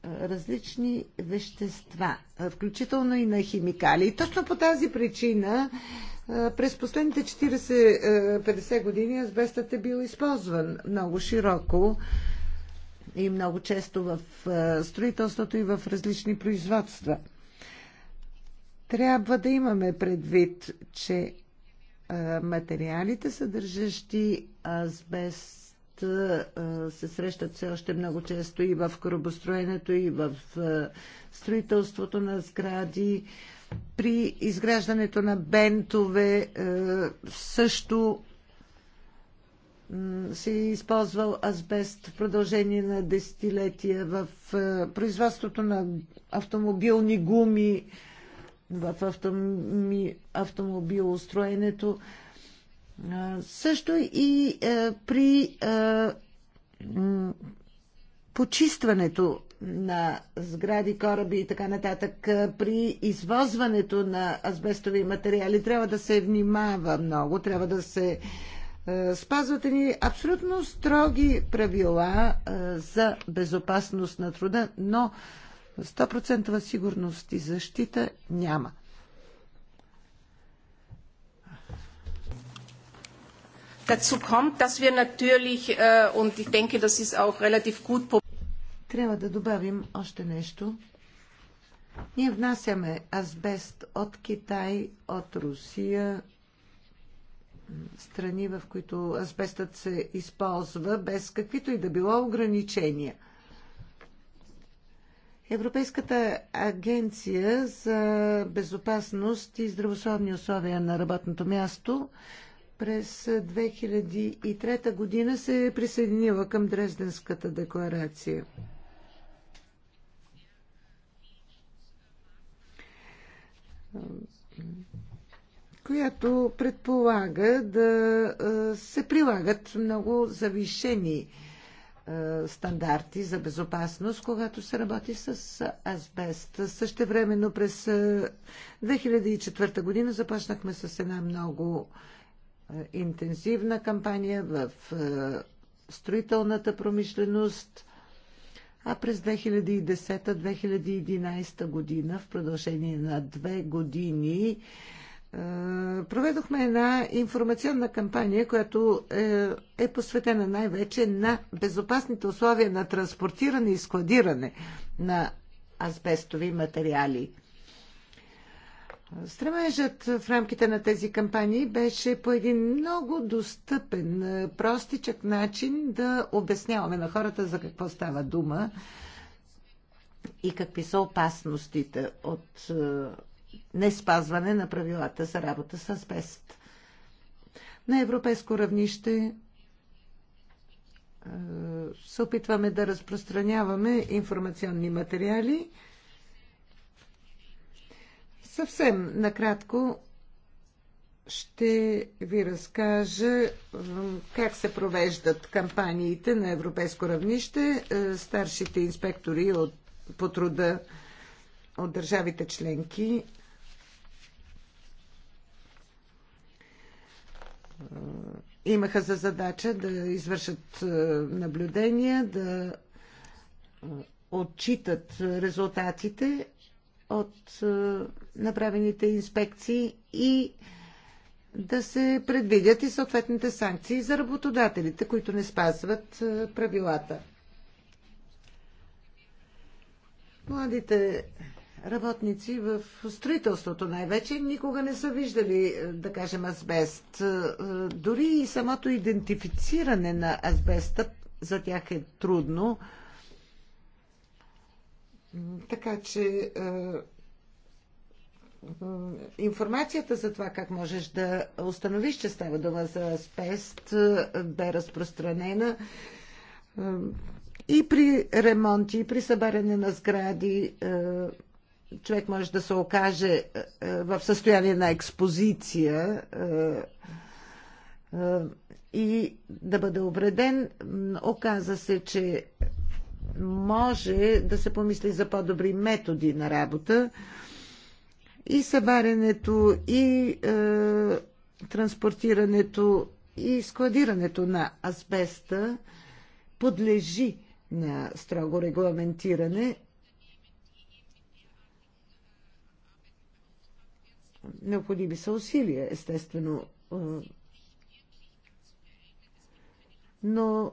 различни вещества, включително и на химикали. И точно по тази причина е, през последните 40-50 е, години азбестът е бил използван много широко и много често в е, строителството и в различни производства. Трябва да имаме предвид, че е, материалите, съдържащи азбест, е, се срещат все още много често и в кръбостроенето и в е, строителството на сгради. При изграждането на бентове също се е използвал азбест в продължение на десетилетия в производството на автомобилни гуми, в автоми, автомобилостроенето. Също и при почистването на сгради, кораби и така нататък, при извозването на азбестови материали трябва да се внимава много, трябва да се спазват ни абсолютно строги правила за безопасност на труда, но 100% сигурност и защита няма. Dazu kommt, dass wir natürlich, äh, und ich denke, das ist auch relativ gut. Трябва да добавим още нещо. Ние внасяме азбест от Китай, от Русия, страни, в които азбестът се използва без каквито и да било ограничения – Европейската агенция за безопасност и здравословни условия на работното място през 2003 година се е присъединила към Дрезденската декларация. която предполага да се прилагат много завишени е, стандарти за безопасност, когато се работи с азбест. времено през 2004 е, година започнахме с една много е, интензивна кампания в строителната промишленост, а през 2010-2011 година, в продължение на две години, е, проведохме една информационна кампания, която е, е посветена най-вече на безопасните условия на транспортиране и складиране на азбестови материали. Стремежът в рамките на тези кампании беше по един много достъпен, е, простичък начин да обясняваме на хората за какво става дума и какви са опасностите от не спазване на правилата за работа с асбест. На европейско равнище е, се опитваме да разпространяваме информационни материали. Съвсем накратко ще ви разкажа как се провеждат кампаниите на европейско равнище. Е, старшите инспектори от, по труда от държавите членки имаха за задача да извършат е, наблюдения, да е, отчитат резултатите от е, направените инспекции и да се предвидят и съответните санкции за работодателите, които не спазват правилата. Младите работници в строителството най-вече никога не са виждали, е, да кажем, азбест. Е, дори и самото идентифициране на азбеста за тях е трудно. Така че е, информацията за това как можеш да установиш, че става дума за азбест, бе разпространена и при ремонти, и при събаряне на сгради човек може да се окаже е, е, в състояние на експозиция е, и да бъде обреден. Оказа се, че може да се помисли за по-добри методи на работа и събарянето, и е, транспортирането, и складирането на азбеста подлежи на строго регламентиране Необходими са усилия, естествено. Но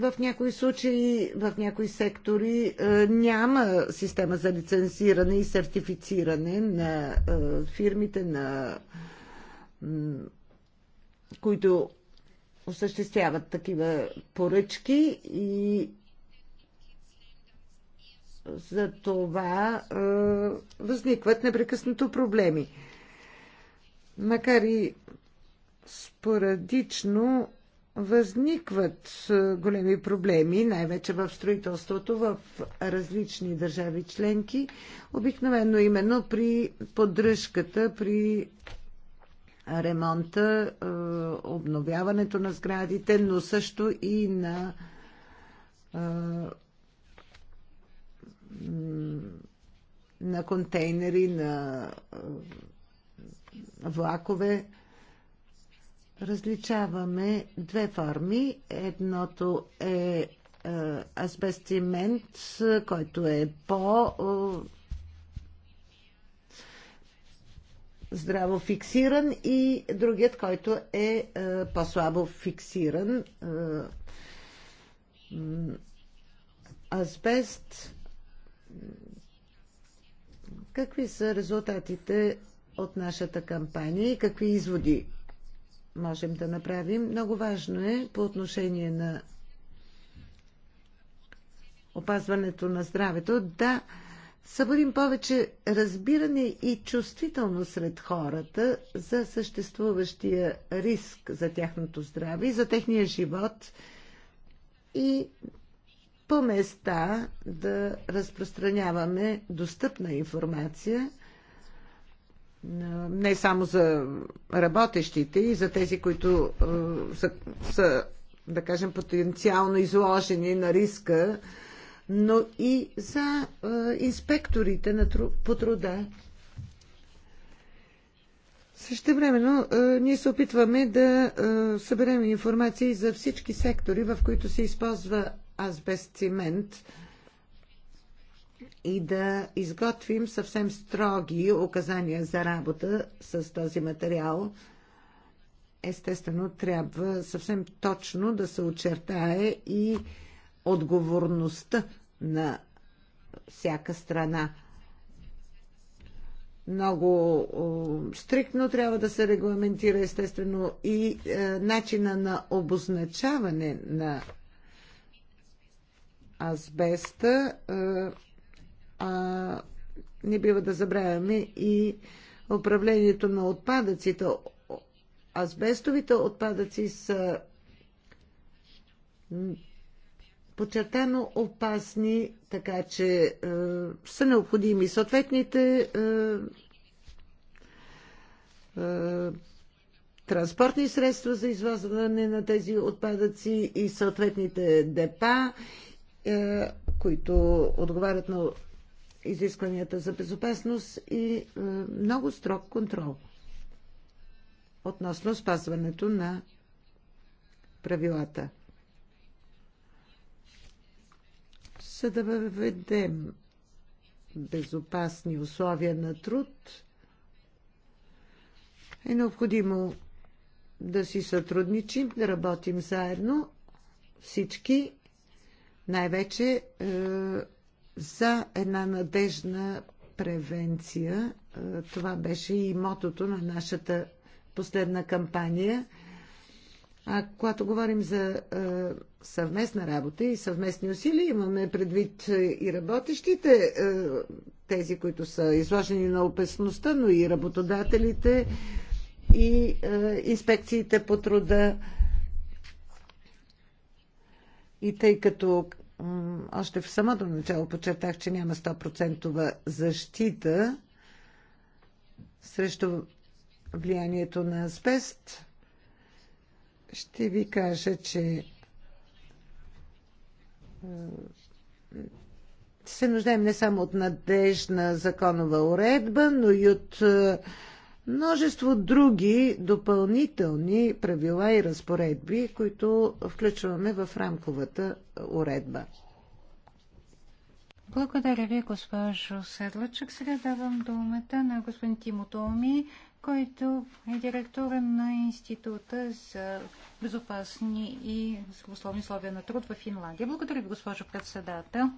в някои случаи, в някои сектори няма система за лицензиране и сертифициране на фирмите, на които осъществяват такива поръчки и за това е, възникват непрекъснато проблеми. Макар и спорадично възникват големи проблеми, най-вече в строителството в различни държави членки, обикновено именно при поддръжката, при ремонта, обновяването на сградите, но също и на на контейнери, на влакове. Различаваме две форми. Едното е асбестимент, който е по здраво фиксиран и другият, който е по-слабо фиксиран. Азбест Какви са резултатите от нашата кампания и какви изводи можем да направим? Много важно е по отношение на опазването на здравето да събудим повече разбиране и чувствително сред хората за съществуващия риск за тяхното здраве и за техния живот и по места да разпространяваме достъпна информация не само за работещите и за тези, които са, са да кажем, потенциално изложени на риска, но и за инспекторите на, по труда. времено, ние се опитваме да съберем информация и за всички сектори, в които се използва цимент и да изготвим съвсем строги указания за работа с този материал. Естествено, трябва съвсем точно да се очертае и отговорността на всяка страна. Много стриктно трябва да се регламентира, естествено, и е, начина на обозначаване на азбеста, а не бива да забравяме и управлението на отпадъците. Азбестовите отпадъци са подчертано опасни, така че е, са необходими съответните е, е, транспортни средства за извазване на тези отпадъци и съответните депа е, които отговарят на изискванията за безопасност и е, много строг контрол относно спазването на правилата. За да въведем безопасни условия на труд, е необходимо да си сътрудничим, да работим заедно всички най-вече е, за една надежна превенция. Е, това беше и мотото на нашата последна кампания. А когато говорим за е, съвместна работа и съвместни усилия, имаме предвид е, и работещите, е, тези, които са изложени на опасността, но и работодателите, и е, инспекциите по труда. Е, и тъй като още в самото начало подчертах, че няма 100% защита срещу влиянието на асбест, ще ви кажа, че е, се нуждаем не само от надежна законова уредба, но и от е, множество други допълнителни правила и разпоредби, които включваме в рамковата уредба. Благодаря ви, госпожо Седлачък. Сега давам думата на господин Тимо Томи, който е директора на Института за безопасни и условни условия на труд в Финландия. Благодаря ви, госпожо председател.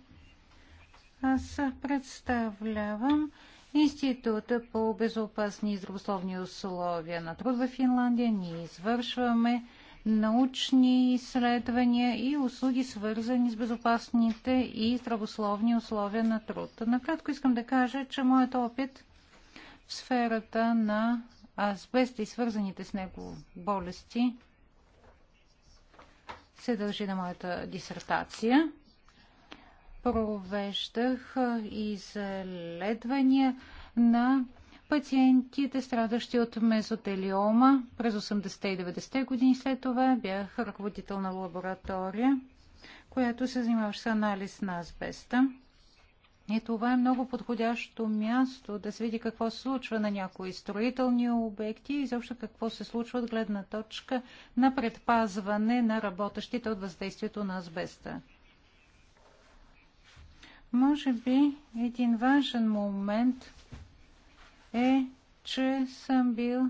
Аз представлявам Института по безопасни и здравословни условия на труд в Финландия. Ние извършваме научни изследвания и услуги, свързани с безопасните и здравословни условия на труд. Накратко искам да кажа, че моят опит в сферата на асбеста и свързаните с него болести се дължи на моята дисертация провеждах изследвания на пациентите, страдащи от мезотелиома през 80-те и 90-те години. След това бях ръководител на лаборатория, която се занимаваше с анализ на азбеста. И това е много подходящо място да се види какво се случва на някои строителни обекти и заобщо какво се случва от гледна точка на предпазване на работещите от въздействието на азбеста. Може би един важен момент е, че съм бил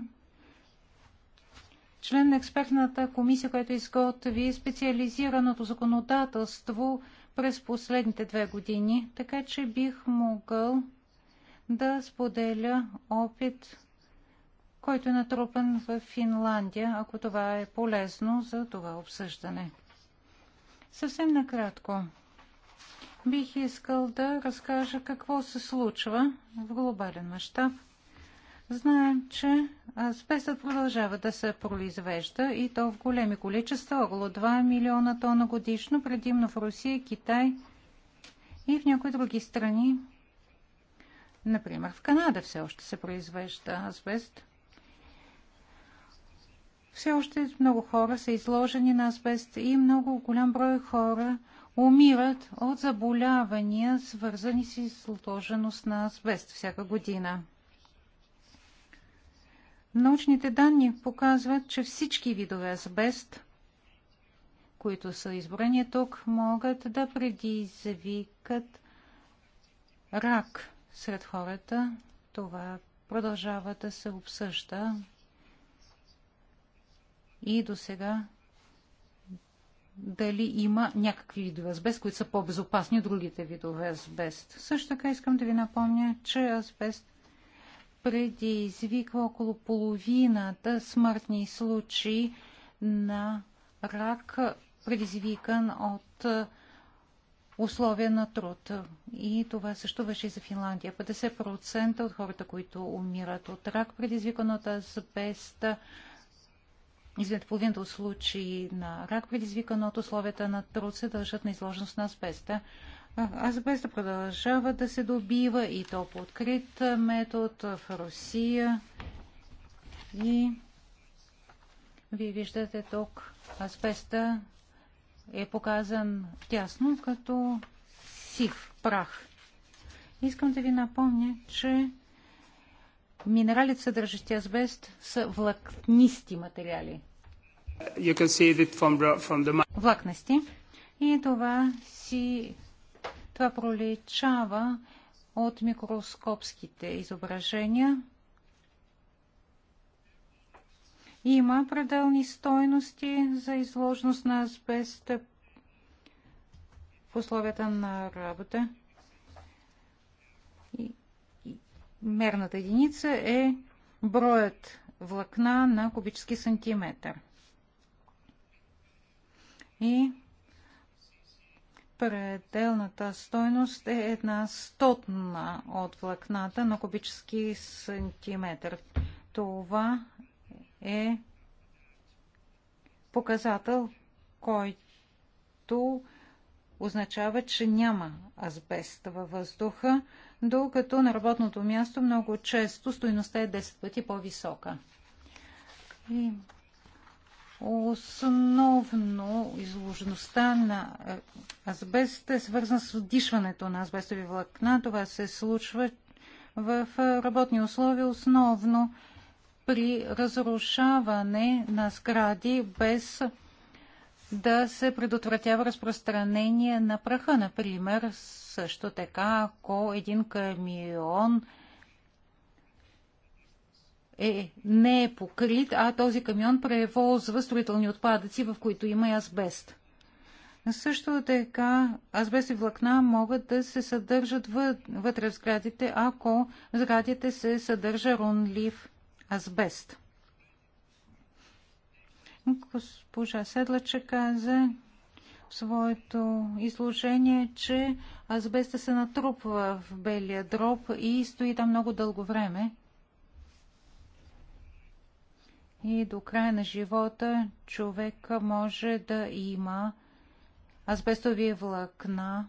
член на експертната комисия, която изготви специализираното законодателство през последните две години, така че бих могъл да споделя опит, който е натрупан в Финландия, ако това е полезно за това обсъждане. Съвсем накратко, бих искал да разкажа какво се случва в глобален мащаб. Знаем, че спесът продължава да се произвежда и то в големи количества, около 2 милиона тона годишно, предимно в Русия, Китай и в някои други страни. Например, в Канада все още се произвежда асбест. Все още много хора са изложени на асбест и много голям брой хора – умират от заболявания, свързани с изложеност на асбест всяка година. Научните данни показват, че всички видове асбест, които са изброени тук, могат да предизвикат рак сред хората. Това продължава да се обсъжда и до сега дали има някакви видове азбест, които са по-безопасни от другите видове азбест. Също така искам да ви напомня, че азбест предизвиква около половината смъртни случаи на рак, предизвикан от условия на труд. И това също беше и за Финландия. 50% от хората, които умират от рак, предизвикан от азбеста, извинете, половината от случаи на рак, предизвикан от условията на труд, се дължат на изложеност на асбеста. Азбеста продължава да се добива и то по открит метод в Русия. И вие виждате тук азбеста е показан тясно като сив прах. Искам да ви напомня, че минералите, съдържащи азбест, са влакнисти материали. Влакнасти. И това си това проличава от микроскопските изображения. Има пределни стойности за изложност на асбеста в условията на работа. мерната единица е броят влакна на кубически сантиметър и пределната стойност е една стотна от влакната на кубически сантиметър. Това е показател, който означава, че няма азбест във въздуха, докато на работното място много често стоиността е 10 пъти по-висока. И Основно изложеността на азбест е свързана с дишването на азбестови влакна. Това се случва в е, работни условия, основно при разрушаване на сгради без да се предотвратява разпространение на праха. Например, също така, ако един камион е, не е покрит, а този камион превозва строителни отпадъци, в които има и азбест. Също така, азбест и влакна могат да се съдържат вътре в сградите, ако в сградите се съдържа ронлив азбест. Госпожа Седлача каза в своето изложение, че азбеста се натрупва в белия дроб и стои там много дълго време и до края на живота човек може да има азбестови влакна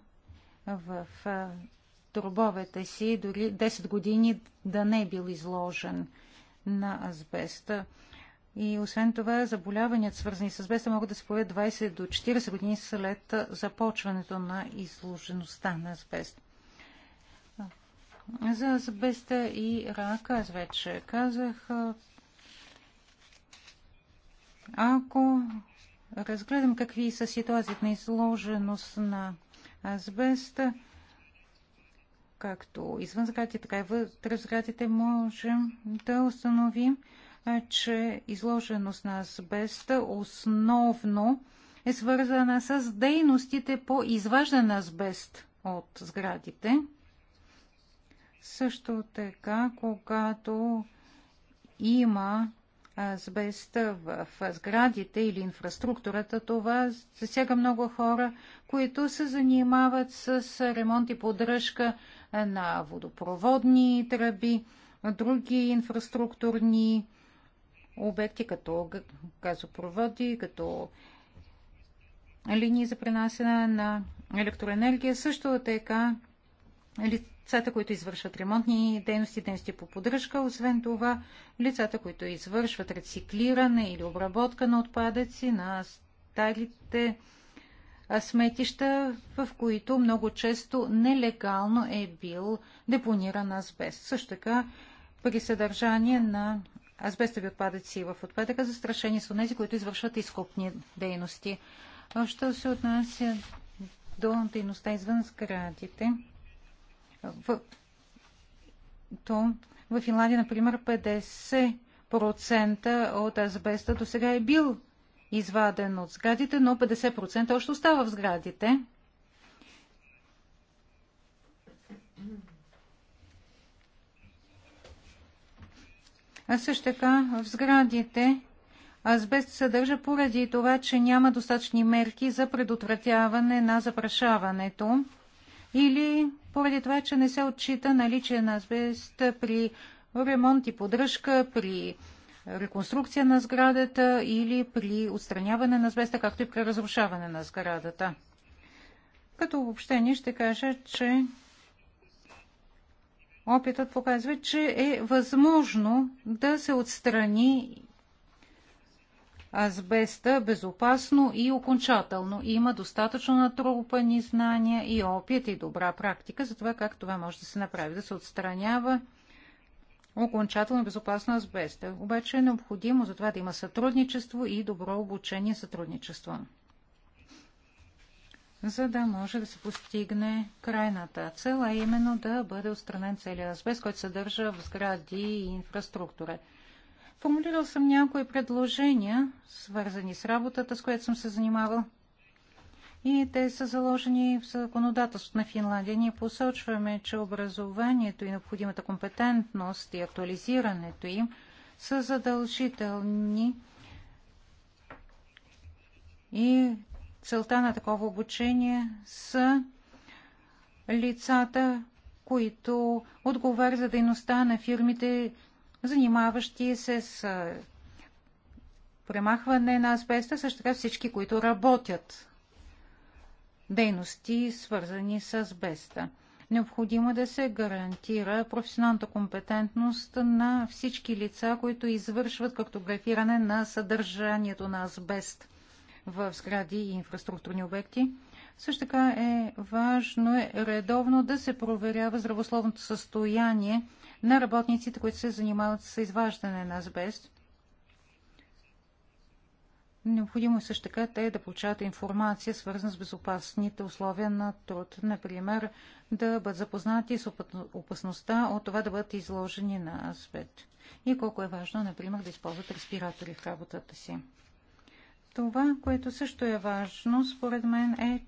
в трубовете си, дори 10 години да не е бил изложен на азбеста. И освен това, заболяванията, свързани с азбеста, могат да се появят 20 до 40 години след започването на изложеността на азбест. За азбеста и рака, аз вече казах, ако разгледам какви са ситуациите на изложеност на азбест, както извън сградите, така и вътре в сградите, можем да установим, че изложеност на азбест основно е свързана с дейностите по изваждане на азбест от сградите. Също така, когато има азбеста в сградите или инфраструктурата, това засяга много хора, които се занимават с ремонт и поддръжка на водопроводни тръби, други инфраструктурни обекти, като газопроводи, като линии за пренасене на електроенергия. Също така лицата, които извършват ремонтни дейности, дейности по поддръжка, освен това лицата, които извършват рециклиране или обработка на отпадъци на старите сметища, в които много често нелегално е бил депониран азбест. Също така при съдържание на азбестови отпадъци в отпадъка застрашени са тези, които извършват изкупни дейности. Що се отнася до дейността извън сградите, в, то, в Финландия, например, 50% от азбеста до сега е бил изваден от сградите, но 50% още остава в сградите. А също така в сградите азбест съдържа поради това, че няма достатъчни мерки за предотвратяване на запрашаването или поради това, че не се отчита наличие на азбест при ремонт и поддръжка, при реконструкция на сградата или при отстраняване на азбеста, както и при разрушаване на сградата. Като обобщение ще кажа, че опитът показва, че е възможно да се отстрани азбеста безопасно и окончателно. Има достатъчно натрупани знания и опит и добра практика за това как това може да се направи, да се отстранява окончателно безопасно азбеста. Обаче е необходимо за това да има сътрудничество и добро обучение сътрудничество. За да може да се постигне крайната цел, а именно да бъде отстранен целият азбест, който съдържа в сгради и инфраструктура. Формулирал съм някои предложения, свързани с работата, с която съм се занимавал. И те са заложени в законодателството на Финландия. Ние посочваме, че образованието и необходимата компетентност и актуализирането им са задължителни и целта на такова обучение са лицата, които отговарят за дейността на фирмите занимаващи се с премахване на асбеста, също така всички, които работят дейности, свързани с асбеста. Необходимо е да се гарантира професионалната компетентност на всички лица, които извършват картографиране на съдържанието на азбест в сгради и инфраструктурни обекти. Също така е важно е редовно да се проверява здравословното състояние на работниците, които се занимават с изваждане на азбест. Необходимо е също така те да получават информация, свързана с безопасните условия на труд. Например, да бъдат запознати с опасността от това да бъдат изложени на азбет. И колко е важно, например, да използват респиратори в работата си. Това, което също е важно, според мен, е,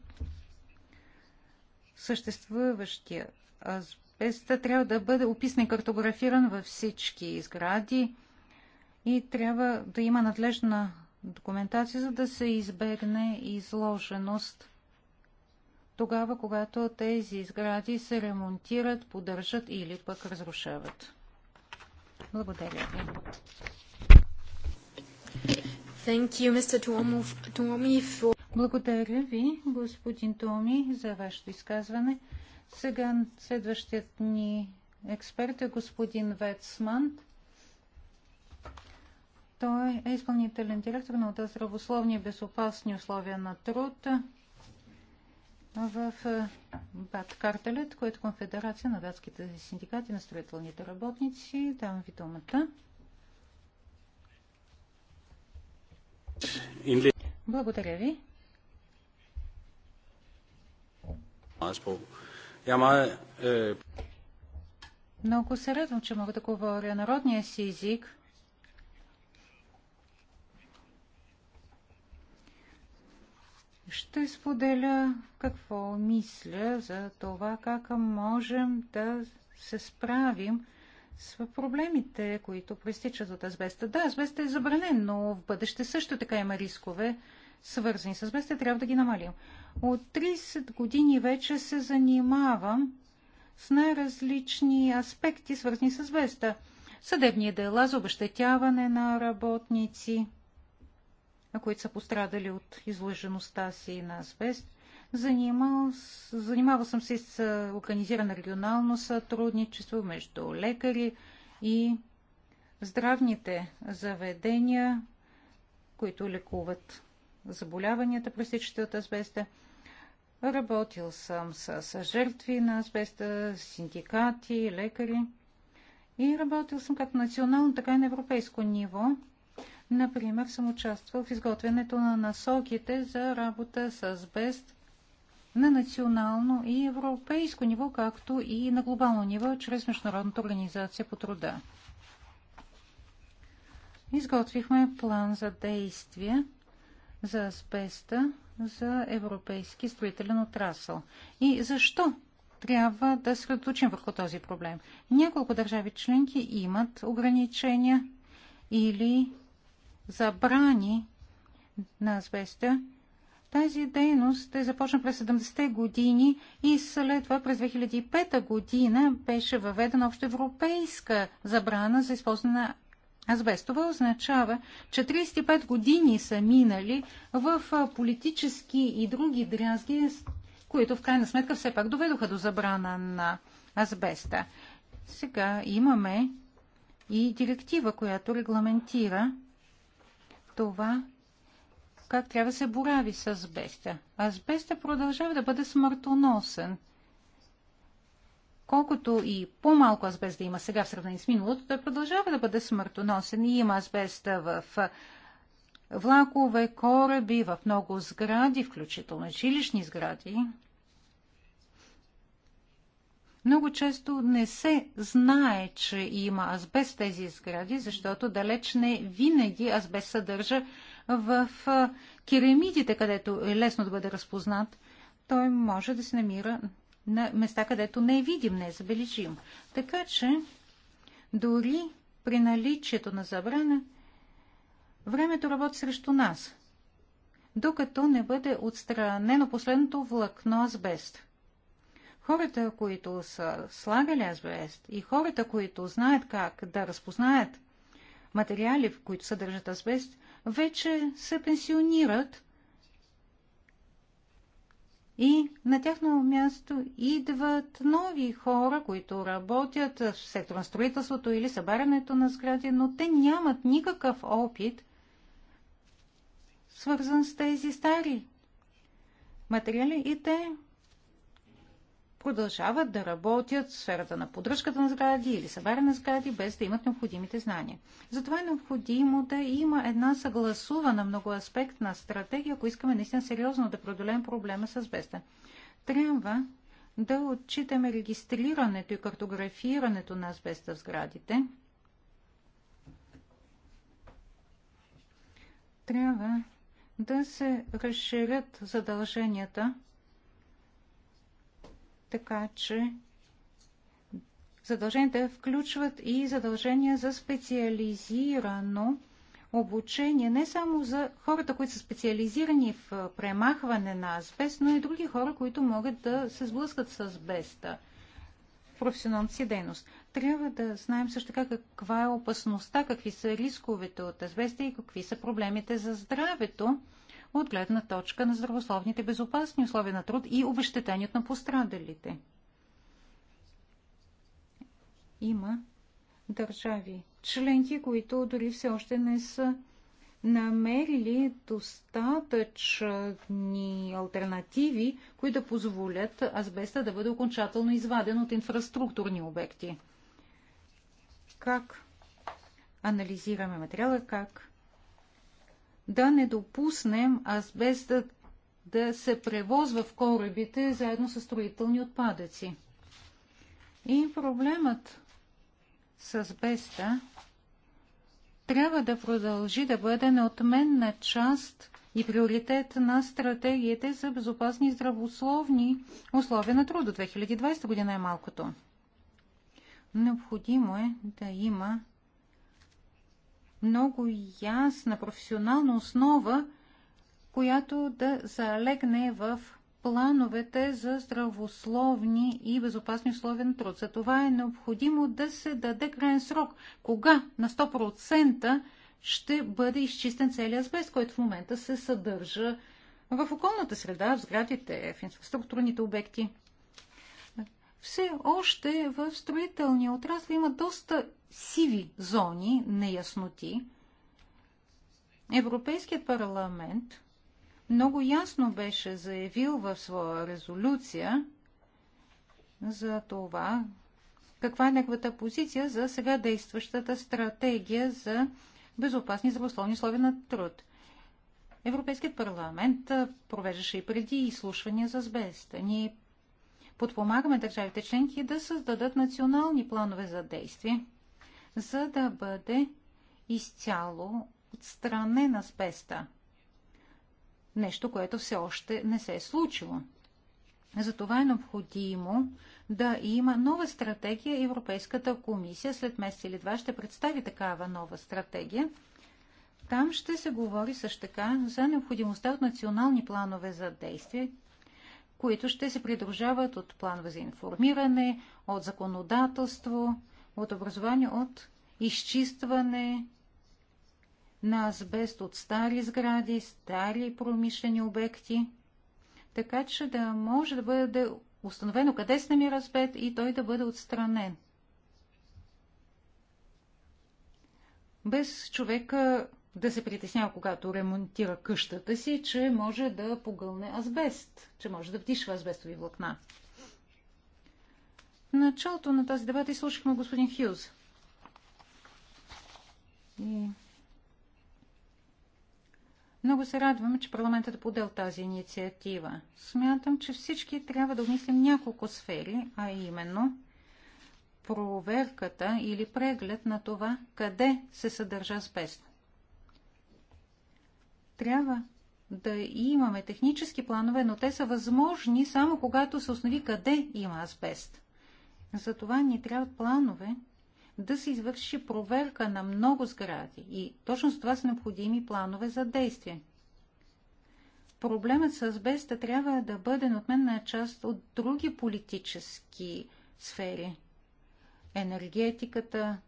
съществуващия асбест трябва да бъде описан и картографиран във всички сгради и трябва да има надлежна документация, за да се избегне изложеност тогава, когато тези сгради се ремонтират, поддържат или пък разрушават. Благодаря ви. Thank you, Mr. Tuomi, for... Благодаря ви, господин Томи, за вашето изказване. Сега следващият ни експерт е господин Вецман. Той е изпълнителен директор на отдел здравословни и безопасни условия на труд в БАТ Картелет, което е конфедерация на датските синдикати на строителните работници. Давам ви думата. Благодаря ви. Er øh, Много се радвам, че мога да говоря народния си език. Ще споделя какво мисля за това, как можем да се справим с проблемите, които проистичат от азбеста. Да, азбеста е забранен, но в бъдеще също така има рискове, свързани с азбеста, трябва да ги намалим. От 30 години вече се занимавам с най-различни аспекти, свързани с веста. Съдебни дела за обещетяване на работници, които са пострадали от излъжеността си на асбест. Занимал, занимавал съм се с организирано регионално сътрудничество между лекари и здравните заведения, които лекуват заболяванията, проистичащи от азбеста. Работил съм с, жертви на азбеста, синдикати, лекари. И работил съм както национално, така и на европейско ниво. Например, съм участвал в изготвянето на насоките за работа с азбест на национално и европейско ниво, както и на глобално ниво, чрез Международната организация по труда. Изготвихме план за действие за аспеста за европейски строителен отрасъл. И защо трябва да се средоточим върху този проблем? Няколко държави членки имат ограничения или забрани на аспеста. Тази дейност е започна през 70-те години и след това през 2005 година беше въведена общоевропейска забрана за използване на Азбест. това означава, че 35 години са минали в политически и други дрязги, които в крайна сметка все пак доведоха до забрана на азбеста. Сега имаме и директива, която регламентира това, как трябва да се борави с азбеста. Азбеста продължава да бъде смъртоносен – колкото и по-малко азбест да има сега в сравнение с миналото, той продължава да бъде смъртоносен и има азбеста в влакове, кораби, в много сгради, включително жилищни сгради. Много често не се знае, че има азбест тези сгради, защото далеч не винаги азбест съдържа в керамидите, където е лесно да бъде разпознат. Той може да се намира на места, където не е видим, не е забележим. Така че, дори при наличието на забрана, времето работи срещу нас, докато не бъде отстранено последното влакно азбест. Хората, които са слагали азбест и хората, които знаят как да разпознаят материали, в които съдържат азбест, вече се пенсионират и на тяхно място идват нови хора, които работят в сектор на строителството или събарянето на сгради, но те нямат никакъв опит, свързан с тези стари материали и те продължават да работят в сферата на поддръжката на сгради или събаряне на сгради, без да имат необходимите знания. Затова е необходимо да има една съгласувана многоаспектна стратегия, ако искаме наистина сериозно да преодолеем проблема с беста. Трябва да отчитаме регистрирането и картографирането на асбеста в сградите. Трябва да се разширят задълженията така че задълженията включват и задължения за специализирано обучение не само за хората, които са специализирани в премахване на азбест, но и други хора, които могат да се сблъскат с азбеста в професионалната си дейност. Трябва да знаем също така каква е опасността, какви са рисковете от азбеста и какви са проблемите за здравето от гледна точка на здравословните безопасни условия на труд и обещетението на пострадалите. Има държави членки, които дори все още не са намерили достатъчни альтернативи, които да позволят азбеста да бъде окончателно изваден от инфраструктурни обекти. Как анализираме материала, как да не допуснем азбестът да се превозва в корабите заедно с строителни отпадъци. И проблемът с азбеста трябва да продължи да бъде неотменна част и приоритет на стратегиите за безопасни и здравословни условия на труда. 2020 година е малкото. Необходимо е да има много ясна професионална основа, която да залегне в плановете за здравословни и безопасни условия на труд. За това е необходимо да се даде крайен срок, кога на 100% ще бъде изчистен целият азбест, който в момента се съдържа в околната среда, в сградите, в инфраструктурните обекти. Все още в строителния отрасъл има доста сиви зони, неясноти. Европейският парламент много ясно беше заявил в своя резолюция за това, каква е неговата позиция за сега действащата стратегия за безопасни здравословни условия на труд. Европейският парламент провеждаше и преди изслушвания за сбеста. Ние подпомагаме държавите членки да създадат национални планове за действие – за да бъде изцяло отстранена спеста. Нещо, което все още не се е случило. Затова е необходимо да има нова стратегия. Европейската комисия след месец или два ще представи такава нова стратегия. Там ще се говори също така за необходимостта от национални планове за действие, които ще се придружават от планове за информиране, от законодателство, от образование от изчистване на азбест от стари сгради, стари промишлени обекти, така че да може да бъде установено къде се намира азбест и той да бъде отстранен. Без човека да се притеснява, когато ремонтира къщата си, че може да погълне азбест, че може да вдишва азбестови влакна началото на тази дебата изслушахме господин Хюз. И много се радваме, че парламентът е подел тази инициатива. Смятам, че всички трябва да обмислим няколко сфери, а именно проверката или преглед на това, къде се съдържа спест. Трябва да имаме технически планове, но те са възможни само когато се установи къде има асбест. Затова ни трябват планове да се извърши проверка на много сгради и точно с това са необходими планове за действие. Проблемът с азбеста трябва да бъде отменна част от други политически сфери. Енергетиката,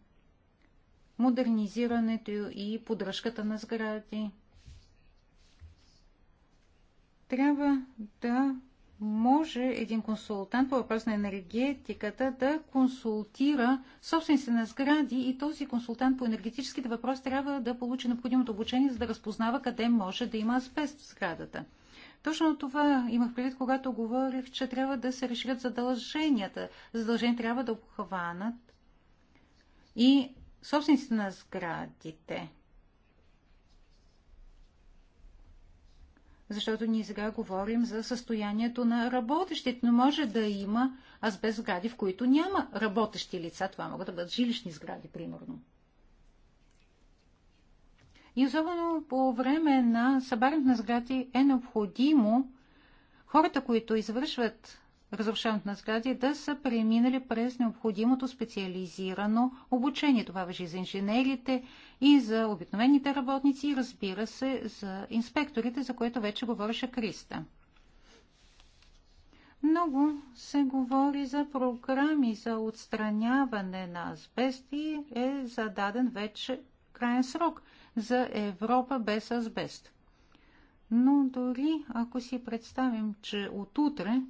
модернизирането и поддръжката на сгради. Трябва да може един консултант по въпрос на енергетиката да консултира собствените на сгради и този консултант по енергетическите въпроси трябва да получи необходимото обучение, за да разпознава къде може да има аспест в сградата. Точно това имах предвид, когато говорих, че трябва да се разширят задълженията. Задължения трябва да обхванат и собствениците на сградите. защото ние сега говорим за състоянието на работещите, но може да има азбест сгради, в които няма работещи лица. Това могат да бъдат жилищни сгради, примерно. И особено по време на събарянето на сгради е необходимо хората, които извършват разрушаването на сгради, да са преминали през необходимото специализирано обучение. Това въжи за инженерите и за обикновените работници и разбира се за инспекторите, за което вече говореше Криста. Много се говори за програми за отстраняване на азбест и е зададен вече крайен срок за Европа без азбест. Но дори ако си представим, че от утре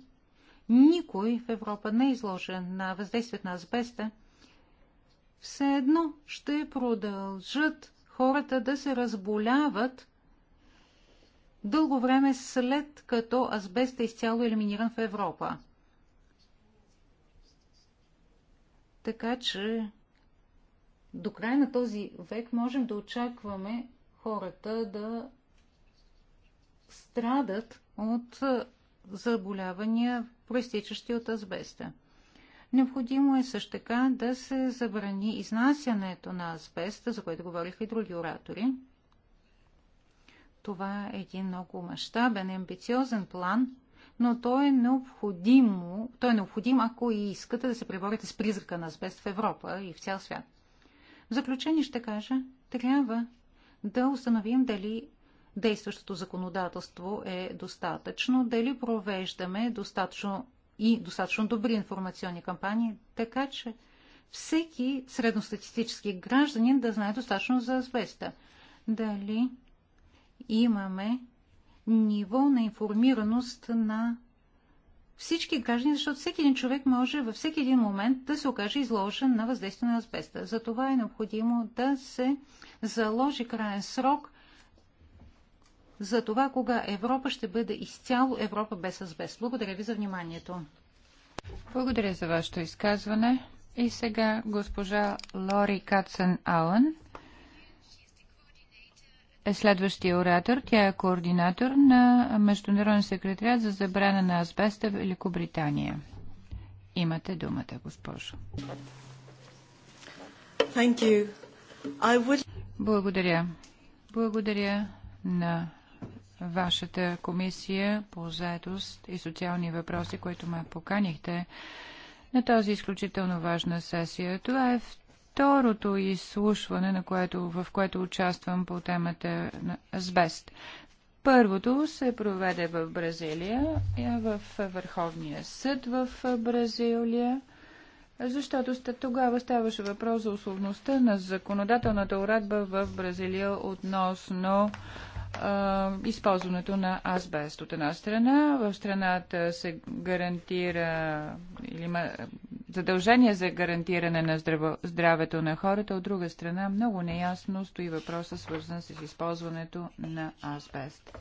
никой в Европа не е изложен на въздействието на азбеста, все едно ще продължат хората да се разболяват дълго време след като азбест е изцяло елиминиран в Европа. Така че до края на този век можем да очакваме хората да страдат от заболявания, проистичащи от азбеста. Необходимо е също така да се забрани изнасянето на азбеста, за което говориха и други оратори. Това е един много мащабен, амбициозен план, но то е, необходимо, то е необходим, ако и искате да се преборите с призрака на азбест в Европа и в цял свят. В заключение ще кажа, трябва да установим дали действащото законодателство е достатъчно, дали провеждаме достатъчно и достатъчно добри информационни кампании, така че всеки средностатистически гражданин да знае достатъчно за асбеста. Дали имаме ниво на информираност на всички граждани, защото всеки един човек може във всеки един момент да се окаже изложен на въздействие на азбеста. Затова е необходимо да се заложи крайен срок за това кога Европа ще бъде изцяло Европа без азбест. Благодаря ви за вниманието. Благодаря за вашето изказване. И сега госпожа Лори Кацен Алън е следващия оратор. Тя е координатор на Международен секретариат за забрана на азбеста в Великобритания. Имате думата, госпожо. Would... Благодаря. Благодаря на вашата комисия по заедост и социални въпроси, които ме поканихте на тази изключително важна сесия. Това е второто изслушване, на което, в което участвам по темата на Азбест. Първото се проведе в Бразилия, в Върховния съд в Бразилия, защото тогава ставаше въпрос за условността на законодателната уредба в Бразилия относно използването на азбест от една страна. В страната се гарантира или има задължение за гарантиране на здраво, здравето на хората. От друга страна, много неясно стои въпроса, свързан с използването на азбест.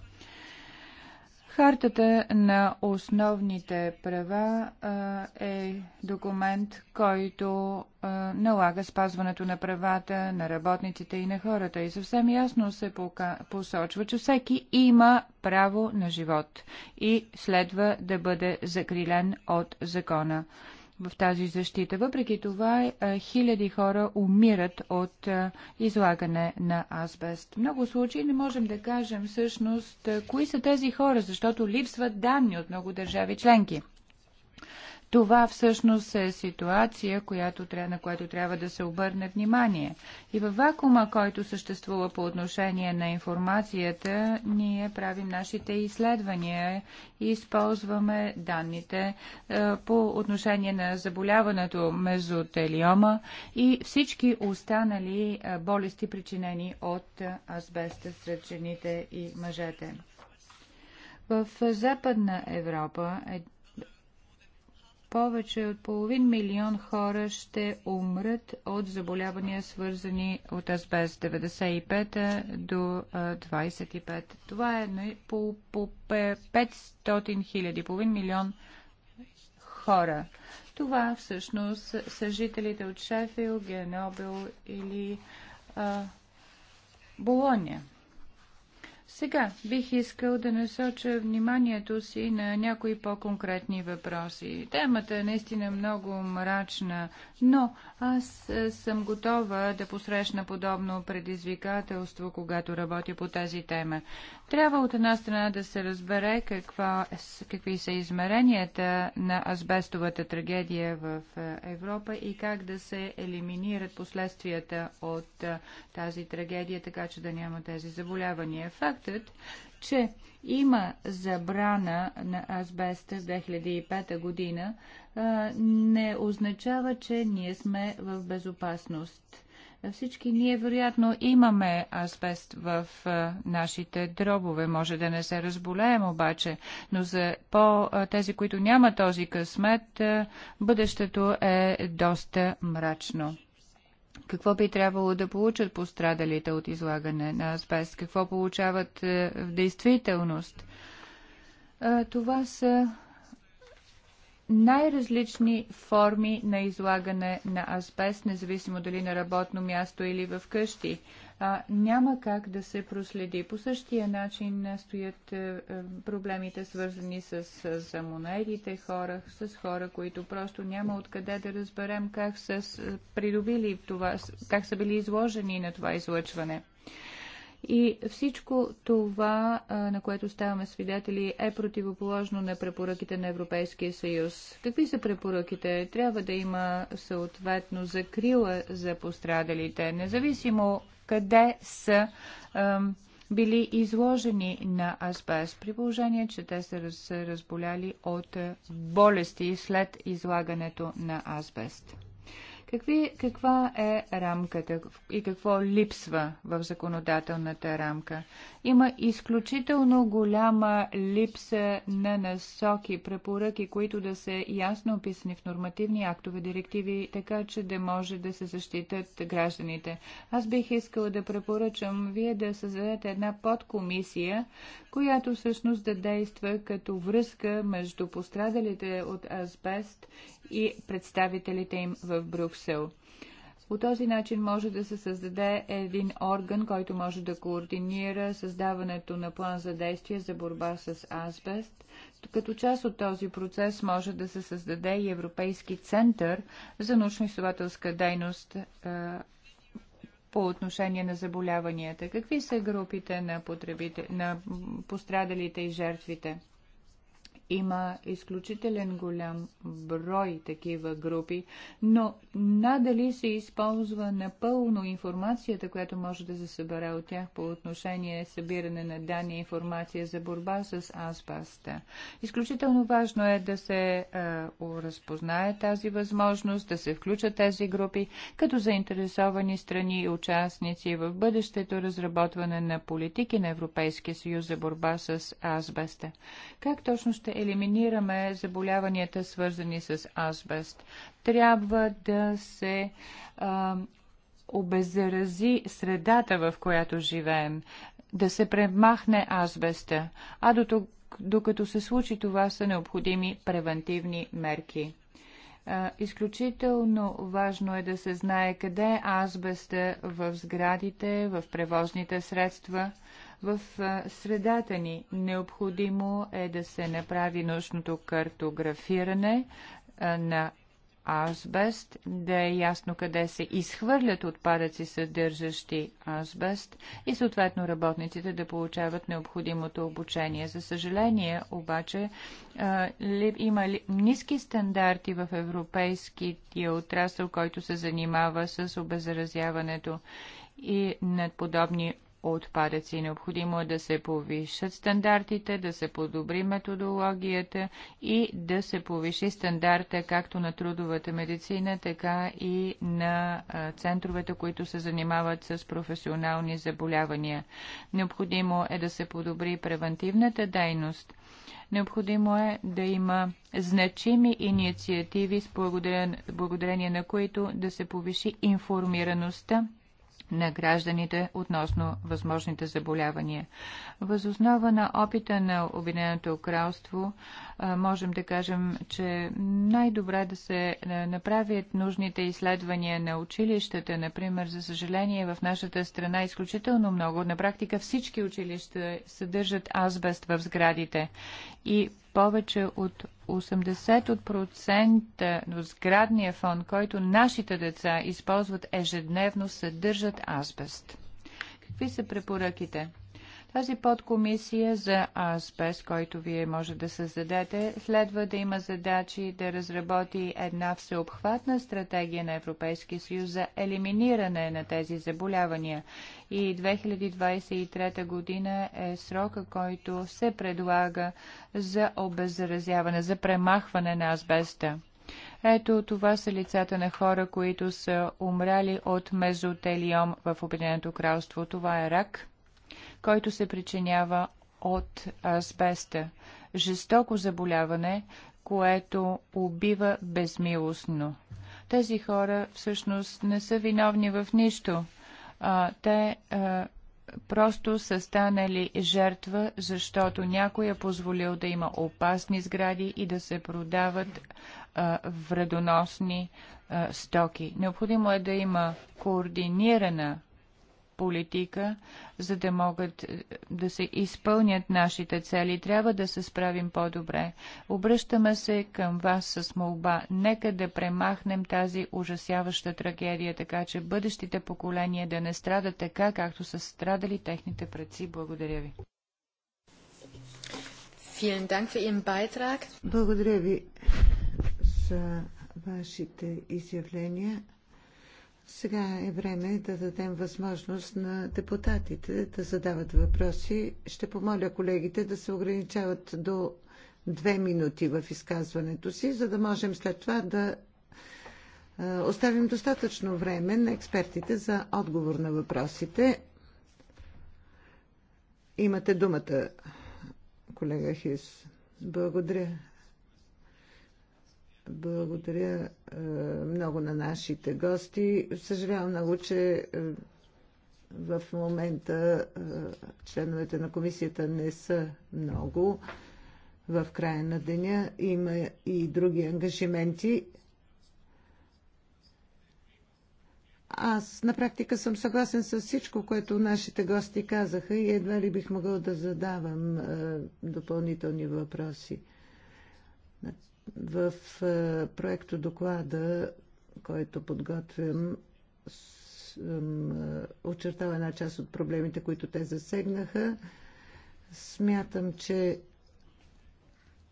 Хартата на основните права е документ, който налага спазването на правата на работниците и на хората. И съвсем ясно се посочва, че всеки има право на живот и следва да бъде закрилен от закона в тази защита. Въпреки това, е, е, хиляди хора умират от е, излагане на азбест. В много случаи не можем да кажем всъщност кои са тези хора, защото липсват данни от много държави членки. Това всъщност е ситуация, която, на която трябва да се обърне внимание. И във вакуума, който съществува по отношение на информацията, ние правим нашите изследвания и използваме данните е, по отношение на заболяването мезотелиома и всички останали е, болести, причинени от е, азбеста сред жените и мъжете. В Западна Европа е повече от половин милион хора ще умрат от заболявания, свързани от азбест 95 до 25. Това е по, по 500 хиляди, половин милион хора. Това всъщност са жителите от Шефил, Генобил или а, Болония. Сега бих искал да насоча вниманието си на някои по-конкретни въпроси. Темата е наистина много мрачна, но аз съм готова да посрещна подобно предизвикателство, когато работя по тази тема. Трябва от една страна да се разбере какво, какви са измеренията на азбестовата трагедия в е, Европа и как да се елиминират последствията от е, тази трагедия, така че да няма тези заболявания. Фактът, че има забрана на азбеста в 2005 година, е, не означава, че ние сме в безопасност всички ние вероятно имаме азбест в нашите дробове. Може да не се разболеем обаче, но за по тези, които няма този късмет, бъдещето е доста мрачно. Какво би трябвало да получат пострадалите от излагане на азбест? Какво получават в действителност? Това са най-различни форми на излагане на азбест, независимо дали на работно място или в къщи. А, няма как да се проследи. По същия начин стоят е, е проблемите, свързани с, с замонедите хора, с хора, които просто няма откъде да разберем как са е, придобили това, как са били изложени на това излъчване. И всичко това, на което ставаме свидетели, е противоположно на препоръките на Европейския съюз. Какви са препоръките? Трябва да има съответно закрила за пострадалите, независимо къде са били изложени на асбест, при положение, че те са разболяли от болести след излагането на асбест. Какви, каква е рамката и какво липсва в законодателната рамка? Има изключително голяма липса на насоки, препоръки, които да са ясно описани в нормативни актове, директиви, така че да може да се защитат гражданите. Аз бих искала да препоръчам вие да създадете една подкомисия, която всъщност да действа като връзка между пострадалите от азбест и представителите им в Брюксел. По този начин може да се създаде един орган, който може да координира създаването на план за действие за борба с азбест. Като част от този процес може да се създаде и Европейски център за научно-изследователска дейност по отношение на заболяванията? Какви са групите на, потребите, на пострадалите и жертвите? Има изключителен голям брой такива групи, но надали се използва напълно информацията, която може да се събере от тях по отношение събиране на данни и информация за борба с азбаста. Изключително важно е да се е, разпознае тази възможност, да се включат тези групи, като заинтересовани страни и участници в бъдещето разработване на политики на Европейския съюз за борба с азбаста. Как точно ще елиминираме заболяванията, свързани с азбест. Трябва да се а, обеззарази средата, в която живеем, да се премахне азбеста, а до тук, докато се случи това са необходими превентивни мерки. Изключително важно е да се знае къде е азбеста в сградите, в превозните средства, в средата ни. Необходимо е да се направи нужното картографиране на азбест, да е ясно къде се изхвърлят отпадъци, съдържащи азбест и съответно работниците да получават необходимото обучение. За съжаление, обаче, има ниски стандарти в европейския отрасъл, който се занимава с обезразяването и над подобни отпадъци. Необходимо е да се повишат стандартите, да се подобри методологията и да се повиши стандарта както на трудовата медицина, така и на центровете, които се занимават с професионални заболявания. Необходимо е да се подобри превентивната дейност. Необходимо е да има значими инициативи, с благодарение на които да се повиши информираността на гражданите относно възможните заболявания. Възоснова на опита на Обединеното кралство можем да кажем, че най-добре да се направят нужните изследвания на училищата. Например, за съжаление, в нашата страна изключително много. На практика всички училища съдържат азбест в сградите и повече от 80% от сградния фон, който нашите деца използват ежедневно, съдържат азбест. Какви са препоръките? Тази подкомисия за АСПЕС, който вие може да създадете, следва да има задачи да разработи една всеобхватна стратегия на Европейския съюз за елиминиране на тези заболявания. И 2023 година е срока, който се предлага за обеззаразяване, за премахване на азбеста. Ето това са лицата на хора, които са умрали от мезотелиом в Обединеното кралство. Това е рак, който се причинява от азбеста. Жестоко заболяване, което убива безмилостно. Тези хора всъщност не са виновни в нищо. А, те а, просто са станали жертва, защото някой е позволил да има опасни сгради и да се продават а, вредоносни а, стоки. Необходимо е да има координирана политика, за да могат е, да се изпълнят нашите цели. Трябва да се справим по-добре. Обръщаме се към вас с молба. Нека да премахнем тази ужасяваща трагедия, така че бъдещите поколения да не страдат така, както са страдали техните предци. Благодаря ви. Благодаря ви за вашите изявления. Сега е време да дадем възможност на депутатите да задават въпроси. Ще помоля колегите да се ограничават до две минути в изказването си, за да можем след това да оставим достатъчно време на експертите за отговор на въпросите. Имате думата, колега Хис. Благодаря, благодаря е, много на нашите гости. Съжалявам много, че е, в момента е, членовете на комисията не са много. В края на деня има и други ангажименти. Аз на практика съм съгласен с всичко, което нашите гости казаха и едва ли бих могъл да задавам допълнителни въпроси. В е, проекто доклада, който подготвям, съм е, очертала една част от проблемите, които те засегнаха. Смятам, че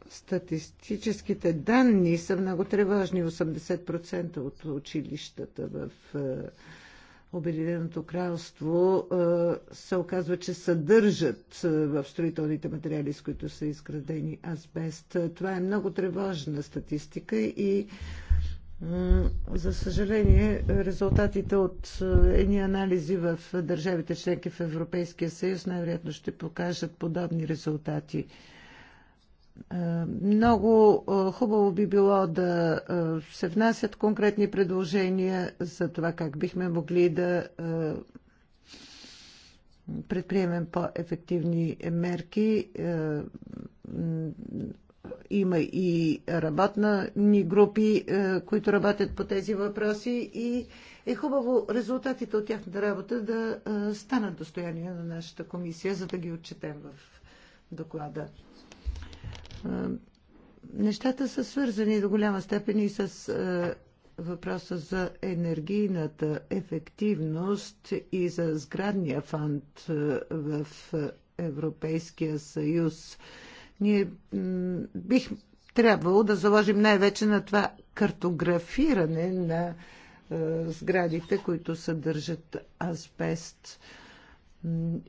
статистическите данни са много тревожни. 80% от училищата в е, Обединеното кралство е, се оказва, че съдържат е, в строителните материали, с които са изградени азбест. Това е много тревожна статистика и за съжаление, резултатите от е, едни анализи в държавите членки в Европейския съюз най-вероятно ще покажат подобни резултати. Е, много е, хубаво би било да е, се внасят конкретни предложения за това как бихме могли да предприемем по-ефективни мерки. Има и работна ни групи, които работят по тези въпроси и е хубаво резултатите от тяхната работа да станат достояние на нашата комисия, за да ги отчетем в доклада. Нещата са свързани до голяма степен и с въпроса за енергийната ефективност и за сградния фонд в Европейския съюз. Ние бих трябвало да заложим най-вече на това картографиране на сградите, които съдържат азбест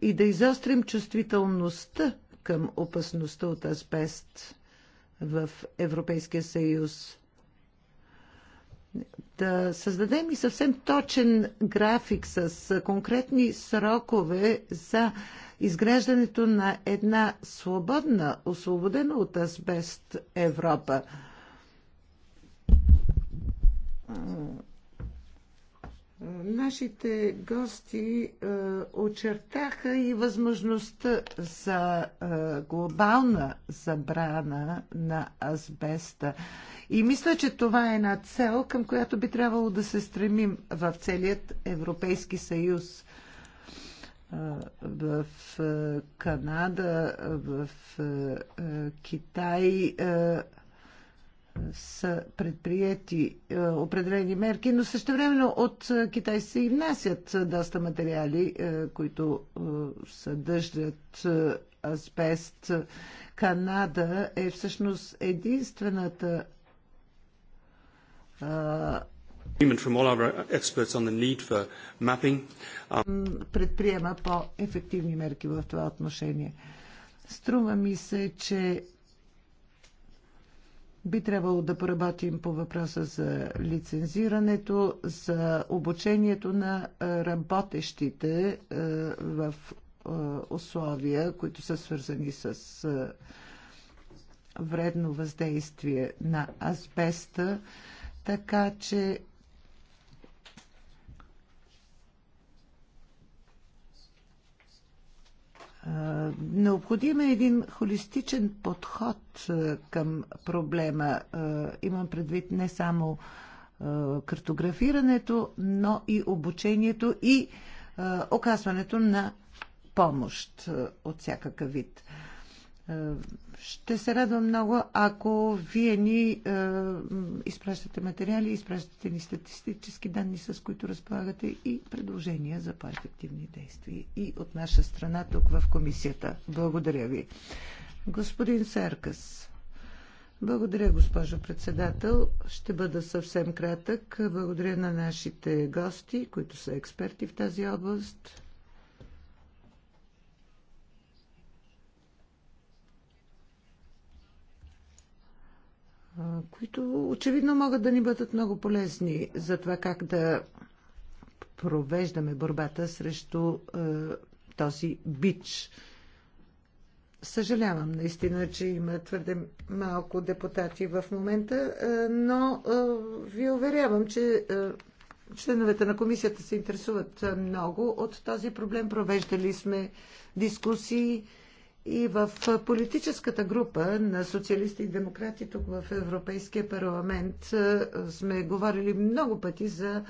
и да изострим чувствителността към опасността от асбест в Европейския съюз. Да създадем и съвсем точен график с конкретни срокове за изграждането на една свободна, освободена от асбест Европа Нашите гости е, очертаха и възможността за е, глобална забрана на азбеста. И мисля, че това е една цел, към която би трябвало да се стремим в целият Европейски съюз. Е, в е, Канада, в е, Китай са предприяти е, определени мерки, но същевременно от е, Китай се и внасят е, доста материали, които съдържат е, асбест. Канада е всъщност единствената um, предприема по-ефективни мерки в това отношение. Струва ми се, че би трябвало да поработим по въпроса за лицензирането, за обучението на работещите в условия, които са свързани с вредно въздействие на асбеста, така че Е, необходим е един холистичен подход е, към проблема. Е, имам предвид не само картографирането, но и обучението и оказването на помощ от всякакъв вид. Е, ще се радвам много, ако вие ни е, изпращате материали, изпращате ни статистически данни, с които разполагате и предложения за по-ефективни действия и от наша страна тук в комисията. Благодаря ви. Господин Серкас. Благодаря, госпожо председател. Ще бъда съвсем кратък. Благодаря на нашите гости, които са експерти в тази област. които очевидно могат да ни бъдат много полезни за това как да провеждаме борбата срещу този бич. Съжалявам наистина, че има твърде малко депутати в момента, но ви уверявам, че членовете на комисията се интересуват много от този проблем. Провеждали сме дискусии и в политическата група на социалисти и демократи тук в Европейския парламент е, сме говорили много пъти за е,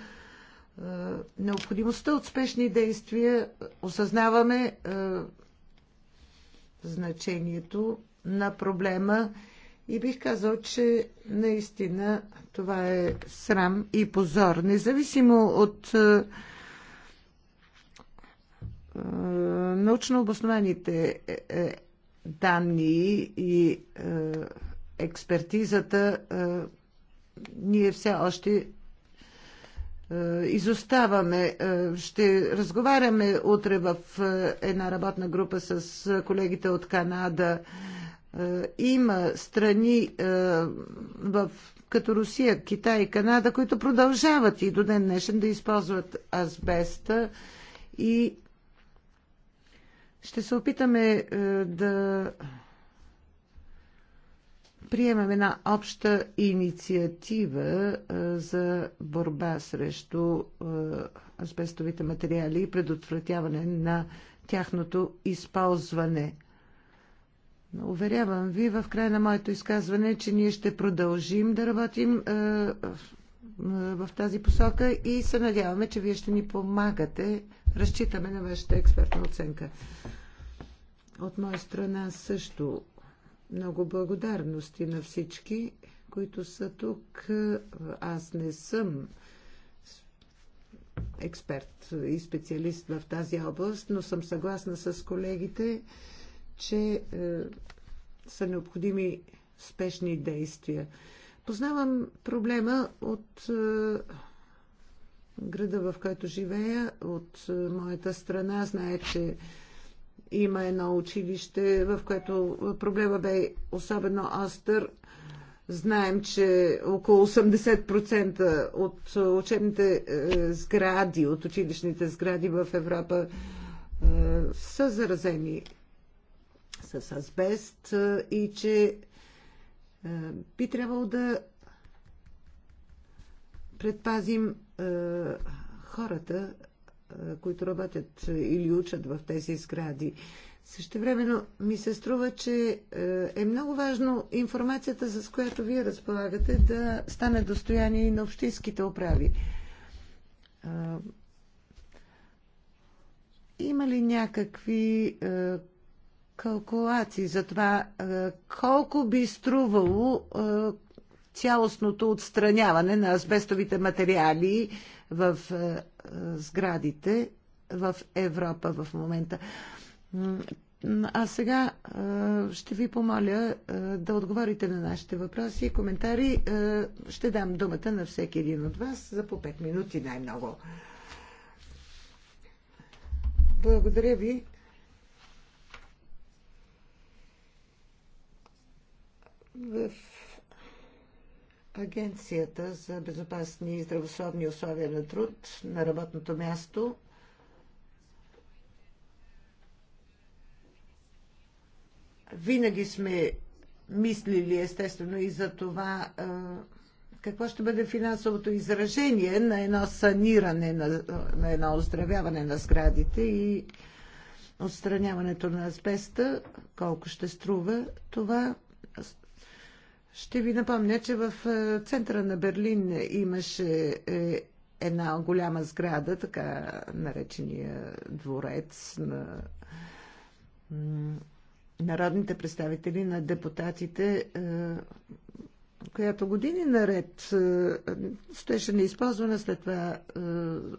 необходимостта от спешни действия. Осъзнаваме е, значението на проблема и бих казал, че наистина това е срам и позор. Независимо от е, научно обоснованите е, е, данни и експертизата ние все още изоставаме. Ще разговаряме утре в една работна група с колегите от Канада. Има страни в като Русия, Китай и Канада, които продължават и до ден днешен да използват азбеста и ще се опитаме е, да приемем една обща инициатива е, за борба срещу е, азбестовите материали и предотвратяване на тяхното използване. Уверявам ви в края на моето изказване, че ние ще продължим да работим в тази посока и се надяваме, че вие ще ни помагате разчитаме на вашата експертна оценка. От моя страна също много благодарности на всички, които са тук. Аз не съм експерт и специалист в тази област, но съм съгласна с колегите, че е, са необходими спешни действия. Познавам проблема от е, града, в който живея, от е, моята страна. Знае, че има едно училище, в което проблема бе особено остър. Знаем, че около 80% от учебните е, сгради, от училищните сгради в Европа е, са заразени с азбест и че би трябвало да предпазим е, хората, е, които работят или учат в тези сгради. Същевременно ми се струва, че е, е много важно информацията, с която вие разполагате, да стане достояние и на общинските управи. Има ли някакви калкулации за това колко би струвало цялостното отстраняване на азбестовите материали в е, е, сградите в Европа в момента. А сега е, ще ви помоля да отговорите на нашите въпроси и коментари. Ще дам думата на всеки един от вас за по 5 минути най-много. Благодаря ви. В Агенцията за безопасни и здравословни условия на труд на работното място винаги сме мислили естествено и за това какво ще бъде финансовото изражение на едно саниране, на, на едно оздравяване на сградите и отстраняването на асбеста, колко ще струва това. Ще ви напомня, че в е, центъра на Берлин имаше е, една голяма сграда, така наречения дворец на народните представители, на депутатите, е, която години наред стоеше неизползвана, след това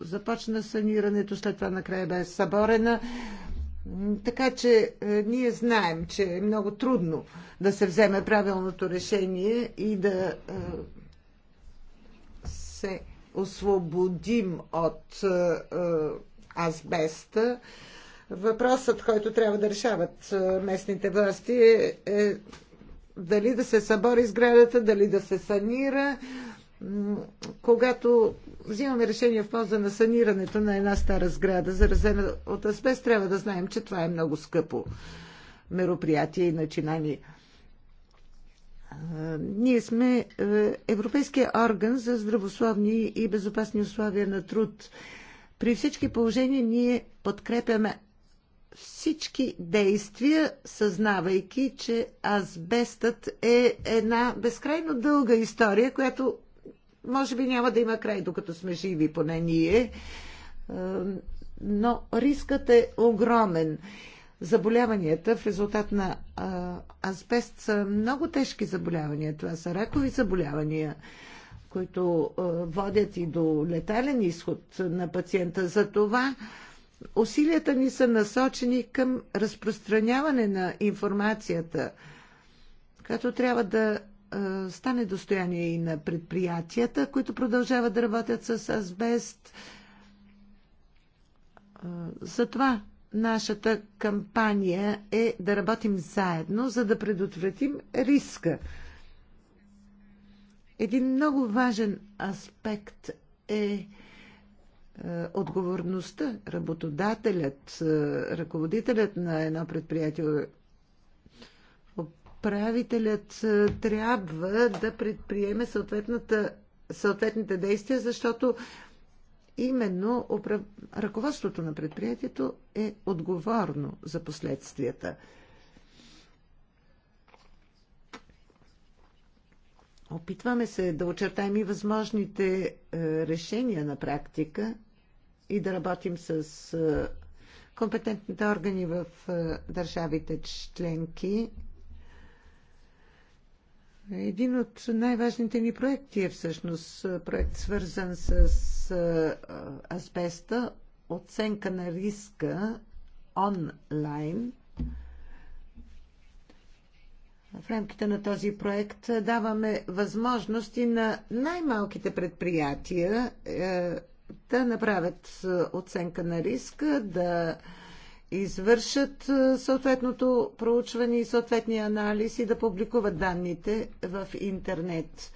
започна санирането, след това накрая бе съборена. Така че е, ние знаем, че е много трудно да се вземе правилното решение и да е, се освободим от е, азбеста. Въпросът, който трябва да решават местните власти е, е дали да се събори сградата, дали да се санира. Когато взимаме решение в полза на санирането на една стара сграда, заразена от асбест, трябва да знаем, че това е много скъпо мероприятие и начинание. Ние сме е, Европейския орган за здравословни и безопасни условия на труд. При всички положения ние подкрепяме всички действия, съзнавайки, че азбестът е една безкрайно дълга история, която може би няма да има край, докато сме живи, поне ние. Е, но рискът е огромен. Заболяванията в резултат на азбест са много тежки заболявания. Това са ракови заболявания, които водят и до летален изход на пациента. За това усилията ни са насочени към разпространяване на информацията, която трябва да е, стане достояние и на предприятията, които продължават да работят с азбест. Е, затова нашата кампания е да работим заедно, за да предотвратим риска. Един много важен аспект е, е отговорността. Работодателят, ръководителят на едно предприятие Правителят трябва да предприеме съответните действия, защото именно управ... ръководството на предприятието е отговорно за последствията. Опитваме се да очертаем и възможните е, решения на практика и да работим с е, компетентните органи в е, държавите членки един от най-важните ни проекти е всъщност проект свързан с асбеста, оценка на риска онлайн. В рамките на този проект даваме възможности на най-малките предприятия е, да направят оценка на риска, да извършат е, съответното проучване и съответния анализ и да публикуват данните в интернет.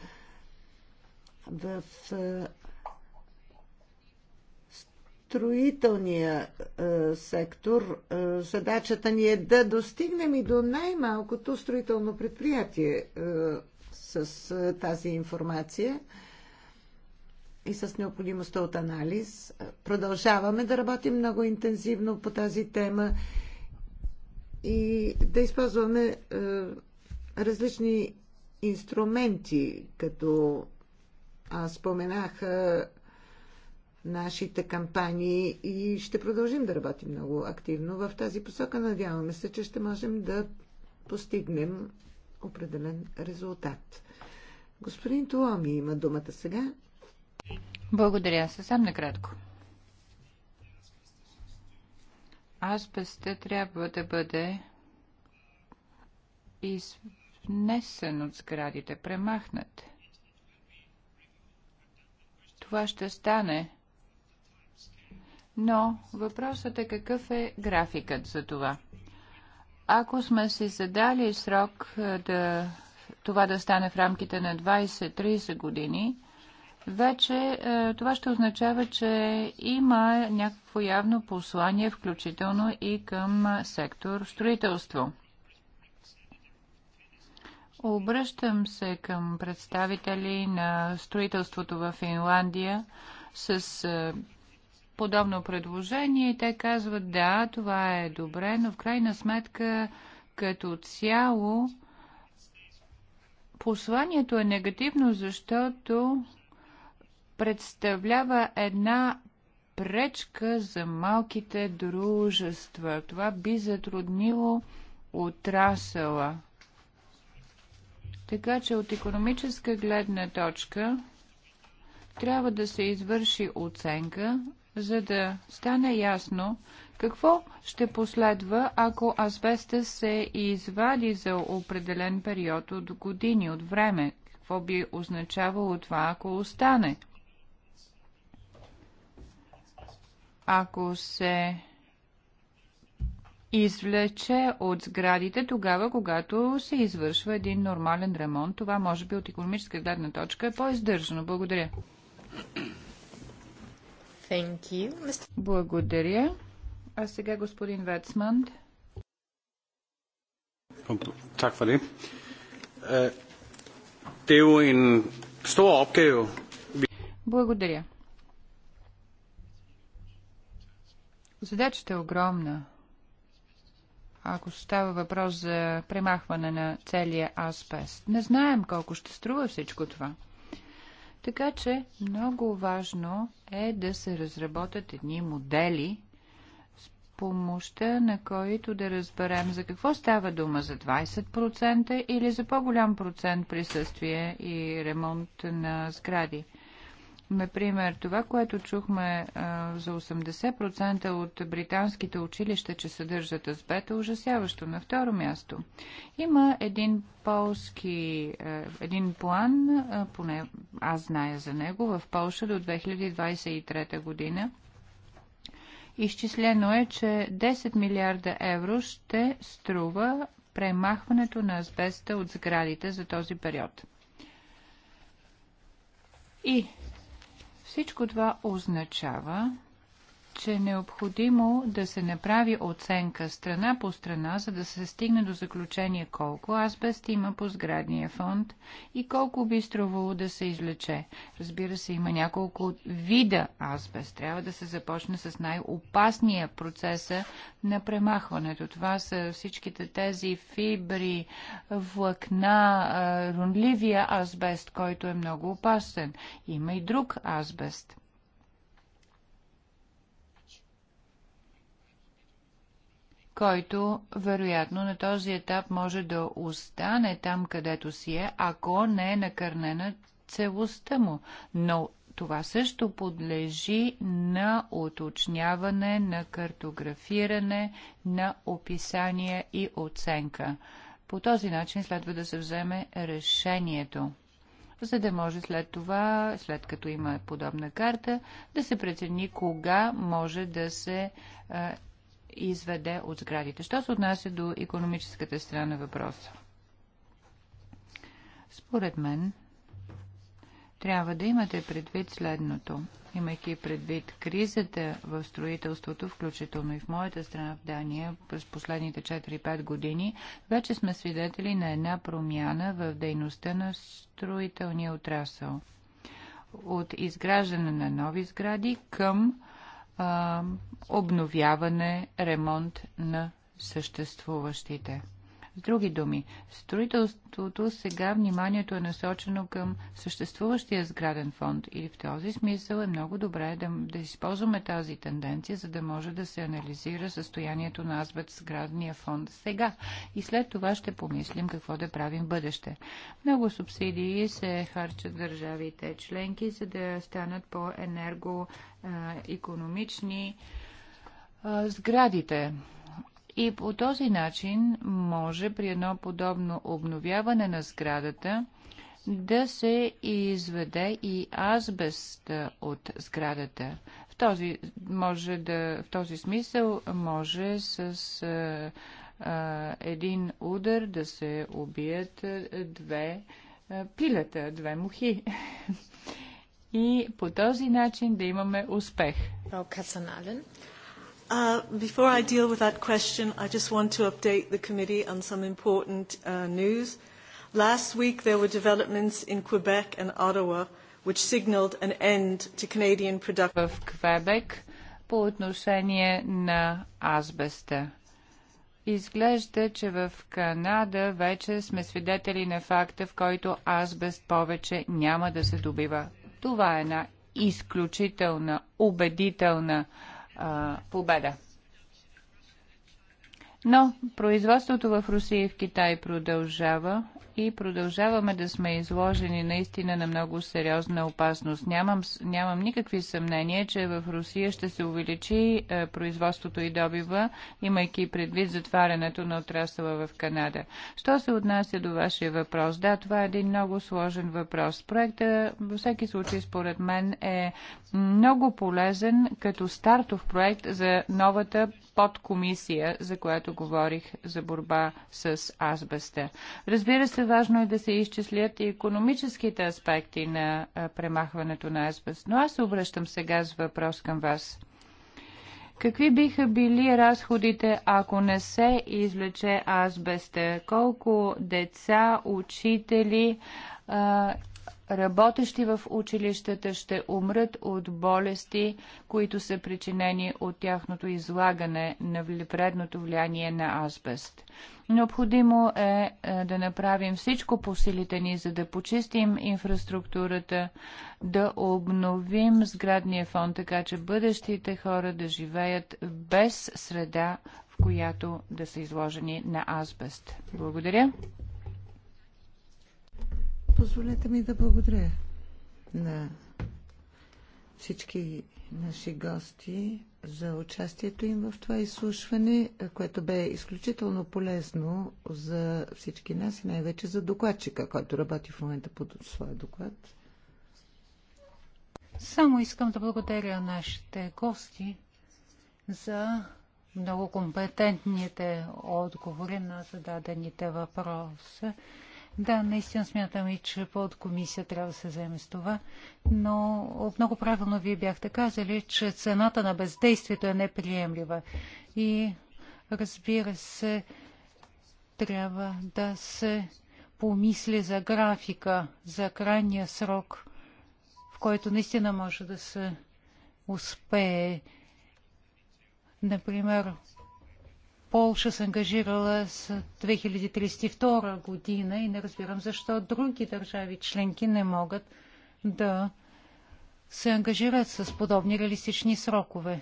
В е, строителния е, сектор задачата ни е да достигнем и до най-малкото строително предприятие с тази информация и с необходимостта от анализ. Продължаваме да работим много интензивно по тази тема и да използваме е, различни инструменти, като аз споменах нашите кампании и ще продължим да работим много активно в тази посока. Надяваме се, че ще можем да постигнем определен резултат. Господин Туоми има думата сега благодаря. Съвсем накратко. Азбеста трябва да бъде изнесен от сградите, премахнат. Това ще стане. Но въпросът е какъв е графикът за това. Ако сме си задали срок е, да, това да стане в рамките на 20-30 години, вече е, това ще означава, че има някакво явно послание, включително и към сектор строителство. Обръщам се към представители на строителството в Финландия с е, подобно предложение и те казват да, това е добре, но в крайна сметка като цяло посланието е негативно, защото представлява една пречка за малките дружества. Това би затруднило отрасъла. Така че от економическа гледна точка трябва да се извърши оценка, за да стане ясно какво ще последва, ако азбеста се извади за определен период от години, от време. Какво би означавало това, ако остане? ако се извлече от сградите тогава, когато се извършва един нормален ремонт. Това може би от економическа гледна точка е по-издържано. Благодаря. Thank you. Благодаря. А сега господин Вецманд. for det. Е, det er jo en stor opgave. Благодаря. Задачата е огромна. Ако става въпрос за премахване на целия аспест, не знаем колко ще струва всичко това. Така че много важно е да се разработят едни модели, с помощта на които да разберем за какво става дума за 20% или за по-голям процент присъствие и ремонт на сгради – Например, това, което чухме а, за 80% от британските училища, че съдържат азбета е ужасяващо. На второ място има един полски, а, един план, а, поне аз зная за него, в Полша до 2023 година. Изчислено е, че 10 милиарда евро ще струва премахването на азбеста от сградите за този период. И всичко това означава, че е необходимо да се направи оценка страна по страна, за да се стигне до заключение колко азбест има по сградния фонд и колко би струвало да се излече. Разбира се, има няколко вида азбест. Трябва да се започне с най-опасния процеса на премахването. Това са всичките тези фибри, влакна, рунливия азбест, който е много опасен. Има и друг азбест който вероятно на този етап може да остане там, където си е, ако не е накърнена целостта му. Но това също подлежи на уточняване, на картографиране, на описание и оценка. По този начин следва да се вземе решението, за да може след това, след като има подобна карта, да се прецени кога може да се изведе от сградите. Що се отнася до економическата страна на въпроса? Според мен, трябва да имате предвид следното. Имайки предвид кризата в строителството, включително и в моята страна в Дания, през последните 4-5 години, вече сме свидетели на една промяна в дейността на строителния отрасъл. От изграждане на нови сгради към а, обновяване, ремонт на съществуващите. С други думи, строителството сега вниманието е насочено към съществуващия сграден фонд и в този смисъл е много добре да, да използваме тази тенденция, за да може да се анализира състоянието на азбет сградния фонд сега и след това ще помислим какво да правим в бъдеще. Много субсидии се харчат държавите членки, за да станат по-енергоекономични сградите. И по този начин може при едно подобно обновяване на сградата да се изведе и азбест от сградата. В този, може да, в този смисъл може с а, а, един удар да се убият две а, пилета, две мухи. И по този начин да имаме успех. Фрау before I deal with that question, I just want to update the committee on some important news. Last week, there were developments in Quebec and Ottawa which signaled an end to Canadian production. В Квебек по отношение на азбеста. Изглежда, че в Канада вече сме свидетели на факта, в който азбест повече няма да се добива. Това е една изключителна, убедителна а, победа. Но производството в Русия и в Китай продължава и продължаваме да сме изложени наистина на много сериозна опасност. Нямам, нямам никакви съмнения, че в Русия ще се увеличи е, производството и добива, имайки предвид затварянето на отрасъла в Канада. Що се отнася до вашия въпрос? Да, това е един много сложен въпрос. Проектът, във всеки случай според мен е много полезен като стартов проект за новата подкомисия, за която говорих за борба с азбеста. Разбира се, важно е да се изчислят и економическите аспекти на премахването на азбест. Но аз се обръщам сега с въпрос към вас. Какви биха били разходите, ако не се извлече азбеста? Колко деца, учители работещи в училищата ще умрат от болести, които са причинени от тяхното излагане на вредното влияние на азбест. Необходимо е, е да направим всичко по силите ни, за да почистим инфраструктурата, да обновим сградния фонд, така че бъдещите хора да живеят без среда, в която да са изложени на азбест. Благодаря. Позволете ми да благодаря на всички наши гости за участието им в това изслушване, което бе изключително полезно за всички нас и най-вече за докладчика, който работи в момента под своя доклад. Само искам да благодаря нашите гости за много компетентните отговори на зададените въпроси. Да, наистина смятам, че под комисия трябва да се вземе с това, но много правилно вие бяхте казали, че цената на бездействието е неприемлива. И разбира се, трябва да се помисли за графика, за крайния срок, в който наистина може да се успее. Например, Полша се ангажирала с 2032 година и не разбирам защо други държави членки не могат да се ангажират с подобни реалистични срокове.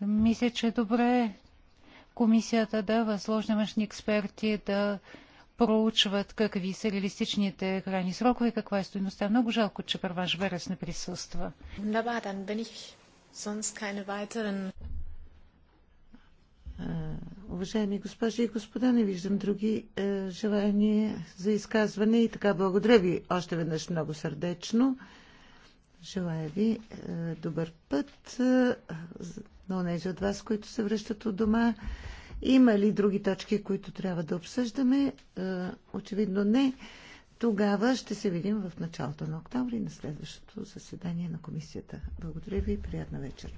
Мисля, че е добре комисията да възложи външни експерти да проучват какви са реалистичните крайни срокове и каква е стоеността. Много жалко, че Първаш Берес не присъства. Уважаеми госпожи и господа, не виждам други е, желания за изказване и така благодаря ви още веднъж много сърдечно. Желая ви е, добър път е, на тези от вас, които се връщат от дома. Има ли други точки, които трябва да обсъждаме? Е, очевидно не. Тогава ще се видим в началото на октомври на следващото заседание на комисията. Благодаря ви и приятна вечер.